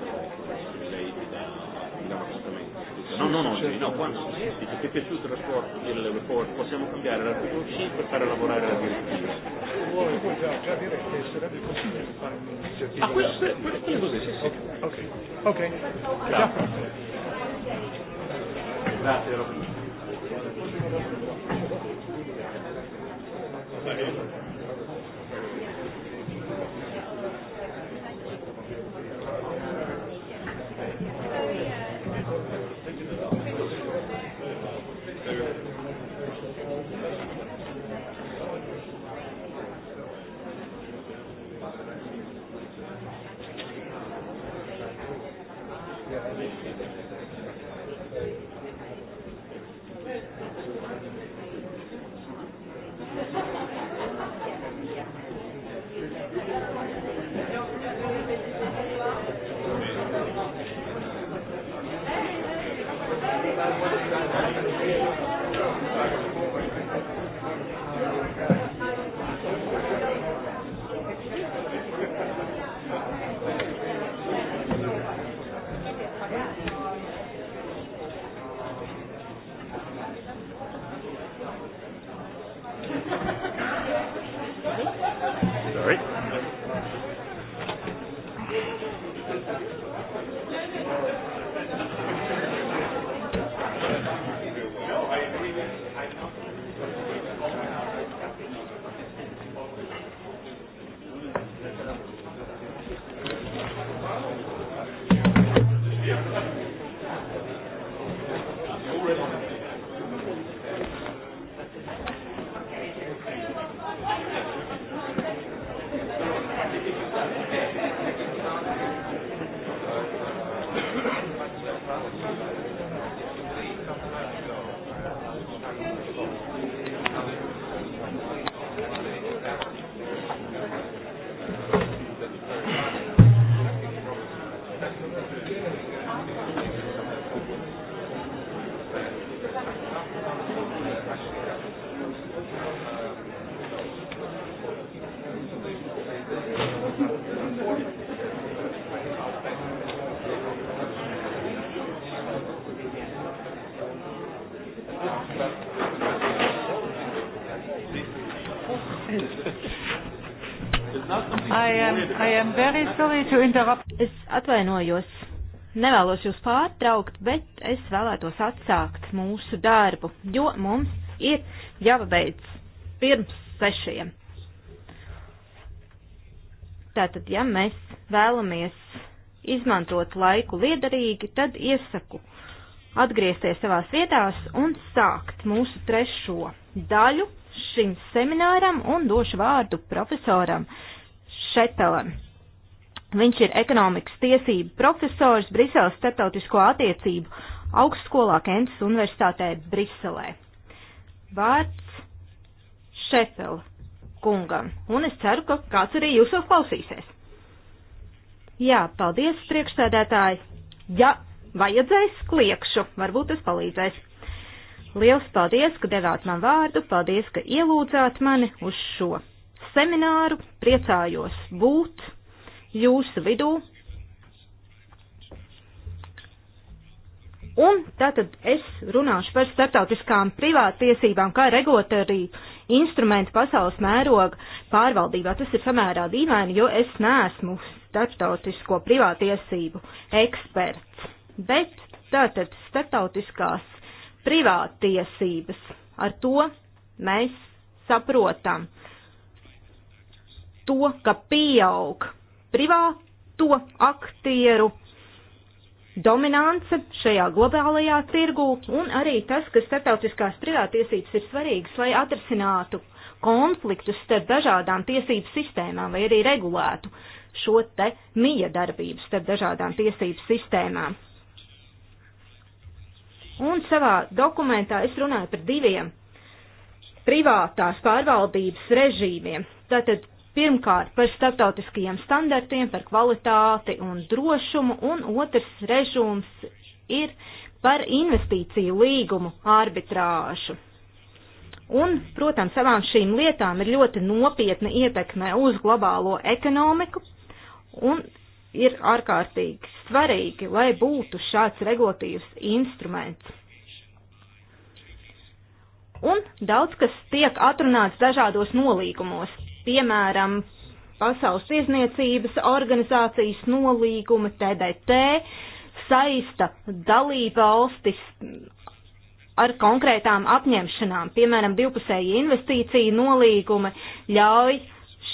non oggi, no, quando se ti è piaciuto il report, il report possiamo cambiare l'articolo 5 e fare lavorare la direttiva. Se vuoi puoi già, già dire che sarebbe possibile fare un'iniziativa. Ah, quello, quello, quello così, sì, sì. Ok, ok. okay. Grazie. Grazie Roberto. Es atvainojos, nevēlos jūs pārtraukt, bet es vēlētos atsākt mūsu darbu, jo mums ir jāpabeidz pirms sešiem. Tātad, ja mēs vēlamies izmantot laiku liederīgi, tad iesaku atgriezties savās vietās un sākt mūsu trešo daļu šim semināram un došu vārdu profesoram Šetelam. Viņš ir ekonomikas tiesību profesors Briseles starptautisko attiecību augstskolā Kentas Universitātē Briselē. Vārds Šefel kungam, un es ceru, ka kāds arī jūs jau klausīsies. Jā, paldies, priekšsēdētāji. Ja vajadzēs, kliekšu, varbūt tas palīdzēs. Liels paldies, ka devāt man vārdu, paldies, ka ielūdzāt mani uz šo semināru, priecājos būt jūsu vidū. Un tātad es runāšu par starptautiskām privātiesībām, kā regulēt arī instrumentu pasaules mēroga pārvaldībā. Tas ir samērā dīvaini, jo es neesmu starptautisko privātiesību eksperts. Bet tātad starptautiskās privātiesības ar to mēs saprotam to, ka pieaug privāto aktieru dominance šajā globālajā tirgū un arī tas, ka starptautiskās privātiesības ir svarīgas, lai atrisinātu konfliktus starp dažādām tiesību sistēmām vai arī regulētu šo te miedarbību starp dažādām tiesību sistēmām. Un savā dokumentā es runāju par diviem privātās pārvaldības režīmiem. Tātad Pirmkārt, par starptautiskajiem standartiem, par kvalitāti un drošumu, un otrs režīms ir par investīciju līgumu arbitrāžu. Un, protams, savām šīm lietām ir ļoti nopietna ietekme uz globālo ekonomiku, un ir ārkārtīgi svarīgi, lai būtu šāds regulatīvs instruments. Un daudz kas tiek atrunāts dažādos nolīgumos, piemēram, Pasaules tirzniecības organizācijas nolīguma TDT saista dalība valstis ar konkrētām apņemšanām. Piemēram, divpusēji investīcija nolīgumi ļauj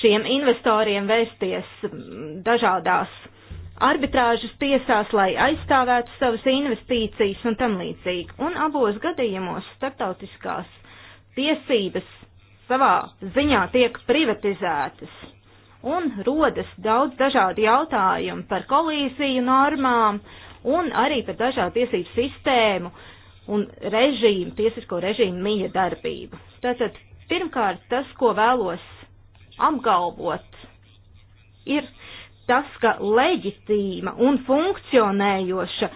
šiem investoriem vēsties dažādās arbitrāžas tiesās, lai aizstāvētu savas investīcijas un tam līdzīgi. Un abos gadījumos starptautiskās tiesības savā ziņā tiek privatizētas. Un rodas daudz dažādu jautājumu par kolīziju normām un arī par dažādu tiesību sistēmu un režīmu, tiesisko režīmu mīja darbību. Tātad pirmkārt tas, ko vēlos apgalvot, ir tas, ka leģitīma un funkcionējoša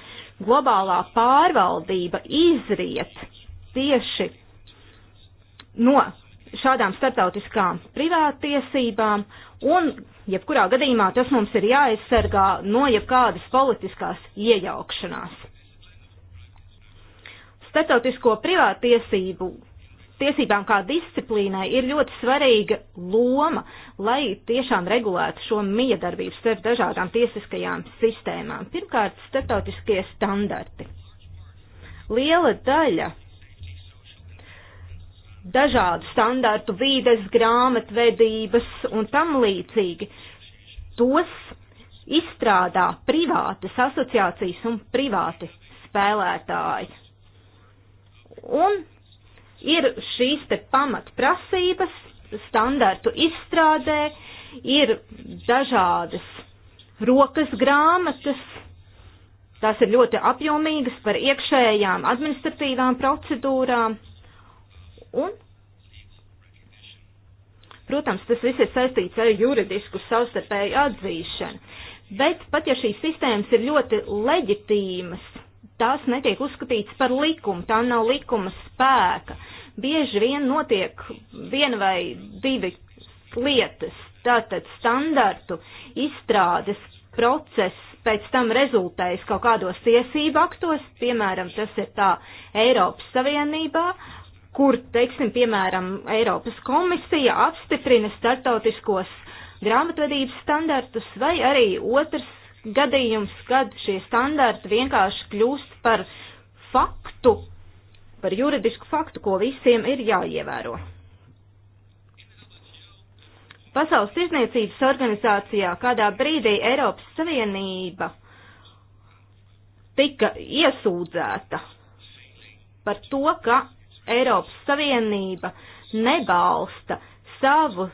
globālā pārvaldība izriet tieši no šādām starptautiskām privātiesībām, un jebkurā gadījumā tas mums ir jāaizsargā no jebkādas politiskās iejaukšanās. Starptautisko privātiesību tiesībām kā disciplīnai ir ļoti svarīga loma, lai tiešām regulētu šo miedarbību starp dažādām tiesiskajām sistēmām. Pirmkārt, starptautiskie standarti. Liela daļa dažādu standartu vīdes, grāmatvedības un tam līdzīgi. Tos izstrādā privātas asociācijas un privāti spēlētāji. Un ir šīs te pamatprasības standartu izstrādē, ir dažādas rokas grāmatas, tās ir ļoti apjomīgas par iekšējām administratīvām procedūrām, Un, protams, tas viss ir saistīts ar juridisku savstarpēju atzīšanu. Bet pat ja šīs sistēmas ir ļoti leģitīmas, tās netiek uzskatītas par likumu, tā nav likuma spēka. Bieži vien notiek viena vai divi lietas, tātad standartu izstrādes process pēc tam rezultējas kaut kādos tiesību aktos, piemēram, tas ir tā Eiropas Savienībā, uh, kur, teiksim, piemēram, Eiropas komisija apstiprina startautiskos grāmatvedības standartus, vai arī otrs gadījums, kad šie standarti vienkārši kļūst par faktu, par juridisku faktu, ko visiem ir jāievēro. Pasaules tirzniecības organizācijā kādā brīdī Eiropas Savienība tika iesūdzēta par to, ka Eiropas Savienība nebalsta savu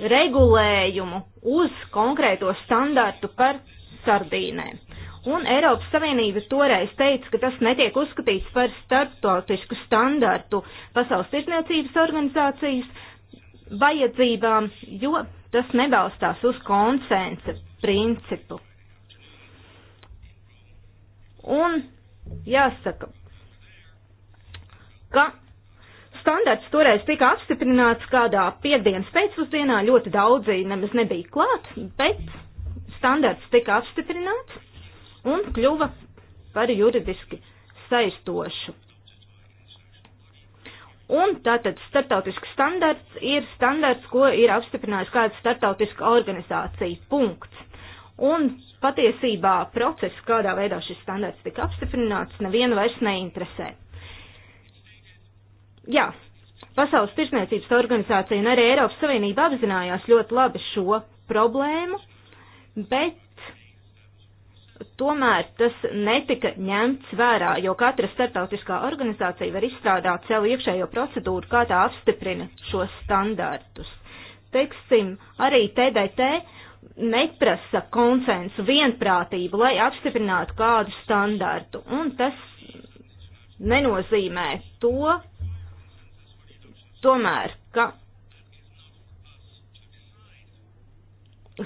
regulējumu uz konkrēto standartu par sardīnēm. Un Eiropas Savienība toreiz teica, ka tas netiek uzskatīts par starptautisku standartu Pasaules tirdzniecības organizācijas vajadzībām, jo tas nebalstās uz konsensa principu. Un jāsaka, ka standarts toreiz tika apstiprināts kādā piekdienas pēcpusdienā, ļoti daudzi nemaz nebija klāt, bet standarts tika apstiprināts un kļuva par juridiski saistošu. Un tātad startautisks standarts ir standarts, ko ir apstiprinājis kāda startautiska organizācija. Punkts. Un patiesībā process, kādā veidā šis standarts tika apstiprināts, nevienu vairs neinteresē jā, Pasaules tirsniecības organizācija un arī Eiropas Savienība apzinājās ļoti labi šo problēmu, bet tomēr tas netika ņemts vērā, jo katra startautiskā organizācija var izstrādāt sev iekšējo procedūru, kā tā apstiprina šos standartus. Teiksim, arī TDT neprasa konsensu, vienprātību, lai apstiprinātu kādu standartu, un tas nenozīmē to, tomēr, ka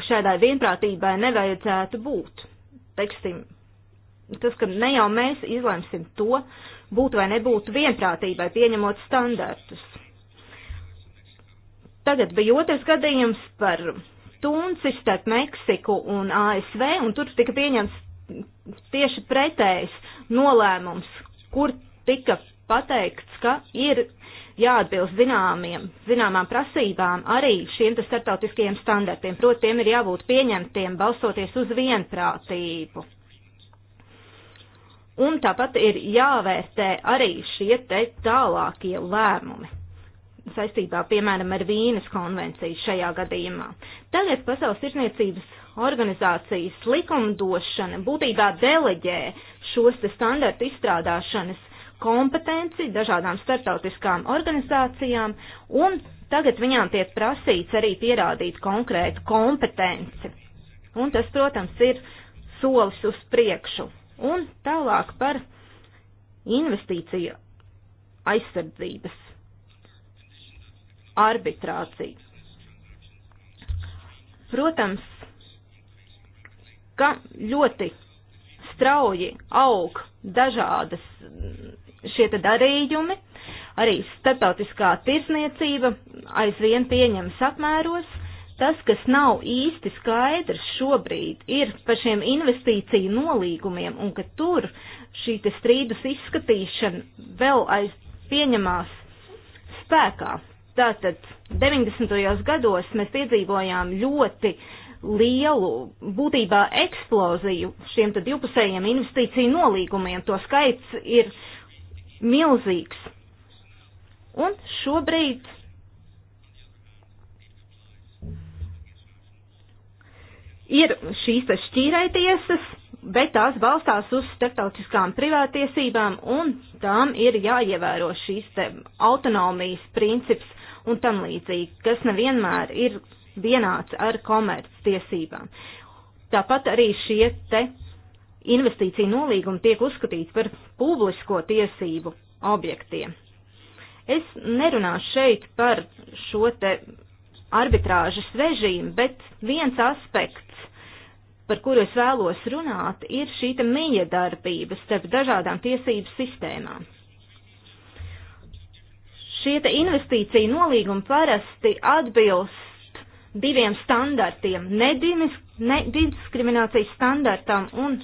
šādai vienprātībai nevajadzētu būt. Teiksim, tas, ka ne jau mēs izlemsim to, būt vai nebūt vienprātībai pieņemot standartus. Tagad bija otrs gadījums par tunci starp Meksiku un ASV, un tur tika pieņemts tieši pretējs nolēmums, kur tika pateikts, ka ir jāatbilst zināmiem, zināmām prasībām arī šiem te startautiskajiem standartiem, proti tiem ir jābūt pieņemtiem balstoties uz vienprātību. Un tāpat ir jāvērtē arī šie te tālākie lēmumi saistībā, piemēram, ar Vīnes konvenciju šajā gadījumā. Tagad Pasaules tirsniecības organizācijas likumdošana būtībā deleģē šos te standartu izstrādāšanas kompetenci dažādām startautiskām organizācijām, un tagad viņām tiek prasīts arī pierādīt konkrētu kompetenci. Un tas, protams, ir solis uz priekšu. Un tālāk par investīciju aizsardzības arbitrāciju. Protams, ka ļoti strauji aug dažādas šie te darījumi, arī starptautiskā tirsniecība aizvien pieņems apmēros. Tas, kas nav īsti skaidrs šobrīd, ir par šiem investīciju nolīgumiem un ka tur šī te strīdus izskatīšana vēl aiz pieņemās spēkā. Tātad 90. gados mēs piedzīvojām ļoti lielu, būtībā eksploziju šiem te divpusējiem investīciju nolīgumiem. To skaits ir milzīgs. Un šobrīd ir šīs šķīraitiesas, bet tās balstās uz starptautiskām privātiesībām un tām ir jāievēro šīs te autonomijas princips un tam līdzīgi, kas nevienmēr ir vienāds ar komerc tiesībām. Tāpat arī šie te investīcija nolīgumi tiek uzskatīti par publisko tiesību objektiem. Es nerunāšu šeit par šo te arbitrāžas režīmu, bet viens aspekts, par kuru es vēlos runāt, ir šī te miedarbība starp dažādām tiesību sistēmām. Šie te investīcija nolīgumi parasti atbilst diviem standartiem - nediskriminācijas standartam un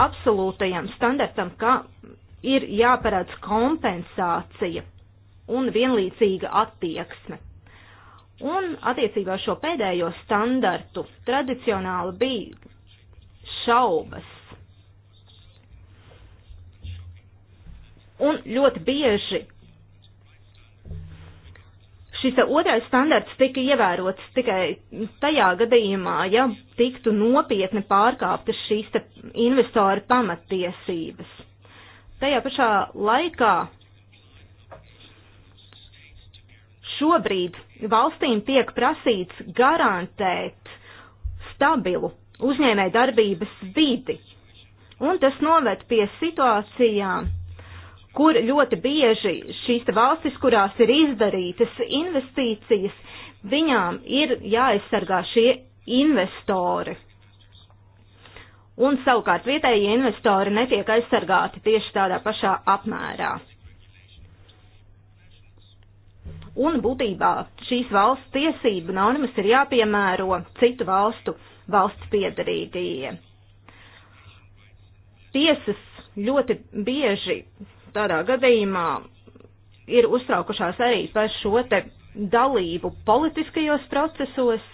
absolūtajam standartam, ka ir jāparāds kompensācija un vienlīdzīga attieksme. Un attiecībā šo pēdējo standartu tradicionāli bija šaubas. Un ļoti bieži šis otrais standarts tika ievērots tikai tajā gadījumā, ja tiktu nopietni pārkāptas šīs te investoru pamattiesības. Tajā pašā laikā šobrīd valstīm tiek prasīts garantēt stabilu uzņēmē darbības vidi, un tas noved pie situācijām, kur ļoti bieži šīs valstis, kurās ir izdarītas investīcijas, viņām ir jāaizsargā šie investori. Un savukārt vietējie investori netiek aizsargāti tieši tādā pašā apmērā. Un būtībā šīs valsts tiesību normas ir jāpiemēro citu valstu valsts piedarīgajiem. Tiesas ļoti bieži tādā gadījumā ir uztraukušās arī par šo te dalību politiskajos procesos.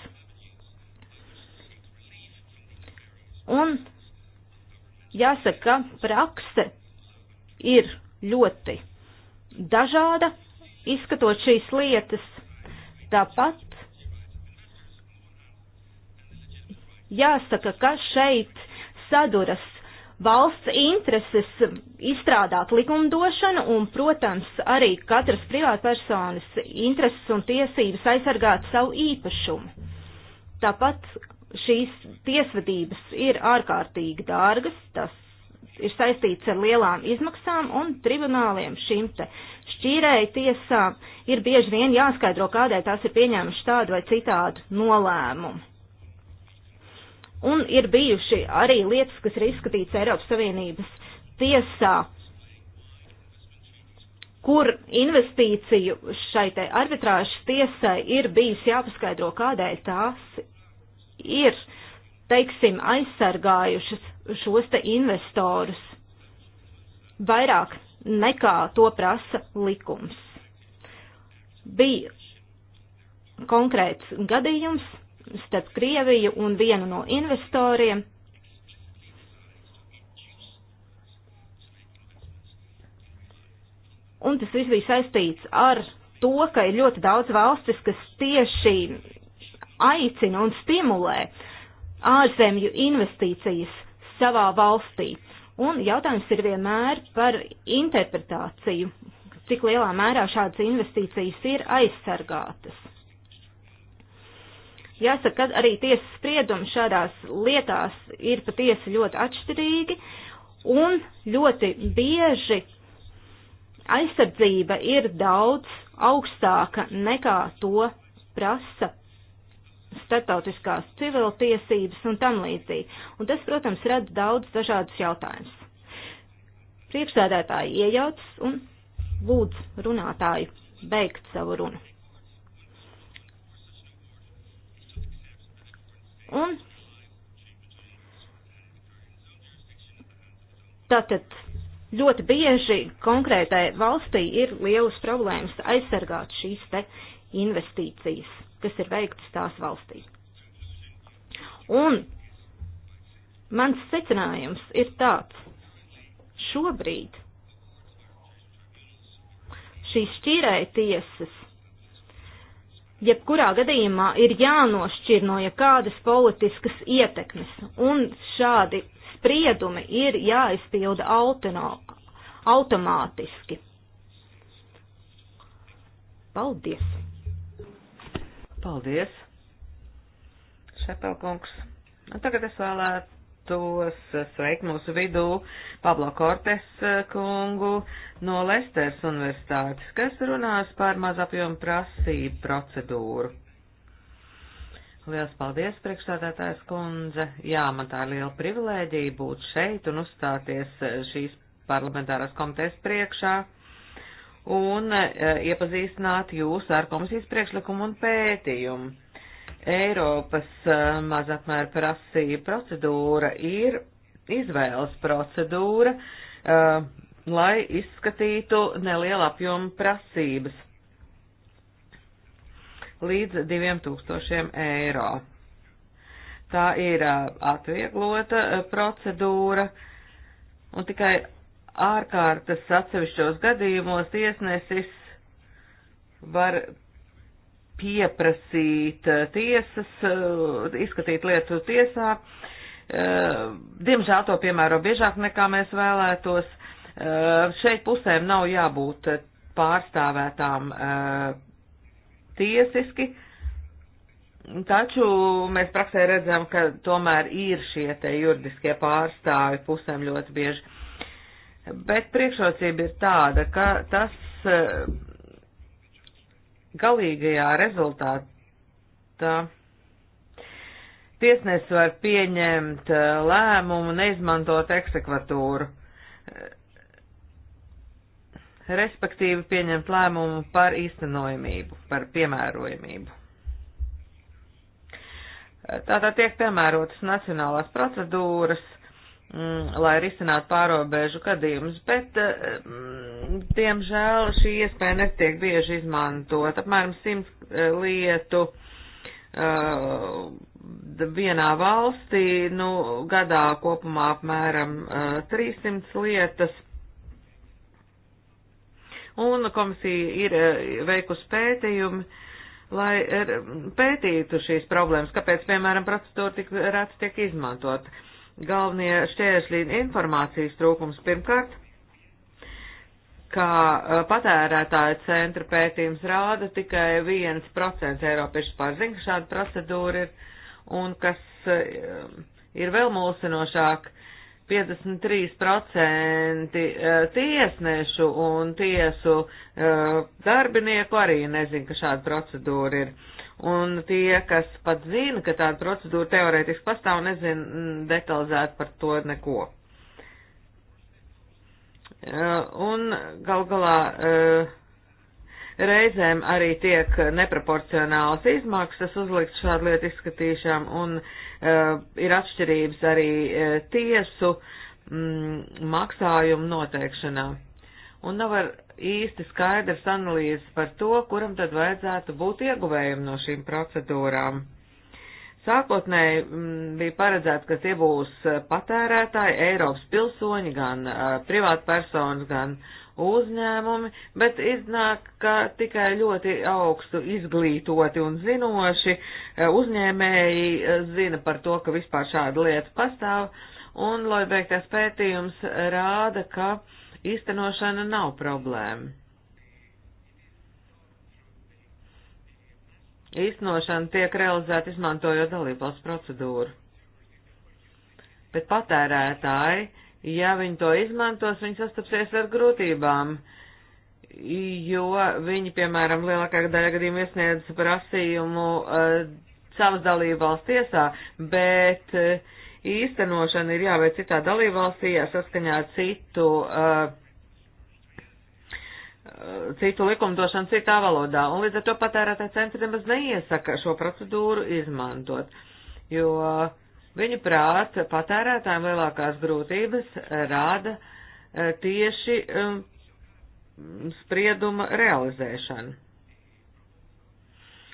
Un jāsaka, ka prakse ir ļoti dažāda, izskatot šīs lietas. Tāpat jāsaka, ka šeit saduras valsts intereses izstrādāt likumdošanu un, protams, arī katras privātpersonas intereses un tiesības aizsargāt savu īpašumu. Tāpat šīs tiesvedības ir ārkārtīgi dārgas, tas ir saistīts ar lielām izmaksām un tribunāliem šīm te šķīrēju tiesām ir bieži vien jāskaidro, kādēļ tās ir pieņēmušas tādu vai citādu nolēmumu. Un ir bijuši arī lietas, kas ir izskatīts Eiropas Savienības tiesā, kur investīciju šai te arbitrāžas tiesai ir bijis jāpaskaidro, kādēļ tās ir, teiksim, aizsargājušas šos te investorus vairāk nekā to prasa likums. Bija konkrēts gadījums, starp Krieviju un vienu no investoriem. Un tas viss bija saistīts ar to, ka ir ļoti daudz valstis, kas tieši aicina un stimulē ārzemju investīcijas savā valstī. Un jautājums ir vienmēr par interpretāciju, cik lielā mērā šādas investīcijas ir aizsargātas. Jāsaka, ka arī tiesas spriedumi šādās lietās ir patiesi ļoti atšķirīgi un ļoti bieži aizsardzība ir daudz augstāka nekā to prasa starptautiskās civiltiesības un tam līdzīgi. Un tas, protams, rada daudz dažādus jautājumus. Priekšsēdētāji iejaucas un lūdz runātāju beigt savu runu. Un tātad ļoti bieži konkrētai valstī ir lielas problēmas aizsargāt šīs te investīcijas, kas ir veiktas tās valstī. Un mans secinājums ir tāds, šobrīd šīs šķīrēja tiesas jebkurā gadījumā ir jānošķir no jebkādas politiskas ietekmes, un šādi spriedumi ir jāizpilda autono, automātiski. Paldies! Paldies, Šepelkungs. Nu, tagad es vēlētu vēlētos sveikt mūsu vidū Pablo Kortes eh, kungu no Lesters universitātes, kas runās par mazapjomu prasību procedūru. Liels paldies, priekšstādātājs kundze. Jā, man tā ir liela privilēģija būt šeit un uzstāties eh, šīs parlamentārās komitejas priekšā un eh, iepazīstināt jūs ar komisijas priekšlikumu un pētījumu Eiropas eh, mazapmēra prasība procedūra ir izvēles procedūra, eh, lai izskatītu nelielu apjomu prasības līdz 2000 eiro. Tā ir eh, atvieglota procedūra, un tikai ārkārtas atsevišķos gadījumos tiesnesis var pieprasīt eh, tiesas, eh, izskatīt lietu tiesā. Eh, diemžēl to piemēro biežāk nekā mēs vēlētos. Šeit pusēm nav jābūt pārstāvētām tiesiski, taču mēs praksē redzam, ka tomēr ir šie te juridiskie pārstāvi pusēm ļoti bieži. Bet priekšrocība ir tāda, ka tas galīgajā rezultātā tiesnes var pieņemt eh, lēmumu neizmantot eksekvatūru, eh, respektīvi pieņemt lēmumu par īstenojamību, par piemērojamību. Eh, tātad tiek piemērotas nacionālās procedūras, mm, lai risinātu pārobežu gadījumus, bet, mm, diemžēl, šī iespēja netiek bieži izmantot. Apmēram simts eh, lietu uh, vienā valstī, nu, gadā kopumā apmēram uh, eh, 300 lietas. Un komisija ir uh, veikusi pētījumi, lai er, pētītu šīs problēmas, kāpēc, piemēram, procedūra tik rēts tiek izmantot. Uh, galvenie šķēršļi informācijas trūkums pirmkārt, kā e, patērētāja centra pētījums rāda, tikai 1% Eiropiešu pārzina, ka šāda procedūra ir, un kas e, ir vēl mulsinošāk, 53% e, tiesnešu un tiesu darbinieku arī nezin, ka šāda procedūra ir. Un tie, kas pat zina, ka tāda procedūra teorētiski pastāv, nezina detalizēt par to neko. Un gal galā eh, reizēm arī tiek neproporcionālas izmaksas uzlikts šādu lietu izskatīšām, un eh, ir atšķirības arī eh, tiesu mm, maksājumu noteikšanā. Un nevar īsti skaidrs analīzes par to, kuram tad vajadzētu būt ieguvējiem no šīm procedūrām. Sākotnēji mm, bija paredzēts, ka tie būs patērētāji, Eiropas pilsoņi, gan privātpersonas, gan uzņēmumi, bet iznāk, ka tikai ļoti augstu izglītoti un zinoši uzņēmēji zina par to, ka vispār šāda lieta pastāv, un, lai beigtais pētījums rāda, ka uh, īstenošana nav problēma. Īstenošana tiek realizēta izmantojot dalībvalsts procedūru. Bet patērētāji, ja viņi to izmantos, viņi sastapsies ar grūtībām, jo viņi, piemēram, lielākā daļa gadījumu iesniedz prasījumu uh, savas dalībvalsts tiesā, bet uh, īstenošana ir jāveic citā dalībvalstī, saskaņā ar citu, uh, citu likumdošanu citā valodā, un līdz ar to patērētāji centri nemaz neiesaka šo procedūru izmantot, jo viņu prāt patērētājiem lielākās grūtības rāda uh, tieši um, sprieduma realizēšana.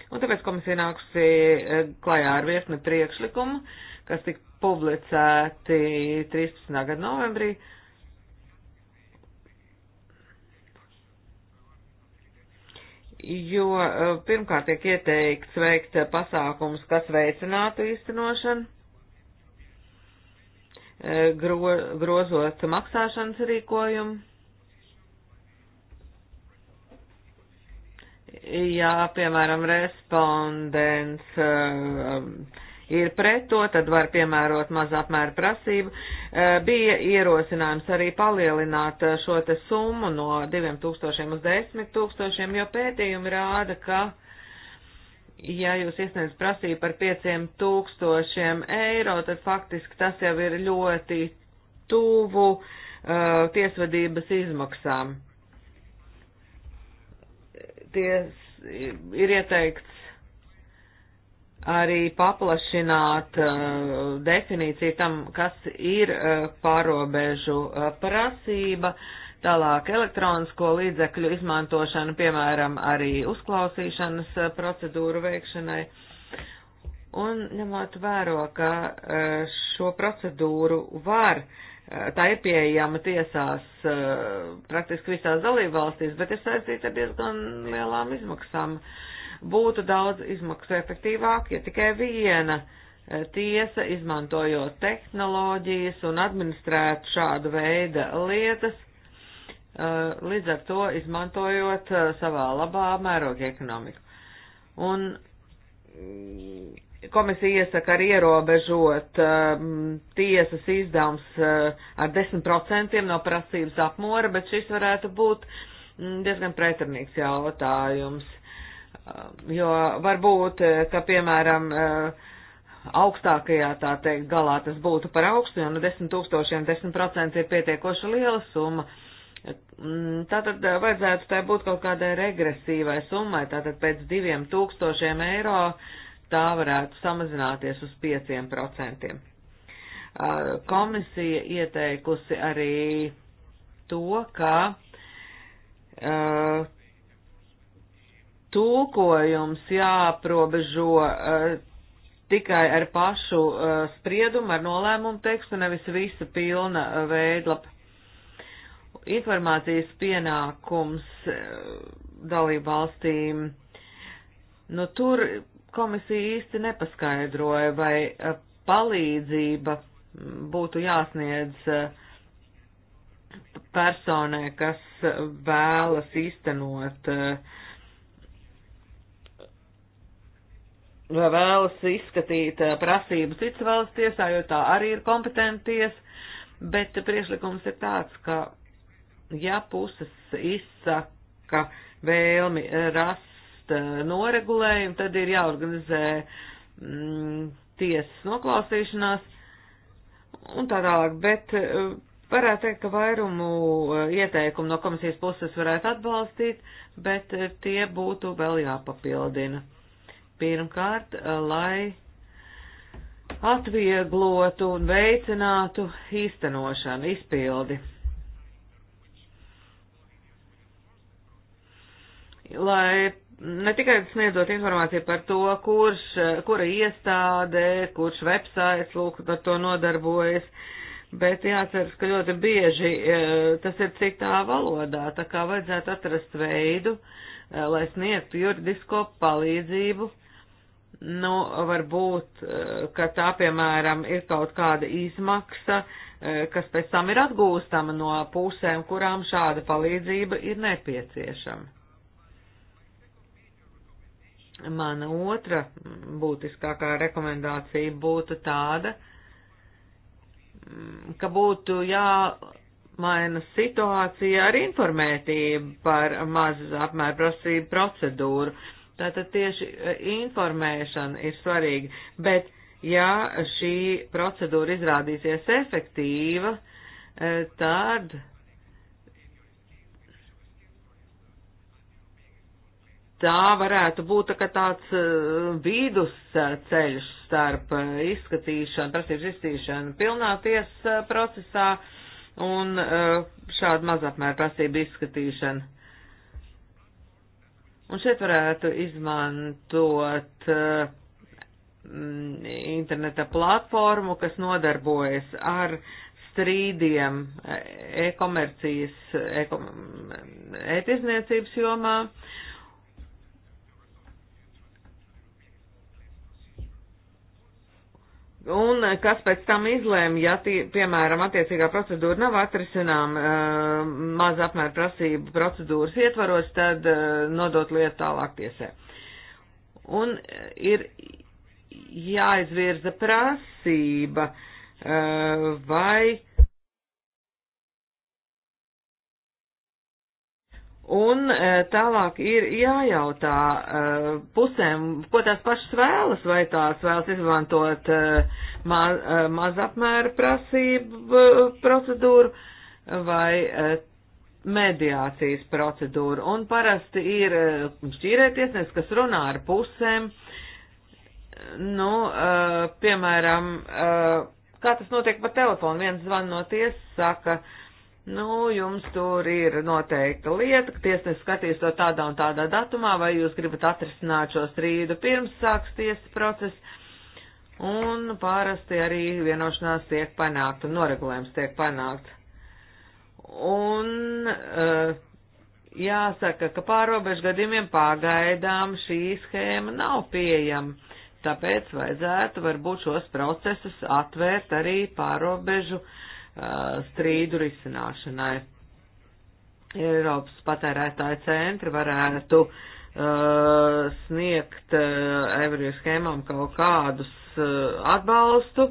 Un tāpēc komisija nākusi uh, klajā ar virkni priekšlikumu, kas tik publicēti 13. gada novembrī. Jo eh, pirmkārt tiek ieteikts veikt pasākums, kas veicinātu īstenošanu, eh, gro, grozot maksāšanas rīkojumu. Jā, piemēram, respondents. Uh, ir pret to, tad var piemērot mazapmēra prasību. E, bija ierosinājums arī palielināt e, šo te summu no 2000 uz 10 tūkstošiem, jo pētījumi rāda, ka, ja jūs iesniedz prasību par 5000 eiro, tad faktiski tas jau ir ļoti tuvu uh, tiesvedības izmaksām. Ties ir ieteikts arī paplašināt uh, definīciju tam, kas ir uh, pārobežu uh, prasība, tālāk elektronisko līdzekļu izmantošana, piemēram, arī uzklausīšanas uh, procedūru veikšanai. Un ņemot vēro, ka uh, šo procedūru var, uh, tā ir pieejama tiesās uh, praktiski visās dalībvalstīs, bet ir saistīta ar diezgan lielām izmaksām. Uh, būtu daudz izmaksu efektīvāk, ja tikai viena e, tiesa, izmantojot tehnoloģijas un administrētu šādu veidu lietas, e, līdz ar to izmantojot e, savā labā mēroga ekonomiku. Un mm, komisija iesaka arī ierobežot um, tiesas izdevums uh, ar 10% no prasības apmora, bet šis varētu būt diezgan pretrunīgs jautājums, jo varbūt, eh, ka, piemēram, eh, augstākajā, tā teikt, galā tas būtu par augstu, jo no nu, 10 tūkstošiem 10% ir pietiekoši liela summa. Mm, tātad eh, vajadzētu tai būt kaut kādai regresīvai summai, tātad pēc 2000 eiro tā varētu samazināties uz 5%. Komisija ieteikusi arī to, ka tūkojums jāprobežo uh, eh, tikai ar pašu uh, spriedumu, ar nolēmumu tekstu, nevis visu pilna uh, veidlapa. Informācijas pienākums dalību valstīm. Nu, tur komisija īsti nepaskaidroja, vai palīdzība mm, būtu jāsniedz personai, kas vēlas īstenot uh, vēlas izskatīt eh, prasību citas valsts tiesā, jo tā arī ir kompetenties, bet priešlikums ir tāds, ka ja puses izsaka vēlmi rast eh, noregulējumu, tad ir jāorganizē mm, tiesas noklausīšanās un tā tālāk, bet eh, varētu teikt, ka vairumu ieteikumu no komisijas puses varētu atbalstīt, bet tie būtu vēl jāpapildina. Pirmkārt, eh, lai atvieglotu un veicinātu īstenošanu, izpildi. Lai ne tikai sniedzot informāciju par to, kurš, eh, kura iestāde, kurš websites, lūk, par to nodarbojas, bet jāceras, ka ļoti bieži eh, tas ir citā valodā, tā kā vajadzētu atrast veidu, lai sniegtu juridisko palīdzību Nu, varbūt, eh, ka tā, piemēram, ir kaut kāda izmaksa, eh, kas pēc tam ir atgūstama no pusēm, kurām šāda palīdzība ir nepieciešama. Mana otra būtiskākā rekomendācija būtu tāda, mm, ka būtu jāmaina situācija ar informētību par mazas apmēra prasību procedūru. Tātad tieši e, informēšana ir svarīga, bet ja šī procedūra izrādīsies efektīva, e, tad tā varētu būt tā tāds e, vidusceļš starp izskatīšanu, prasības izskatīšanu pilnā tiesa procesā un šādu mazapmēru prasību izskatīšanu. Un šeit varētu izmantot uh, interneta platformu, kas nodarbojas ar strīdiem e-komercijas, e-tirzniecības e jomā. Uh, Un eh, kas pēc tam izlēma, ja, tie, piemēram, attiecīgā procedūra nav atrisinām uh, eh, maz apmēra prasību procedūras ietvaros, tad uh, nodot lietu tālāk tiesē. Un ir jāizvirza prasība, uh, vai Un e, tālāk ir jājautā e, pusēm, ko tās pašas vēlas, vai tās vēlas izmantot e, ma mazapmēra prasību procedūru vai mediācijas procedūru. Un parasti ir šķīrētiesnieks, kas runā ar pusēm, nu, piemēram, kā tas notiek pa telefonu, viens zvan no tiesas saka, Nu, jums tur ir noteikta lieta, ka tiesnesis skatīs to tādā un tādā datumā, vai jūs gribat atrisināt šo strīdu pirms sāks tiesas process, un parasti arī vienošanās tiek panākt, un noregulējums tiek panākt. Un uh, jāsaka, ka pārobežu gadījumiem pagaidām šī schēma nav pieejama, tāpēc vajadzētu varbūt šos procesus atvērt arī pārobežu gadījumiem Uh, strīdu risināšanai. Eiropas patērētāja centri varētu uh, sniegt uh, evriju schēmām kaut kādus uh, atbalstu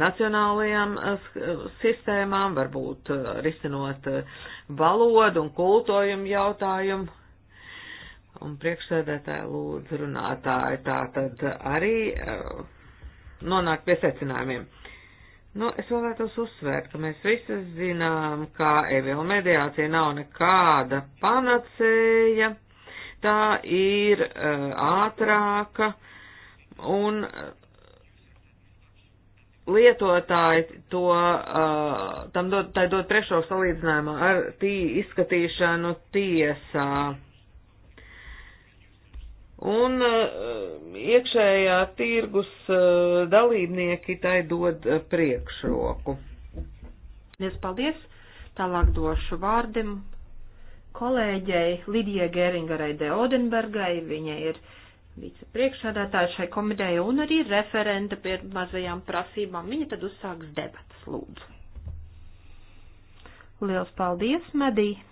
nacionālajām uh, uh, sistēmām, varbūt risinot valodu un kultojumu jautājumu. Un priekšsēdētāja lūdzu runātāji tā tad arī nonāk pie secinājumiem. Nu, es vēlētos uzsvērt, ka mēs visi zinām, ka evila mediācija nav nekāda panacēja, tā ir uh, ātrāka un eh, lietotāji to, uh, tam dod, tai dod trešo salīdzinājumā ar tī izskatīšanu tiesā. Uh, Un eh, iekšējā tirgus eh, dalībnieki tai dod eh, priekšroku. Lies paldies! Tālāk došu vārdim kolēģei Lidijai Geringarai de Odenbergai. Viņa ir vicepriekšādātāja šai komitejai un arī referenta pie mazajām prasībām. Viņa tad uzsāks debatas, lūdzu. Liels paldies, Medija!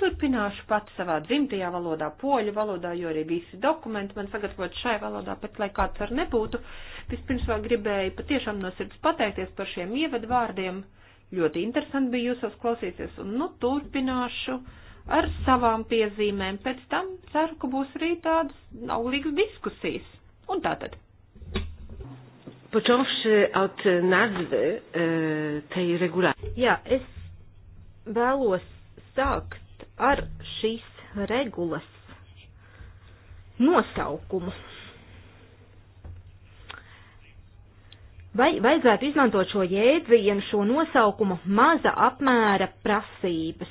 Turpināšu pati savā dzimtajā valodā, poļu valodā, jo arī visi dokumenti man sagatavot šai valodā, pat lai kāds ar nebūtu. Vispirms vēl gribēju patiešām no sirds pateikties par šiem ievadvārdiem. Ļoti interesanti bija jūsos klausīties, un nu turpināšu ar savām piezīmēm. Pēc tam ceru, ka būs arī tādas auglīgas diskusijas. Un tātad. Począwszy od nazwy e, tej regulacji. Jā, es vēlos sākt ar šīs regulas nosaukumu. Vai vajadzētu izmantot šo jēdzienu, šo nosaukumu maza apmēra prasības?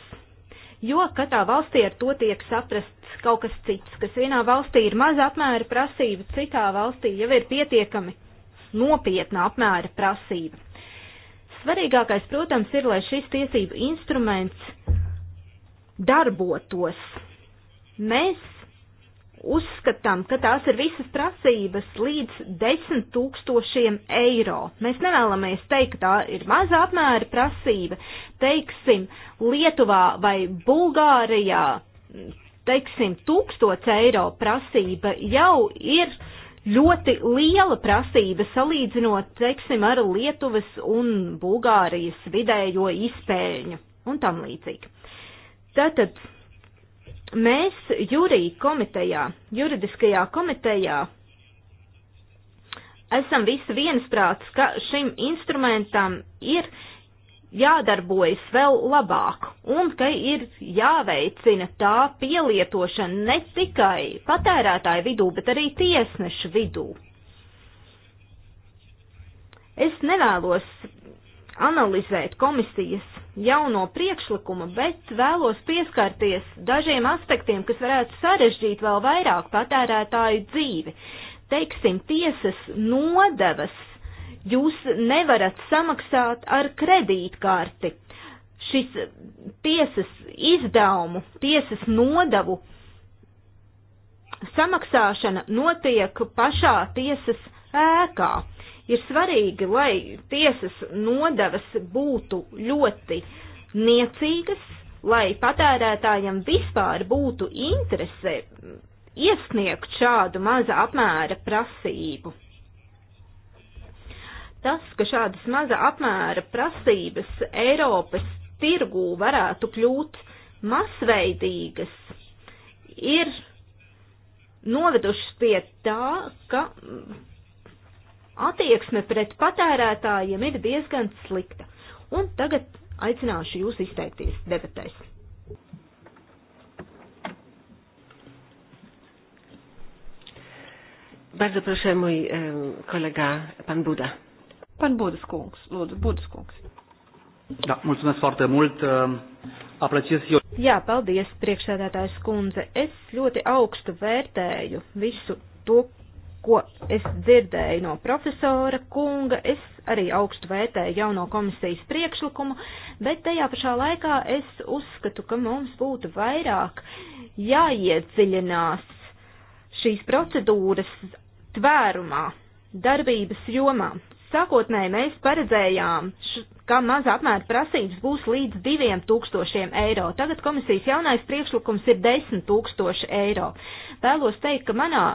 Jo katrā valstī ar to tiek saprasts kaut kas cits, kas vienā valstī ir maza apmēra prasība, citā valstī jau ir pietiekami nopietna apmēra prasība. Svarīgākais, protams, ir, lai šis tiesību instruments darbotos. Mēs uzskatām, ka tās ir visas prasības līdz 10 tūkstošiem eiro. Mēs nevēlamies teikt, ka tā ir maza apmēra prasība. Teiksim, Lietuvā vai Bulgārijā, teiksim, 1000 eiro prasība jau ir ļoti liela prasība salīdzinot, teiksim, ar Lietuvas un Bulgārijas vidējo izpēļņu un tam līdzīgi. Tātad mēs jūrī komitejā, juridiskajā komitejā esam visi viensprāts, ka šim instrumentam ir jādarbojas vēl labāk un ka ir jāveicina tā pielietošana ne tikai patērētāju vidū, bet arī tiesnešu vidū. Es nevēlos analizēt komisijas jauno priekšlikumu, bet vēlos pieskarties dažiem aspektiem, kas varētu sarežģīt vēl vairāk patērētāju dzīvi. Teiksim, tiesas nodevas jūs nevarat samaksāt ar kredītkarti. Šis tiesas izdevumu, tiesas nodevu samaksāšana notiek pašā tiesas ēkā ir svarīgi, lai tiesas nodevas būtu ļoti niecīgas, lai patērētājiem vispār būtu interese iesniegt šādu maza apmēra prasību. Tas, ka šādas maza apmēra prasības Eiropas tirgū varētu kļūt masveidīgas, ir novedušas pie tā, ka attieksme pret patērētājiem ir diezgan slikta. Un tagad aicināšu jūs izteikties debatēs. Bardzo proszę, mój kolega, pan Buda. Pan Budaskungs, lūdzu, Budaskungs. Da, mulțumesc foarte mult. Apreciez eu. Jā, paldies, priekšsēdētājs kundze. Es ļoti augstu vērtēju visu to, ko es dzirdēju no profesora kunga, es arī augstu vērtēju jauno komisijas priekšlikumu, bet tajā pašā laikā es uzskatu, ka mums būtu vairāk jāiedziļinās šīs procedūras tvērumā, darbības jomā. Sākotnēji mēs paredzējām, ka maza apmēra prasības būs līdz 2000 eiro. Tagad komisijas jaunais priekšlikums ir 10 000 eiro. Vēlos teikt, ka manā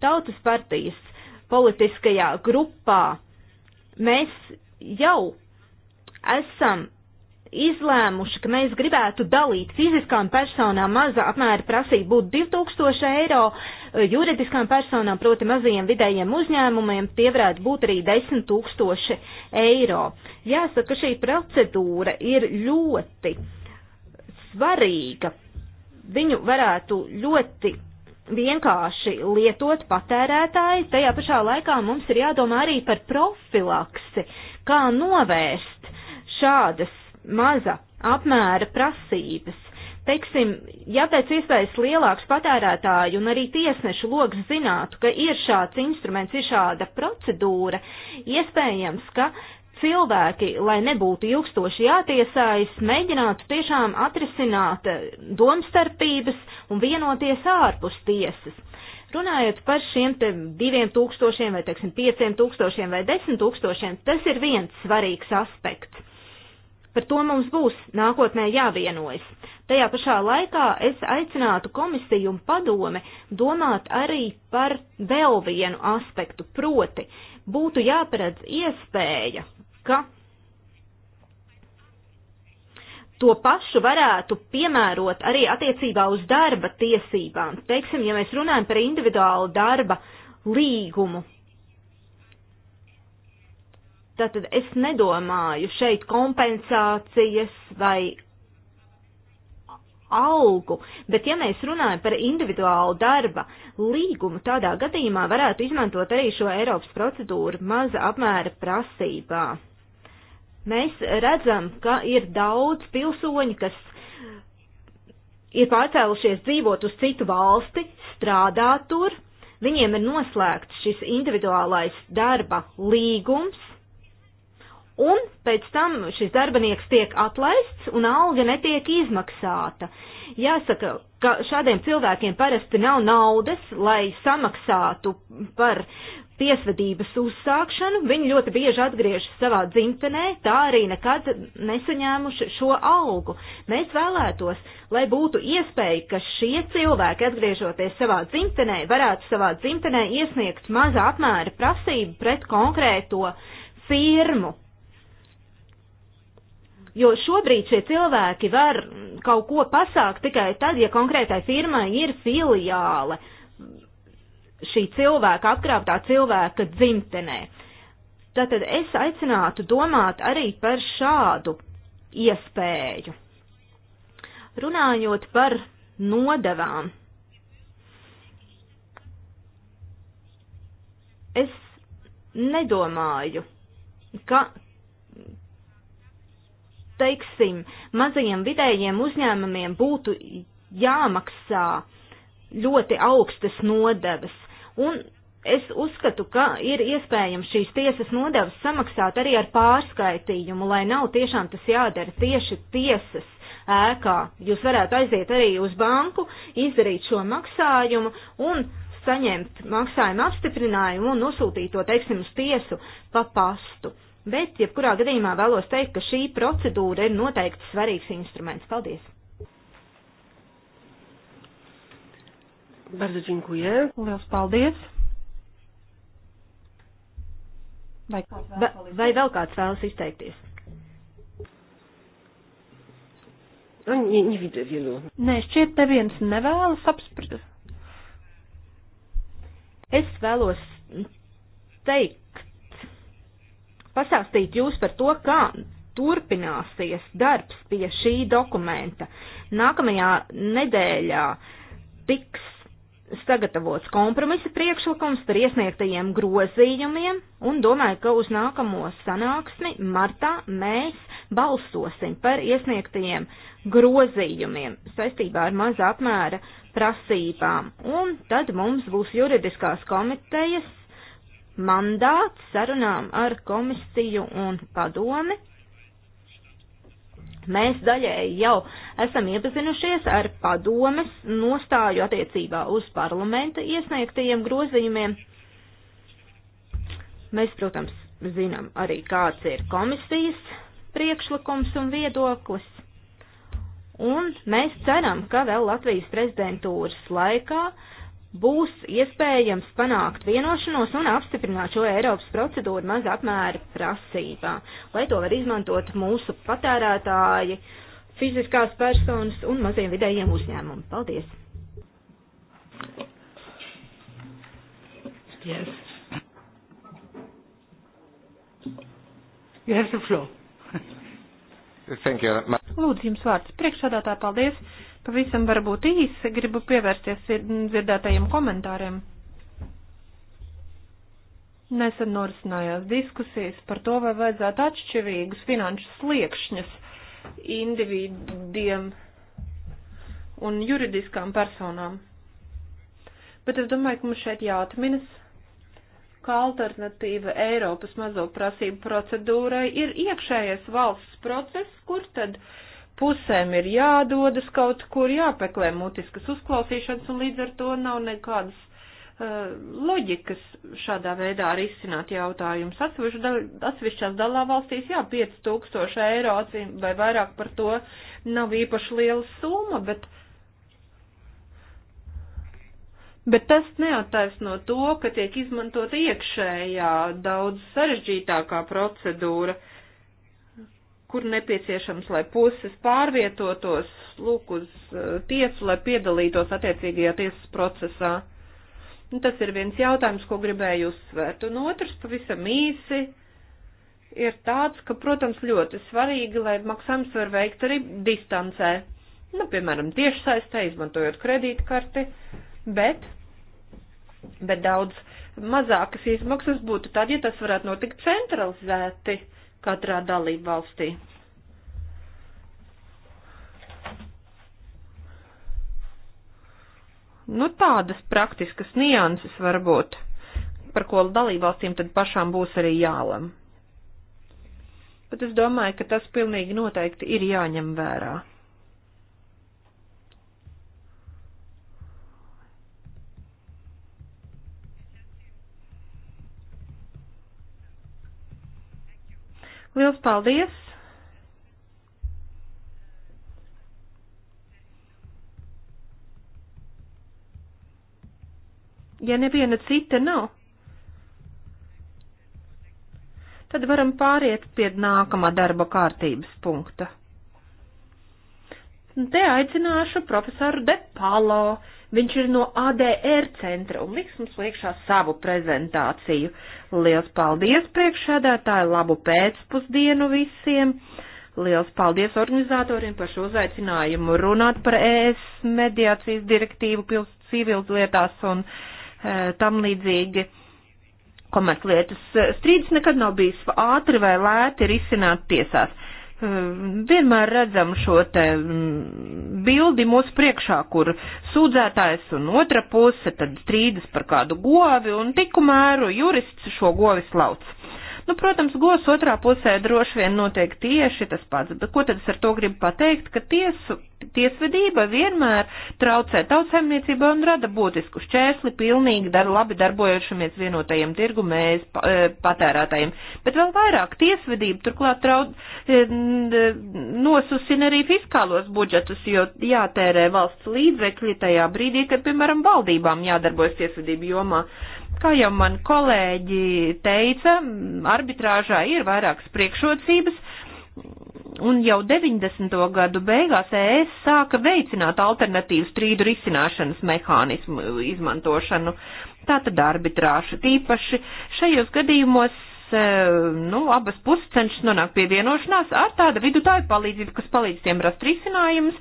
tautas partijas politiskajā grupā mēs jau esam izlēmuši, ka mēs gribētu dalīt fiziskām personām maza apmēra prasību būt 2000 eiro, juridiskām personām, proti mazajiem vidējiem uzņēmumiem, tie varētu būt arī 10 tūkstoši eiro. Jāsaka, šī procedūra ir ļoti svarīga. Viņu varētu ļoti vienkārši lietot patērētāji, tajā pašā laikā mums ir jādomā arī par profilaksi, kā novērst šādas maza apmēra prasības. Teiksim, ja pēc iespējas lielāks patērētāju un arī tiesnešu loks zinātu, ka ir šāds instruments, ir šāda procedūra, iespējams, ka cilvēki, lai nebūtu ilgstoši jātiesājas, mēģinātu tiešām atrisināt eh, domstarpības un vienoties ārpus tiesas. Runājot par šiem te diviem tūkstošiem vai, teiksim, pieciem tūkstošiem vai desmit tūkstošiem, tas ir viens svarīgs aspekts. Par to mums būs nākotnē jāvienojas. Tajā pašā laikā es aicinātu komisiju un padome domāt arī par vēl vienu aspektu, proti būtu jāparedz iespēja ka to pašu varētu piemērot arī attiecībā uz darba tiesībām. Teiksim, ja mēs runājam par individuālu darba līgumu, tātad es nedomāju šeit kompensācijas vai algu, bet ja mēs runājam par individuālu darba līgumu, tādā gadījumā varētu izmantot arī šo Eiropas procedūru maza apmēra prasībā. Mēs redzam, ka ir daudz pilsoņi, kas ir pārcēlušies dzīvot uz citu valsti, strādā tur, viņiem ir noslēgts šis individuālais darba līgums, un pēc tam šis darbinieks tiek atlaists un alga netiek izmaksāta. Jāsaka, ka šādiem cilvēkiem parasti nav naudas, lai samaksātu par tiesvedības uzsākšanu, viņi ļoti bieži atgriežas savā dzimtenē, tā arī nekad nesaņēmuši šo algu. Mēs vēlētos, lai būtu iespēja, ka šie cilvēki, atgriežoties savā dzimtenē, varētu savā dzimtenē iesniegt maza apmēra prasību pret konkrēto firmu. Jo šobrīd šie cilvēki var kaut ko pasākt tikai tad, ja konkrētai firmai ir filiāle. Uh, šī cilvēka, apkrāptā cilvēka dzimtenē. Tātad es aicinātu domāt arī par šādu iespēju. Runājot par nodevām, es nedomāju, ka, teiksim, mazajiem vidējiem uzņēmumiem būtu jāmaksā ļoti augstas nodevas. Un es uzskatu, ka ir iespējams šīs tiesas nodevas samaksāt arī ar pārskaitījumu, lai nav tiešām tas jādara tieši tiesas ēkā. Jūs varētu aiziet arī uz banku, izdarīt šo maksājumu un saņemt maksājumu apstiprinājumu un nosūtīt to, teiksim, uz tiesu pa pastu. Bet, jebkurā gadījumā vēlos teikt, ka šī procedūra ir noteikti svarīgs instruments. Paldies! Bardzo dziękuję. Lielas paldies. Vai, Va, vai vēl kāds vēlas izteikties? No, nu, nie, nie widzę wielu. Nē, šķiet, neviens nevēlas apspriest. Es vēlos teikt, pasāstīt jūs par to, kā turpināsies darbs pie šī dokumenta. Nākamajā nedēļā tiks sagatavots kompromisa priekšlikums par iesniegtajiem grozījumiem un domāju, ka uz nākamo sanāksmi martā mēs balsosim par iesniegtajiem grozījumiem saistībā ar maza apmēra prasībām. Un tad mums būs juridiskās komitejas mandāts sarunām ar komisiju un padomi. Mēs daļēji jau esam iepazinušies ar padomes nostāju attiecībā uz parlamenta iesniegtajiem grozījumiem. Mēs, protams, zinām arī, kāds ir komisijas priekšlikums un viedoklis. Un mēs ceram, ka vēl Latvijas prezidentūras laikā uh, būs iespējams panākt vienošanos un apstiprināt šo Eiropas procedūru maz apmēra prasībā, lai to var izmantot mūsu patērētāji, fiziskās personas un maziem vidējiem uzņēmumi. Paldies! Yes. You have the floor. Thank you. Lūdzu, jums vārds. Priekšsādātāji, paldies. Pavisam varbūt īsi gribu pievērsties dzirdētajiem komentāriem. Nesen norisinājās diskusijas par to, vai vajadzētu atšķirīgus finanšu sliekšņus individiem un juridiskām personām. Bet es domāju, ka mums šeit jāatminas, ka alternatīva Eiropas mazo prasību procedūrai ir iekšējais valsts process, kur tad uh, pusēm ir jādodas kaut kur, jāpeklē mutiskas uzklausīšanas, un līdz ar to nav nekādas uh, loģikas šādā veidā arī izsināt jautājumus. Atsevišķās dalībvalstīs, jā, 5000 eiro acīm vai vairāk par to nav īpaši liela summa, bet, bet tas neattaisno to, ka tiek izmantota iekšējā daudz sarežģītākā procedūra. Uh, kur nepieciešams, lai puses pārvietotos, lūk, uz eh, tiesu, lai piedalītos attiecīgajā tiesas procesā. Nu, tas ir viens jautājums, ko gribēju uzsvērt. Un otrs, pavisam īsi, ir tāds, ka, protams, ļoti svarīgi, lai maksājums var veikt arī distancē. Nu, piemēram, tiešsaistē, izmantojot kredītkarti, bet, bet daudz mazākas izmaksas būtu tad, ja tas varētu notikt centralizēti. Uh, katrā dalību valstī. Nu, tādas praktiskas nianses varbūt, par ko dalībvalstīm tad pašām būs arī jālem. Bet es domāju, ka tas pilnīgi noteikti ir jāņem vērā. Liels paldies! Ja neviena cita nav, tad varam pāriet pie nākamā darba kārtības punkta. Te aicināšu profesoru De Palo Viņš ir no ADR centra un liks mums liekšā savu prezentāciju. Liels paldies priekšādātāju, labu pēcpusdienu visiem! Liels paldies organizatoriem par šo uzaicinājumu runāt par ES mediācijas direktīvu civilizlietās un e, tam līdzīgi komerclietas. Strīdus nekad nav bijis ātri vai lēti risināt tiesās Ehm, vienmēr redzam šo te mm, bildi mūsu priekšā, kur sūdzētājs un otra puse tad strīdas par kādu govi un tikumēru jurists šo govi slauc. Nu, protams, gos otrā pusē droši vien notiek tieši tas pats, bet ko tad es ar to gribu pateikt, ka tiesu, tiesvedība vienmēr traucē tautsēmniecībā un rada būtisku šķēsli pilnīgi dar, labi darbojušamies vienotajiem tirgu mēs e, patērētājiem. Bet vēl vairāk tiesvedība turklāt trauc, e, e, nosusina arī fiskālos budžetus, jo jātērē valsts līdzekļi tajā brīdī, kad, piemēram, valdībām jādarbojas tiesvedību jomā. Kā jau man kolēģi teica, arbitrāžā ir vairākas priekšrocības, un jau 90. gadu beigās ES sāka veicināt alternatīvu strīdu risināšanas mehānismu izmantošanu. Tātad arbitrāža tīpaši šajos gadījumos E, nu, abas puses cenšas nonākt pie vienošanās ar tādu vidutāju palīdzību, kas palīdz tiem rast risinājumus,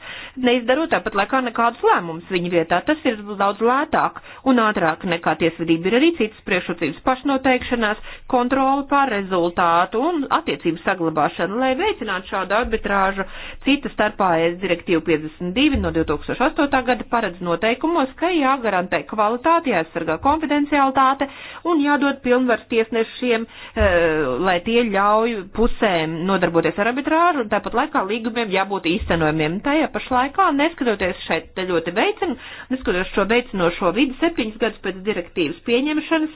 neizdarot tāpat laikā nekādus lēmumus viņa vietā. Tas ir daudz lētāk un ātrāk nekā tiesvedība. Ir arī citas priekšrocības pašnoteikšanās, kontroli pār rezultātu un attiecību saglabāšanu, lai veicinātu šādu arbitrāžu. Cita starpā ES direktīva 52 no 2008. gada paredz noteikumos, ka jāgarantē kvalitāti, jāaizsargā konfidencialitāte un jādod pilnvars tiesnešiem Eh, lai tie ļauj pusēm nodarboties ar arbitrāžu, un tāpat laikā līgumiem jābūt īstenojumiem. Tajā pašlaikā, neskatoties šeit ļoti veicinu, neskatoties šo veicinošo vidi, septiņas gadus pēc direktīvas pieņemšanas,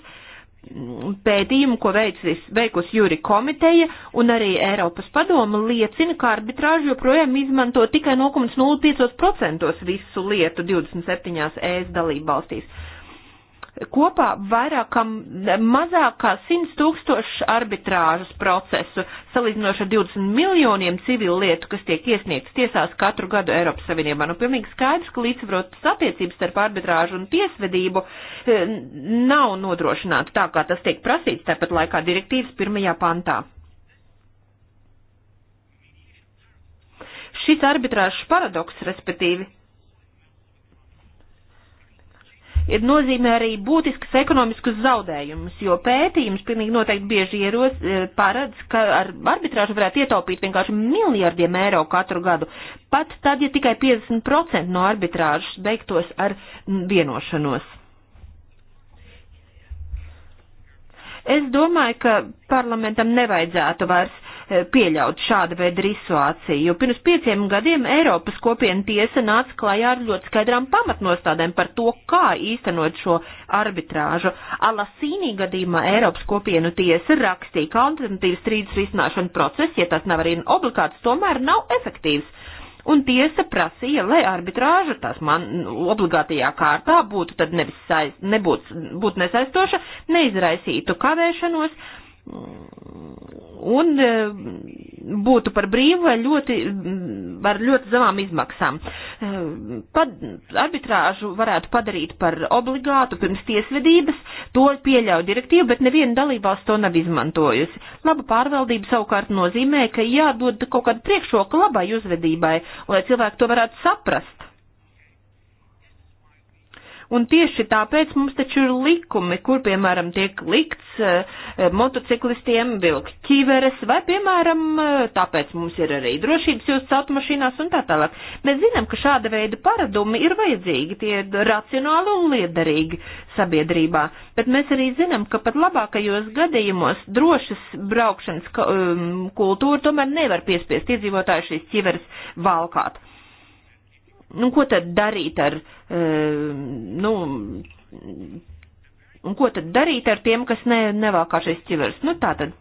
mm, pētījumu, ko veicis, veikus jūri komiteja un arī Eiropas padoma liecina, ka arbitrāžu joprojām izmanto tikai 0,05% visu lietu 27 ES dalību valstīs kopā vairākam mazāk kā 100 tūkstošu arbitrāžas procesu, salīdzinoši ar 20 miljoniem civilu lietu, kas tiek iesniegts tiesās katru gadu Eiropas Savienībā. Nu, pilnīgi skaidrs, ka līdzsvarotas attiecības starp arbitrāžu un tiesvedību e, nav nodrošināta tā, kā tas tiek prasīts, tāpat laikā direktīvas pirmajā pantā. Šis arbitrāžs paradoks, respektīvi, ir nozīmē arī būtiskas ekonomiskas zaudējumus, jo pētījums pilnīgi noteikti bieži ieros e, paredz, ka ar arbitrāžu varētu ietaupīt vienkārši miljardiem eiro katru gadu, pat tad, ja tikai 50% no arbitrāžas beigtos ar vienošanos. Es domāju, ka parlamentam nevajadzētu vairs Eh, pieļaut šādu veidu risuāciju, jo pirms pieciem gadiem Eiropas kopiena tiesa nāca klajā ar ļoti skaidrām pamatnostādēm par to, kā īstenot šo arbitrāžu. Alasīnī gadījumā Eiropas kopienu tiesa rakstīja, ka alternatīvas strīdus risināšana process, ja tas nav arī obligāts, tomēr nav efektīvs un tiesa prasīja, lai arbitrāža tās man obligātajā kārtā būtu tad nevis saiz, nebūtu, būtu nesaistoša, neizraisītu kavēšanos, un e, būtu par brīvu vai ļoti, ar ļoti zemām izmaksām. E, pad, arbitrāžu varētu padarīt par obligātu pirms tiesvedības, to pieļauj direktīva, bet neviena dalībās to nav izmantojusi. Laba pārvaldība savukārt nozīmē, ka jādod kaut kāda priekšroka labai uzvedībai, lai cilvēki to varētu saprast. Un tieši tāpēc mums taču ir likumi, kur, piemēram, tiek likts eh, eh, motociklistiem vilkt ķiveres, vai, piemēram, eh, tāpēc mums ir arī drošības jūtas automašīnās un tā tālāk. Mēs zinām, ka šāda veida paradumi ir vajadzīgi, tie ir racionāli un liederīgi sabiedrībā, bet mēs arī zinām, ka pat labākajos gadījumos drošas braukšanas um, kultūra tomēr nevar piespiest iedzīvotāju šīs ķiveres valkāt. Nu, ko tad darīt ar, eh, nu, un ko tad darīt ar tiem, kas ne, nevākā šīs ķivers? Nu, tā tad.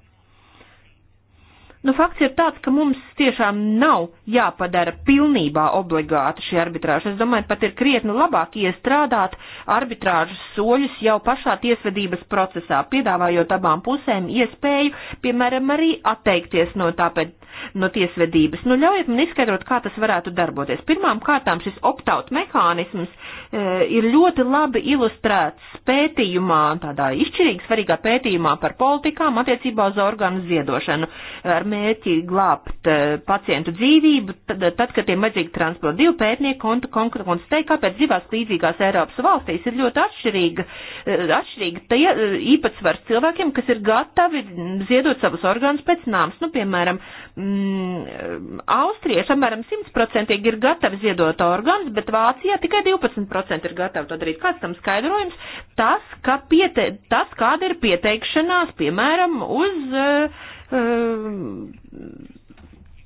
Nu, fakts ir tāds, ka mums tiešām nav jāpadara pilnībā obligāta šī arbitrāža. Es domāju, pat ir krietni labāk iestrādāt arbitrāžas soļus jau pašā tiesvedības procesā, piedāvājot abām pusēm iespēju, piemēram, arī atteikties no tāpēc no tiesvedības. Nu, ļaujiet man izskaidrot, kā tas varētu darboties. Pirmām kārtām šis opt-out mehānisms e, ir ļoti labi ilustrēts pētījumā, tādā izšķirīgi svarīgā pētījumā par politikām attiecībā uz organu ziedošanu ar mērķi glābt e, pacientu dzīvību, tad, tad kad tiem vajadzīgi transporta divu pētnieku konkurence teikt, kāpēc divās līdzīgās Eiropas valstīs ir ļoti atšķirīga, e, atšķirīga tie, e, īpatsvars cilvēkiem, kas ir gatavi ziedot savus orgānus pēc nāms. Nu, piemēram, mm, austrieši apmēram 100% ir gatavi ziedot orgānus, bet Vācijā tikai 12% ir gatavi to darīt. Kāds tam skaidrojums? Tas, ka piete, tas kāda ir pieteikšanās, piemēram, uz. Uh, uh,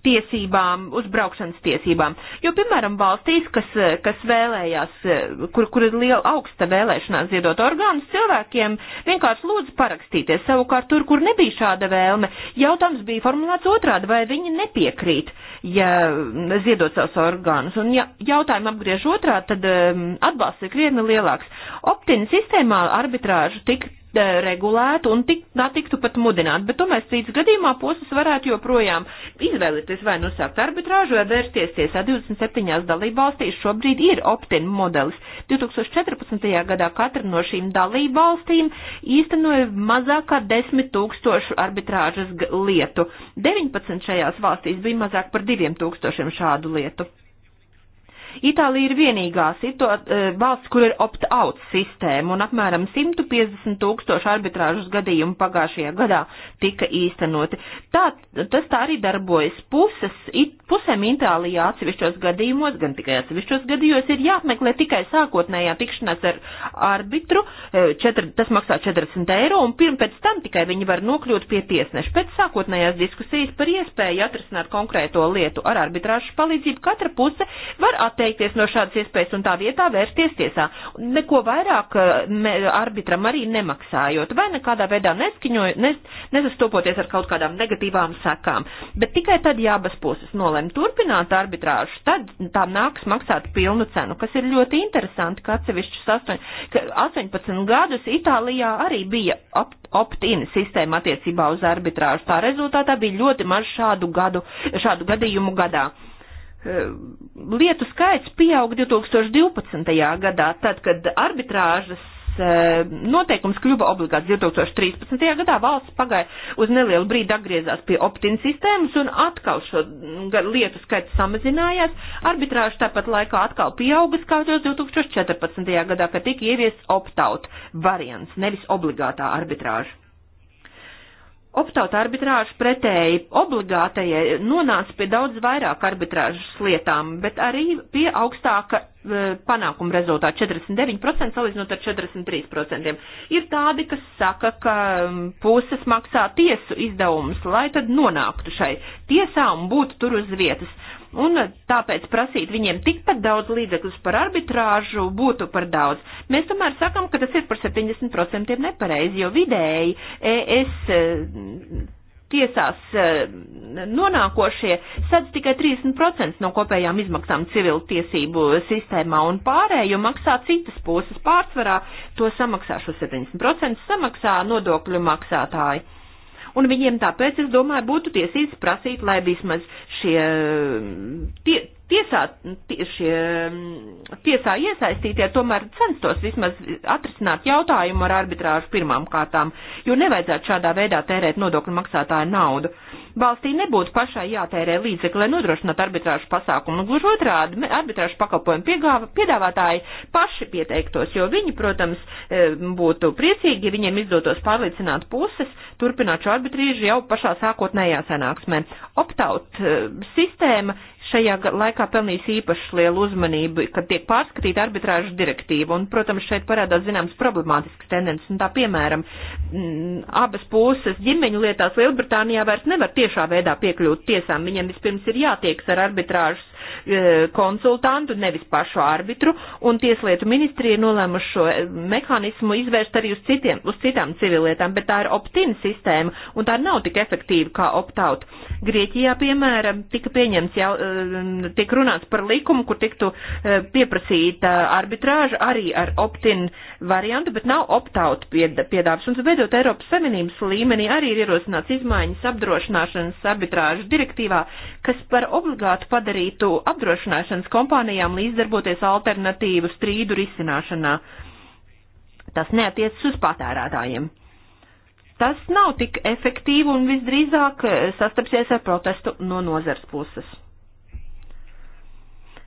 tiesībām, uzbraukšanas tiesībām. Jo, piemēram, valstīs, kas, kas vēlējās, kur, kur ir liela augsta vēlēšanās ziedot orgānus, cilvēkiem vienkārši lūdzu parakstīties. Savukārt tur, kur nebija šāda vēlme, jautājums bija formulēts otrādi, vai viņi nepiekrīt, ja ziedot savus orgānus. Un ja jautājumu apgriež otrādi, tad um, atbalsts ir krietni lielāks. Optīna sistēmā arbitrāžu tik E, regulētu un tik, tiktu pat mudināt, bet tomēr cits gadījumā puses varētu joprojām izvēlēties vai nu sākt arbitrāžu vai vērsties tiesā 27 dalībvalstīs. Šobrīd ir optin modelis. 2014. gadā katra no šīm dalībvalstīm īstenoja mazāk kā 10 tūkstošu arbitrāžas lietu. 19 šajās valstīs bija mazāk par 2 tūkstošiem šādu lietu. Itālija ir vienīgā e, valsts, kur ir opt-out sistēma, un apmēram 150 tūkstoši arbitrāžas gadījumu pagājušajā gadā tika īstenoti. Tā, tas tā arī darbojas. Puses, it, pusēm Itālijā atsevišķos gadījumos, gan tikai atsevišķos gadījumos, ir jāapmeklē tikai sākotnējā tikšanās ar arbitru, e, četr, tas maksā 40 eiro, un pirms pēc tam tikai viņi var nokļūt pie tiesneša. Pēc sākotnējās diskusijas par iespēju atrisināt konkrēto lietu ar arbitrāžu palīdzību katra puse var attēlēt atteikties no šādas iespējas un tā vietā vērsties tiesā. Neko vairāk eh, arbitram arī nemaksājot vai nekādā veidā neskaņojot, nes, nesastopoties ar kaut kādām negatīvām sekām. Bet tikai tad, ja abas puses nolem turpināt arbitrāžu, tad tām nāks maksāt pilnu cenu, kas ir ļoti interesanti, ka atsevišķus 8, ka 18 gadus Itālijā arī bija opt-in sistēma attiecībā uz arbitrāžu. Tā rezultātā bija ļoti maz šādu, gadu, šādu gadījumu gadā. Eh, lietu skaits pieaug 2012. gadā, tad, kad arbitrāžas eh, noteikums kļuva obligāts 2013. gadā. Valsts pagāja uz nelielu brīdi atgriezās pie optīna sistēmas un atkal šo lietu skaits samazinājās. Arbitrāžu tāpat laikā atkal pieauga skaitos 2014. gadā, kad tika ieviests opt-out variants, nevis obligātā arbitrāža. Optauta arbitrāža pretēji obligātajai nonāca pie daudz vairāk arbitrāžas lietām, bet arī pie augstāka e, panākuma rezultāta 49% salīdzinot ar 43%. Ir tādi, kas saka, ka puses maksā tiesu izdevumus, lai tad nonāktu šai tiesā un būtu tur uz vietas. Un tāpēc prasīt viņiem tikpat daudz līdzekļus par arbitrāžu būtu par daudz. Mēs tomēr sakam, ka tas ir par 70% nepareizi, jo vidēji es eh, tiesās eh, nonākošie sadz tikai 30% no kopējām izmaksām civilu tiesību sistēmā un pārējo maksā citas puses pārsvarā, to samaksā šo 70% samaksā nodokļu maksātāji un viņiem tāpēc, es domāju, būtu tiesības prasīt, lai vismaz šie tie, tiesā, šie tiesā iesaistītie tomēr censtos vismaz atrisināt jautājumu ar arbitrāžu pirmām kārtām, jo nevajadzētu šādā veidā tērēt nodokļu maksātāju naudu. Valstī nebūtu pašai jātērē līdzekļi, lai nodrošinātu arbitrāžu pasākumu. Gluži otrādi, arbitrāžu pakalpojumu piegāva, piedāvātāji paši pieteiktos, jo viņi, protams, e, būtu priecīgi, ja viņiem izdotos pārliecināt puses, turpināt šo arbitrīžu jau pašā sākotnējā sanāksmē. Optaut e, sistēma šajā laikā pelnījis īpaši lielu uzmanību, kad tiek pārskatīta arbitrāžu direktīva, un, protams, šeit parādās zināmas problemātiskas tendences, un tā, piemēram, m, mm, abas puses ģimeņu lietās Lielbritānijā vairs nevar tiešā veidā piekļūt tiesām, viņiem vispirms ir jātiekas ar arbitrāžas E, konsultantu, nevis pašu arbitru, un Tieslietu ministrija nolēmuši šo e, mehānismu izvērst arī uz, citiem, uz citām civilietām, bet tā ir optīna sistēma, un tā nav tik efektīva kā opt-out. Grieķijā, piemēram, tika pieņemts jau, e, tika runāts par likumu, kur tiktu pieprasīta arbitrāža arī ar optīnu variantu, bet nav opt-out piedāvs. Un, beidzot, Eiropas Savienības līmenī arī ir ierosināts izmaiņas apdrošināšanas arbitrāžu direktīvā, kas par obligātu padarītu apdrošināšanu apdrošināšanas kompānijām līdzdarboties alternatīvu strīdu risināšanā. Tas neatiecas uz patērētājiem. Tas nav tik efektīvi un visdrīzāk eh, sastapsies ar protestu no nozars puses.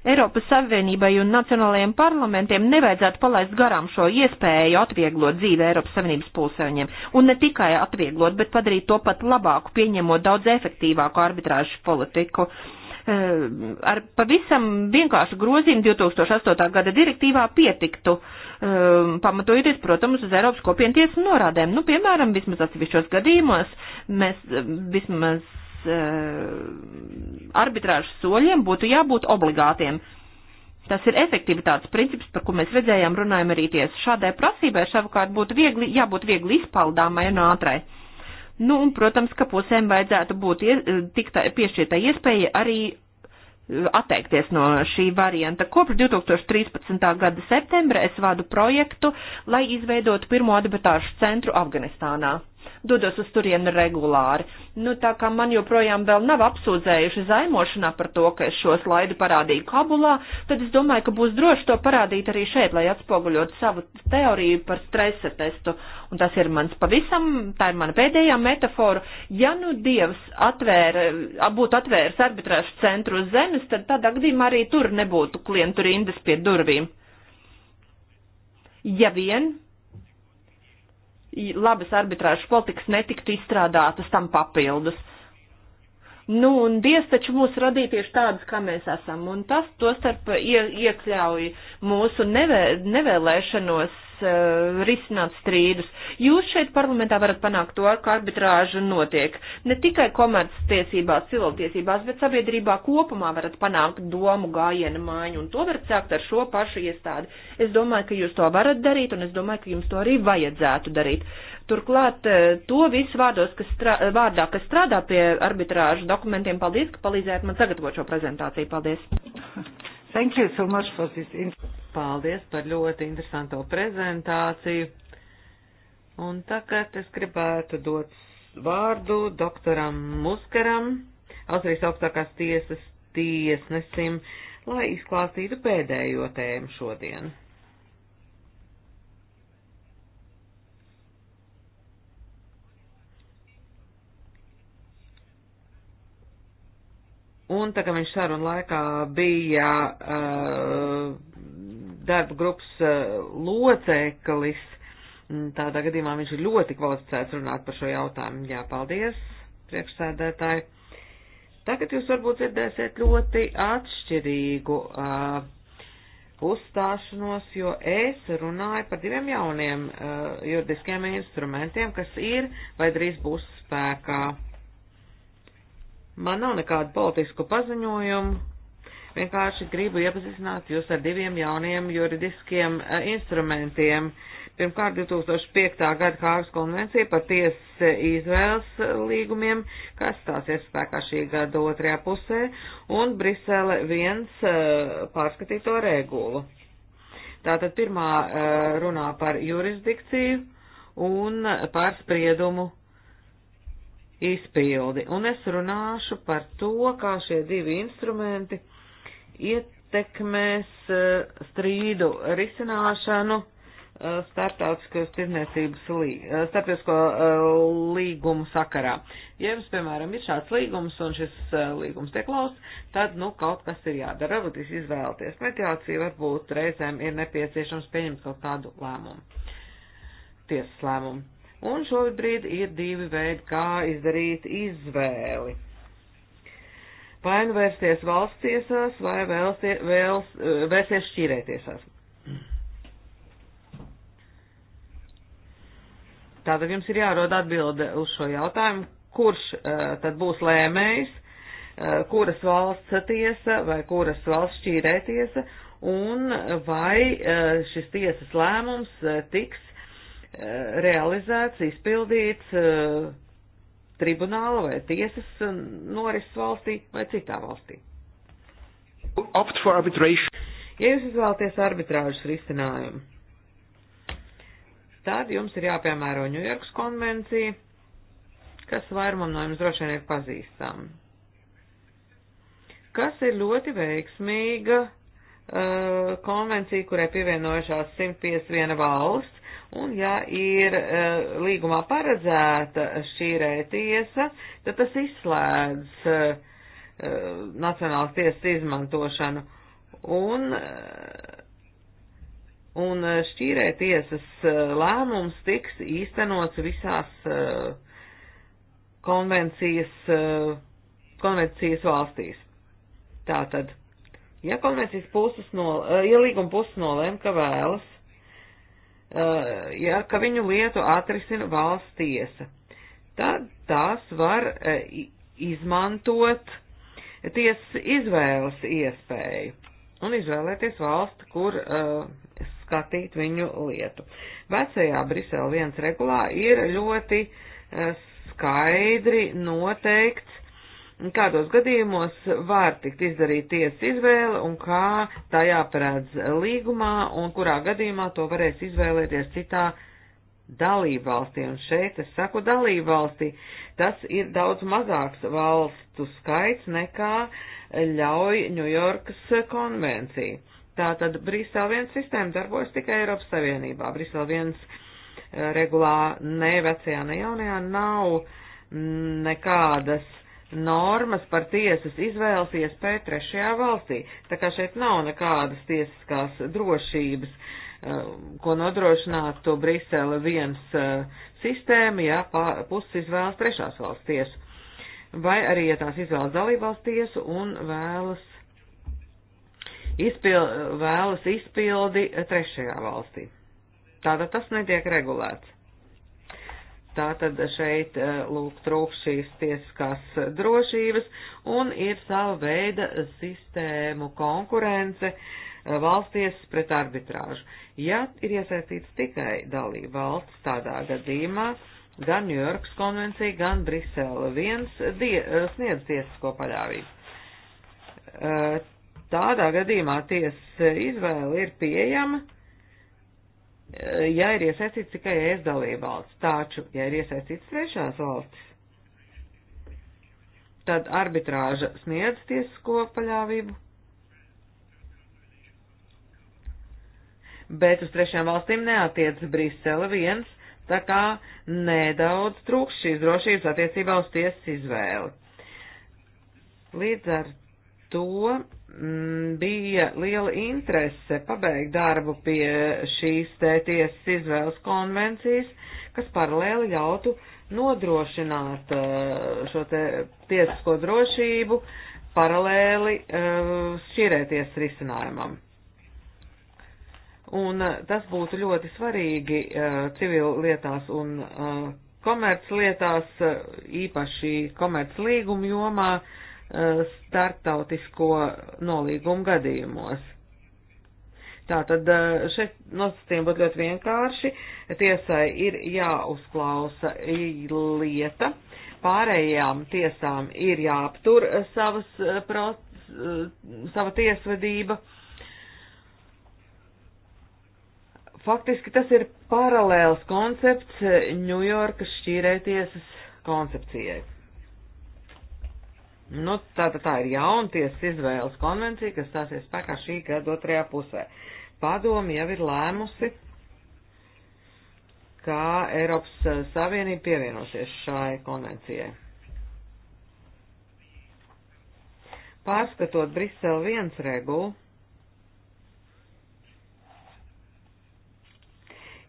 Eiropas Savienībai un nacionālajiem parlamentiem nevajadzētu palaist garām šo iespēju atvieglot dzīvi Eiropas Savienības pulsēņiem, un ne tikai atvieglot, bet padarīt to pat labāku, pieņemot daudz efektīvāku arbitrāžu politiku. Uh, ar pavisam vienkāršu grozījumu 2008. gada direktīvā pietiktu, um, pamatojoties, protams, uz Eiropas kopientiesu norādēm. Nu, piemēram, vismaz atsevišķos gadījumos mēs um, vismaz uh, arbitrāžu soļiem būtu jābūt obligātiem. Tas ir efektivitātes princips, par ko mēs redzējām, runājam arī tiesa. Šādai prasībai savukārt būtu viegli, jābūt viegli izpaldāmai un ātrai. Uh, Nu, un, protams, ka pusēm vajadzētu būt tiktā, piešķirta iespēja arī uh, atteikties no šī varianta. Kopš 2013. gada septembra es vadu projektu, lai izveidotu pirmo adaptāšu centru Afganistānā dodos uz turienu regulāri. Nu, tā kā man joprojām vēl nav apsūdzējuši zaimošanā par to, ka es šo slaidu parādīju Kabulā, tad es domāju, ka būs droši to parādīt arī šeit, lai atspoguļot savu teoriju par stresa testu. Un tas ir mans pavisam, tā ir mana pēdējā metafora. Ja nu Dievs atvēra, būtu atvērs arbitrāžu centru uz zemes, tad tādā gadījumā arī tur nebūtu klientu rindas pie durvīm ja vien labas arbitrāžas politikas netiktu izstrādātas tam papildus. Nu, un Dievs taču mūs radīja tieši tādus, kā mēs esam, un tas to starp ie, iekļauj mūsu nevē, nevēlēšanos uh, risināt strīdus. Jūs šeit parlamentā varat panākt to, ka arbitrāža notiek. Ne tikai komerctiesībās, civiltiesībās, bet sabiedrībā kopumā varat panākt domu gājienu māju, un to varat sākt ar šo pašu iestādi. Es domāju, ka jūs to varat darīt, un es domāju, ka jums to arī vajadzētu darīt. Turklāt eh, to visu vārdos, kas strā, vārdā, kas strādā pie arbitrāžu dokumentiem, paldies, ka palīdzējāt man sagatavot šo prezentāciju. Paldies! Thank you so much for this. Paldies par ļoti interesanto prezentāciju. Un tagad es gribētu dot vārdu doktoram Muskaram, Austrijas augstākās tiesas tiesnesim, lai izklāstītu pēdējo tēmu šodien. Un tā kā viņš sarunu laikā bija uh, darba grupas uh, loceklis, mm, tādā gadījumā viņš ir ļoti kvalificēts runāt par šo jautājumu. Jā, paldies, priekšsēdētāji. Tagad jūs varbūt dzirdēsiet ļoti atšķirīgu uh, uzstāšanos, jo es runāju par diviem jauniem uh, juridiskiem instrumentiem, kas ir vai drīz būs spēkā. Man nav nekādu politisku paziņojumu, vienkārši gribu iepazīstināt jūs ar diviem jauniem juridiskiem e, instrumentiem. Pirmkārt, 2005. gada Hāgas konvencija par tiesas e, izvēles e, līgumiem, kas stāsies spēkā šī gada otrajā pusē, un Brisele viens pārskatīto regulu. Tātad pirmā runā par jurisdikciju un par spriedumu izpildi. Un es runāšu par to, kā šie divi instrumenti ietekmēs eh, strīdu risināšanu eh, starptautiskos tirniecības lī, eh, starptautisko līgumu sakarā. Ja jums, piemēram, ir šāds līgums un šis līgums tiek lausts, tad, nu, kaut kas ir jādara, varbūt jūs izvēlaties mediāciju, varbūt reizēm ir nepieciešams pieņemt kaut kādu lēmumu, tiesas lēmumu. Un šobrīd ir divi veidi, kā izdarīt izvēli. Vai nu vērsties valsts tiesās, vai vēlstie, vēls, eh, vērsties šķīrētiesās. Tātad jums ir jārod atbilde uz šo jautājumu, kurš uh, tad būs lēmējs, uh, kuras valsts tiesa vai kuras valsts šķīrētiesa, un vai šis tiesas lēmums tiks Eh, realizēts, izpildīts eh, tribunāla vai tiesas noris valstī vai citā valstī. Ja jūs izvēlaties arbitrāžas risinājumu, tad jums ir jāpiemēro Ņujorkas konvencija, kas vairumam no jums droši vien ir pazīstama, kas ir ļoti veiksmīga uh, konvencija, kurai pievienojušās 151 valsts, Un ja ir e, līgumā paredzēta šī rētiesa, tad tas izslēdz e, nacionālas tiesas izmantošanu. Un, un šķīrē tiesas lēmums tiks īstenots visās konvencijas, konvencijas valstīs. Tātad, ja konvencijas puses, no, ja līguma puses nolēm, ka vēlas Eh, ja, ka viņu lietu atrisina valsts tiesa. Tad tās var eh, izmantot tiesas izvēles iespēju un izvēlēties valsti, kur uh, skatīt viņu lietu. Vecajā Brisele 1 regulā ir ļoti uh, skaidri noteikts kādos gadījumos var tikt izdarīt tiesas izvēle un kā tā jāparādz līgumā un kurā gadījumā to varēs izvēlēties citā dalībvalstī. Un šeit es saku dalībvalstī, tas ir daudz mazāks valstu skaits nekā ļauj Ņujorkas konvencija. Tātad Brīsel viens sistēma darbojas tikai Eiropas Savienībā. Brīsel viens eh, regulā ne vecajā, ne jaunajā nav mm, nekādas normas par tiesas izvēles iespēju trešajā valstī. Tā kā šeit nav nekādas tiesiskās drošības, um, ko nodrošinātu Brisele viens uh, sistēma, ja puses izvēlas trešās valsts tiesu. Vai arī, ja tās izvēlas dalībvalsts tiesu un vēlas, izpil, vēlas izpildi trešajā valstī. Tātad tas netiek regulēts. Tātad šeit eh, lūk trūks šīs tiesiskās drošības un ir sava veida sistēmu konkurence eh, valsties pret arbitrāžu. Ja ir iesaistīts tikai dalība valsts tādā gadījumā, gan Ņujorkas konvencija, gan Brisele viens die, eh, sniedz tiesisko paļāvību. Tādā gadījumā tiesa izvēle ir pieejama Eh, ja ir iesaistīts tikai ES dalībvalsts, taču, ja ir iesaistīts trešās valstis, tad arbitrāža sniedz tiesisko paļāvību. Bet uz trešām valstīm neatiec Brisele viens, tā kā nedaudz trūks šīs drošības attiecībā uz tiesas izvēli. Līdz ar to Mm, bija liela interese pabeigt darbu pie šīs te tiesas izvēles konvencijas, kas paralēli ļautu nodrošināt eh, šo te tiesisko drošību paralēli eh, šķirēties risinājumam. Un eh, tas būtu ļoti svarīgi civil lietās un komerc lietās, īpaši komerc līgumu jomā, jo Uh, startautisko nolīgumu gadījumos. Tātad uh, šeit nosacījumi būtu ļoti vienkārši. Tiesai ir jāuzklausa lieta, pārējām tiesām ir jāaptur savas, uh, pro, sava tiesvedība. Faktiski tas ir paralēls koncepts Ņujorkas šķīrētiesas koncepcijai. Nu, tā, tā, tā ir jauntiesas izvēles konvencija, kas stāsies spēkā šī gada otrajā pusē. Padomi jau ir lēmusi, kā Eiropas eh, Savienība pievienosies šai konvencijai. Pārskatot Brisele 1 regulu,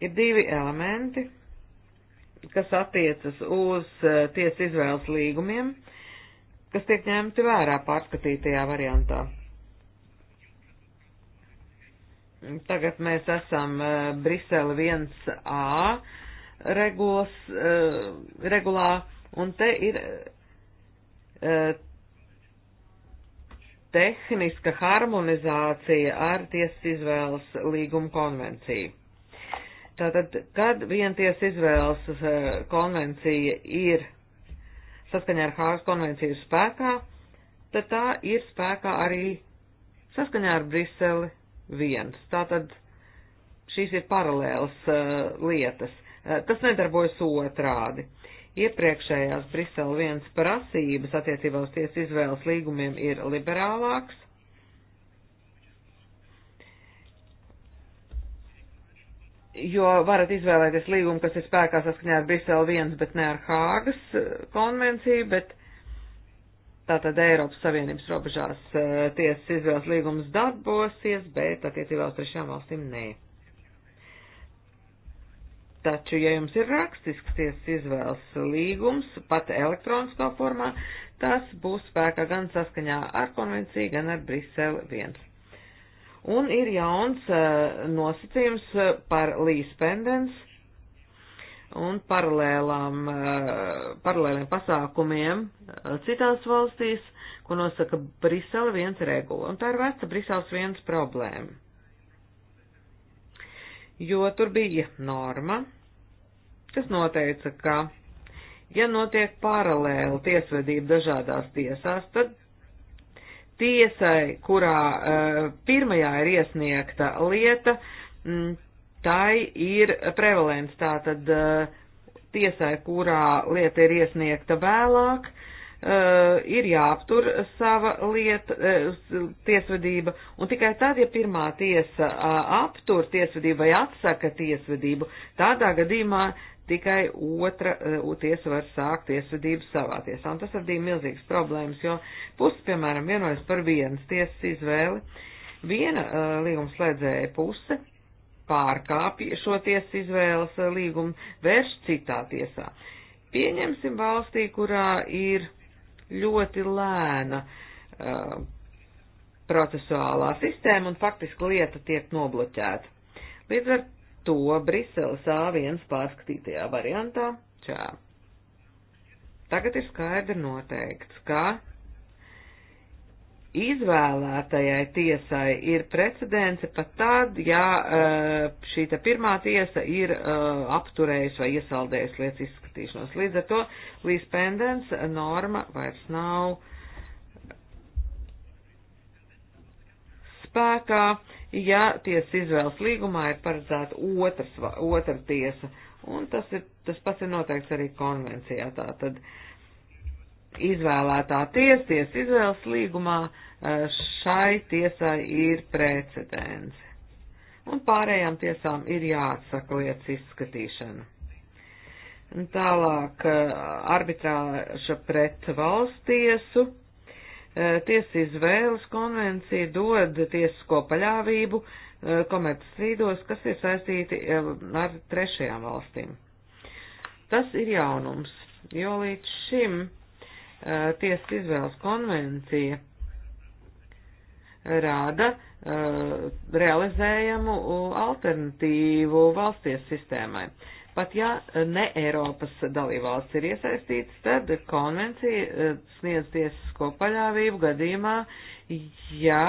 ir divi elementi, kas attiecas uz eh, tiesu izvēles līgumiem. Uh, kas tiek ņemti vērā pārskatītajā variantā. Tagad mēs esam eh, Brisele 1A regulas, eh, regulā, un te ir eh, tehniska harmonizācija ar tiesas izvēles līgumu konvenciju. Tātad, kad vientiesa izvēles konvencija ir saskaņā ar Hāgas konvenciju spēkā, tad tā ir spēkā arī saskaņā ar Briseli viens. Tātad šīs ir paralēlas uh, lietas. Uh, tas nedarbojas otrādi. Iepriekšējās Brisele viens prasības attiecībā uz tiesu izvēles līgumiem ir liberālāks jo varat izvēlēties līgumu, kas ir spēkā saskaņā ar Brisele 1, bet ne ar Hāgas eh, konvenciju, bet tātad Eiropas Savienības robežās eh, tiesas izvēles līgums darbosies, bet attiecībā uz trešām valstīm nē. Taču, ja jums ir rakstisks tiesas izvēles līgums, pat elektroniskā formā, tas būs spēkā gan saskaņā ar konvenciju, gan ar Brisele 1 un ir jauns eh, nosacījums eh, par līspendens un paralēlām, eh, paralēliem pasākumiem citās valstīs, ko nosaka Brisele viens regula, un tā ir veca Brisels viens problēma. Jo tur bija norma, kas noteica, ka, ja notiek paralēli tiesvedība dažādās tiesās, tad tiesai, kurā uh, pirmajā ir iesniegta lieta, m, mm, tai ir prevalents. Tātad uh, tiesai, kurā lieta ir iesniegta vēlāk, uh, ir jāaptur sava lieta, uh, tiesvedība, un tikai tad, ja pirmā tiesa uh, aptur tiesvedību vai atsaka tiesvedību, tādā gadījumā tikai otra uh, tiesa var sākt tiesvedību savā tiesā. Un tas radīja milzīgas problēmas, jo puses, piemēram, vienojas par vienas tiesas izvēli. Viena uh, eh, līguma slēdzēja puse pārkāpja šo tiesas izvēles uh, līgumu, vērš citā tiesā. Pieņemsim valstī, kurā ir ļoti lēna uh, procesuālā sistēma un faktiski lieta tiek nobloķēta. Līdz ar to Briseles A1 pārskatītajā variantā. Čā. Tagad ir skaidri noteikts, ka izvēlētajai tiesai ir precedence pat tad, ja eh, šī te pirmā tiesa ir eh, apturējusi vai iesaldējusi lietas izskatīšanos. Līdz ar to līdz pendens norma vairs nav spēkā, ja tiesas izvēles līgumā ir paredzēta otras, otra tiesa. Un tas, ir, tas pats ir noteikts arī konvencijā. Tātad izvēlētā tiesa, tiesa izvēles līgumā eh, šai tiesai ir precedence. Un pārējām tiesām ir jāatsaka lietas izskatīšana. Un tālāk eh, arbitrāža pret valstiesu Eh, tiesa izvēles konvencija dod tiesisko paļāvību eh, komerces strīdos, kas ir saistīti eh, ar trešajām valstīm. Tas ir jaunums, jo līdz šim tiesas izvēles konvencija rāda realizējamu alternatīvu valsties sistēmai. Pat ja eh, ne Eiropas dalībvalsts ir iesaistīts, tad konvencija eh, sniedz tiesisko paļāvību gadījumā, ja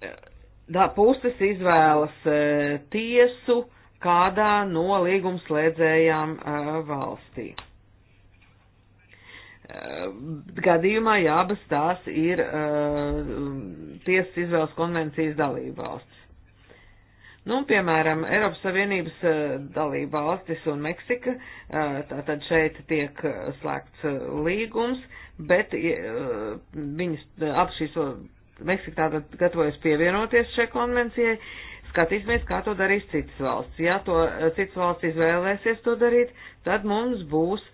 eh, da, puses izvēlas tiesu kādā no līgumslēdzējām valstī. Gadījumā, ja abas tās ir tiesas izvēles konvencijas dalībvalsts. Nu, piemēram, Eiropas Savienības eh, dalība valstis un Meksika, eh, tātad šeit tiek eh, slēgts līgums, bet viņas ap šīs, Meksika tātad gatavojas pievienoties šai konvencijai, skatīsimies, kā to darīs citas valsts. Ja to citas valsts izvēlēsies to darīt, tad mums būs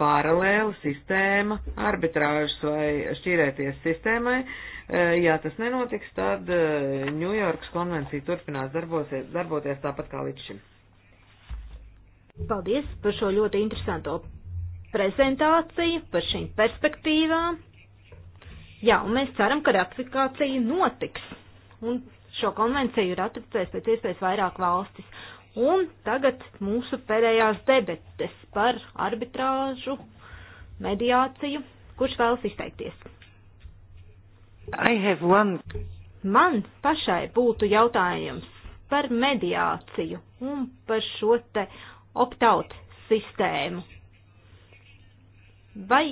paralēla sistēma arbitrāžas vai šķīrēties sistēmai, uh, E, ja tas nenotiks, tad Ņujorkas e, konvencija turpinās darbosies, darboties tāpat kā līdz šim. Paldies par šo ļoti interesanto prezentāciju, par šīm perspektīvām. Jā, un mēs ceram, ka ratifikācija notiks. Un šo konvenciju ratificēs pēc iespējas vairāk valstis. Un tagad mūsu pēdējās debetes par arbitrāžu, mediāciju. Kurš vēlas izteikties? I have one. Man pašai būtu jautājums par mediāciju un par šo te opt-out sistēmu. Vai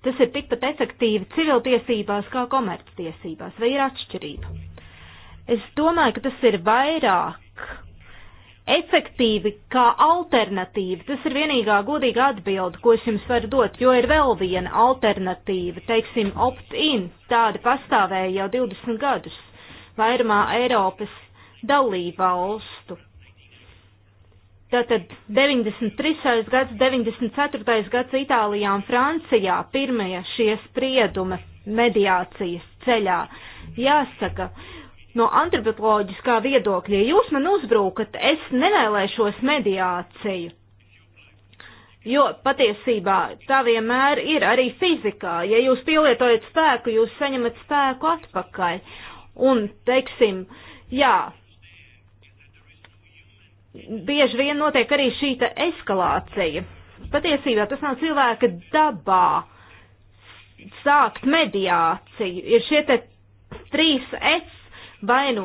tas ir tikpat efektīvi civiltiesībās kā komerctiesībās, vai ir atšķirība? Es domāju, ka tas ir vairāk efektīvi kā alternatīva. Tas ir vienīgā godīga atbilde, ko es jums varu dot, jo ir vēl viena alternatīva, teiksim, opt-in, tāda pastāvēja jau 20 gadus vairumā Eiropas dalībvalstu. Tātad 93. gads, 94. gads Itālijā un Francijā pirmie šie spriedumi mediācijas ceļā. Jāsaka, uh, no antropoloģiskā viedokļa, ja jūs man uzbrukat, es nevēlēšos mediāciju. Jo patiesībā tā vienmēr ir arī fizikā. Ja jūs pielietojat spēku, jūs saņemat spēku atpakaļ. Un, teiksim, jā, bieži vien notiek arī šī eskalācija. Patiesībā tas nav cilvēka dabā sākt mediāciju. Ir šie te trīs es vai nu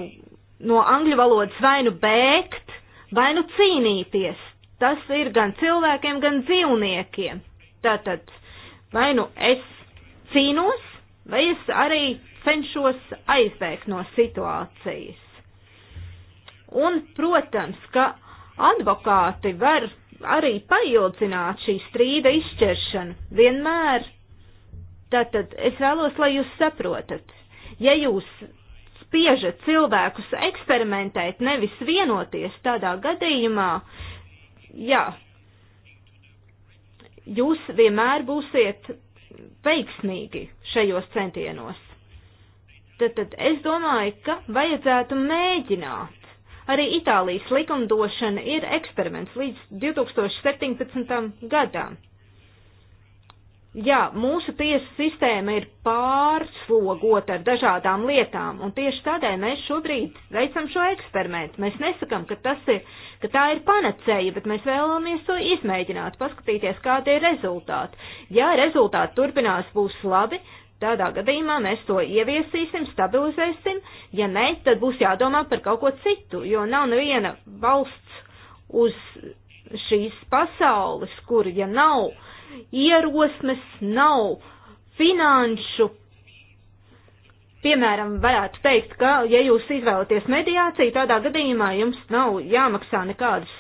no angļu valodas vai nu bēgt, vai nu cīnīties. Tas ir gan cilvēkiem, gan dzīvniekiem. Tātad, vai nu es cīnos, vai es arī cenšos aizbēgt no situācijas. Un, protams, ka advokāti var arī paildzināt šī strīda izšķiršanu vienmēr. Tātad es vēlos, lai jūs saprotat, ja jūs spieža cilvēkus eksperimentēt, nevis vienoties tādā gadījumā, jā, jūs vienmēr būsiet veiksmīgi šajos centienos. Tad, tad es domāju, ka vajadzētu mēģināt. Arī Itālijas likumdošana ir eksperiments līdz 2017. gadam. Jā, mūsu tiesu sistēma ir pārslogota ar dažādām lietām, un tieši tādēļ mēs šobrīd veicam šo eksperimentu. Mēs nesakam, ka, ir, ka tā ir panacēja, bet mēs vēlamies to izmēģināt, paskatīties, kādi ir rezultāti. Ja rezultāti turpinās būs labi, tādā gadījumā mēs to ieviesīsim, stabilizēsim, ja nē, tad būs jādomā par kaut ko citu, jo nav neviena valsts uz šīs pasaules, kur, ja nav ierosmes, nav finanšu. Piemēram, varētu teikt, ka, ja jūs izvēlaties mediāciju, tādā gadījumā jums nav jāmaksā nekādas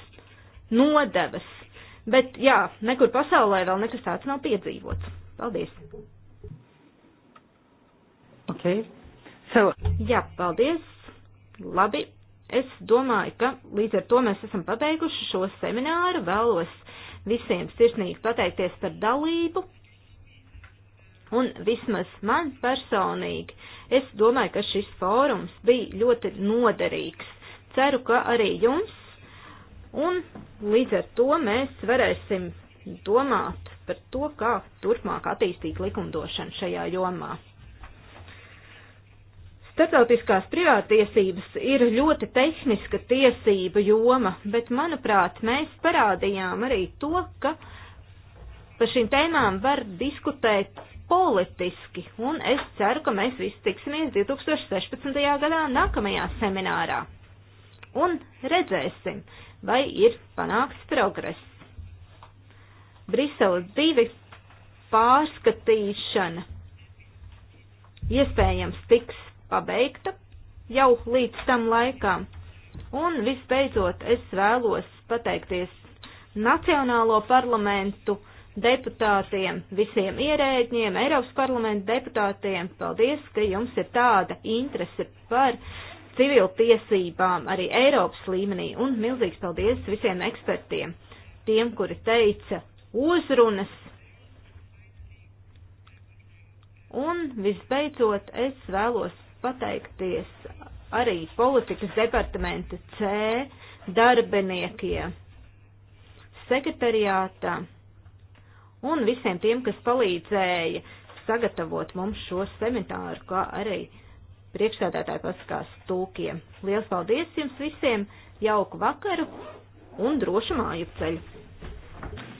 nodevas. Bet, jā, nekur pasaulē vēl nekas tāds nav piedzīvots. Paldies! Okay. So... Jā, paldies! Labi, es domāju, ka līdz ar to mēs esam pabeiguši šo semināru. Vēlos visiem sirsnīgi pateikties par dalību. Un vismaz man personīgi, es domāju, ka šis fórums bija ļoti noderīgs. Ceru, ka arī jums. Un līdz ar to mēs varēsim domāt par to, kā turpmāk attīstīt likumdošanu šajā jomā. Startautiskās privātiesības ir ļoti tehniska tiesība joma, bet, manuprāt, mēs parādījām arī to, ka par šīm tēmām var diskutēt politiski, un es ceru, ka mēs visi tiksimies 2016. gadā nākamajā seminārā. Un redzēsim, vai ir panāks progress. Briseles divi pārskatīšana iespējams tiks pabeigta jau līdz tam laikam. Un visbeidzot, es vēlos pateikties Nacionālo parlamentu deputātiem, visiem ierēģiem, Eiropas parlamenta deputātiem. Paldies, ka jums ir tāda interese par civiltiesībām arī Eiropas līmenī. Un milzīgs paldies visiem ekspertiem, tiem, kuri teica uzrunas. Un visbeidzot, es vēlos pateikties arī politikas departamenta C darbiniekiem, sekretariātā un visiem tiem, kas palīdzēja sagatavot mums šo semināru, kā arī priekšsēdētāju pasakās tūkiem. Liels paldies jums visiem, jauku vakaru un drošu māju ceļu!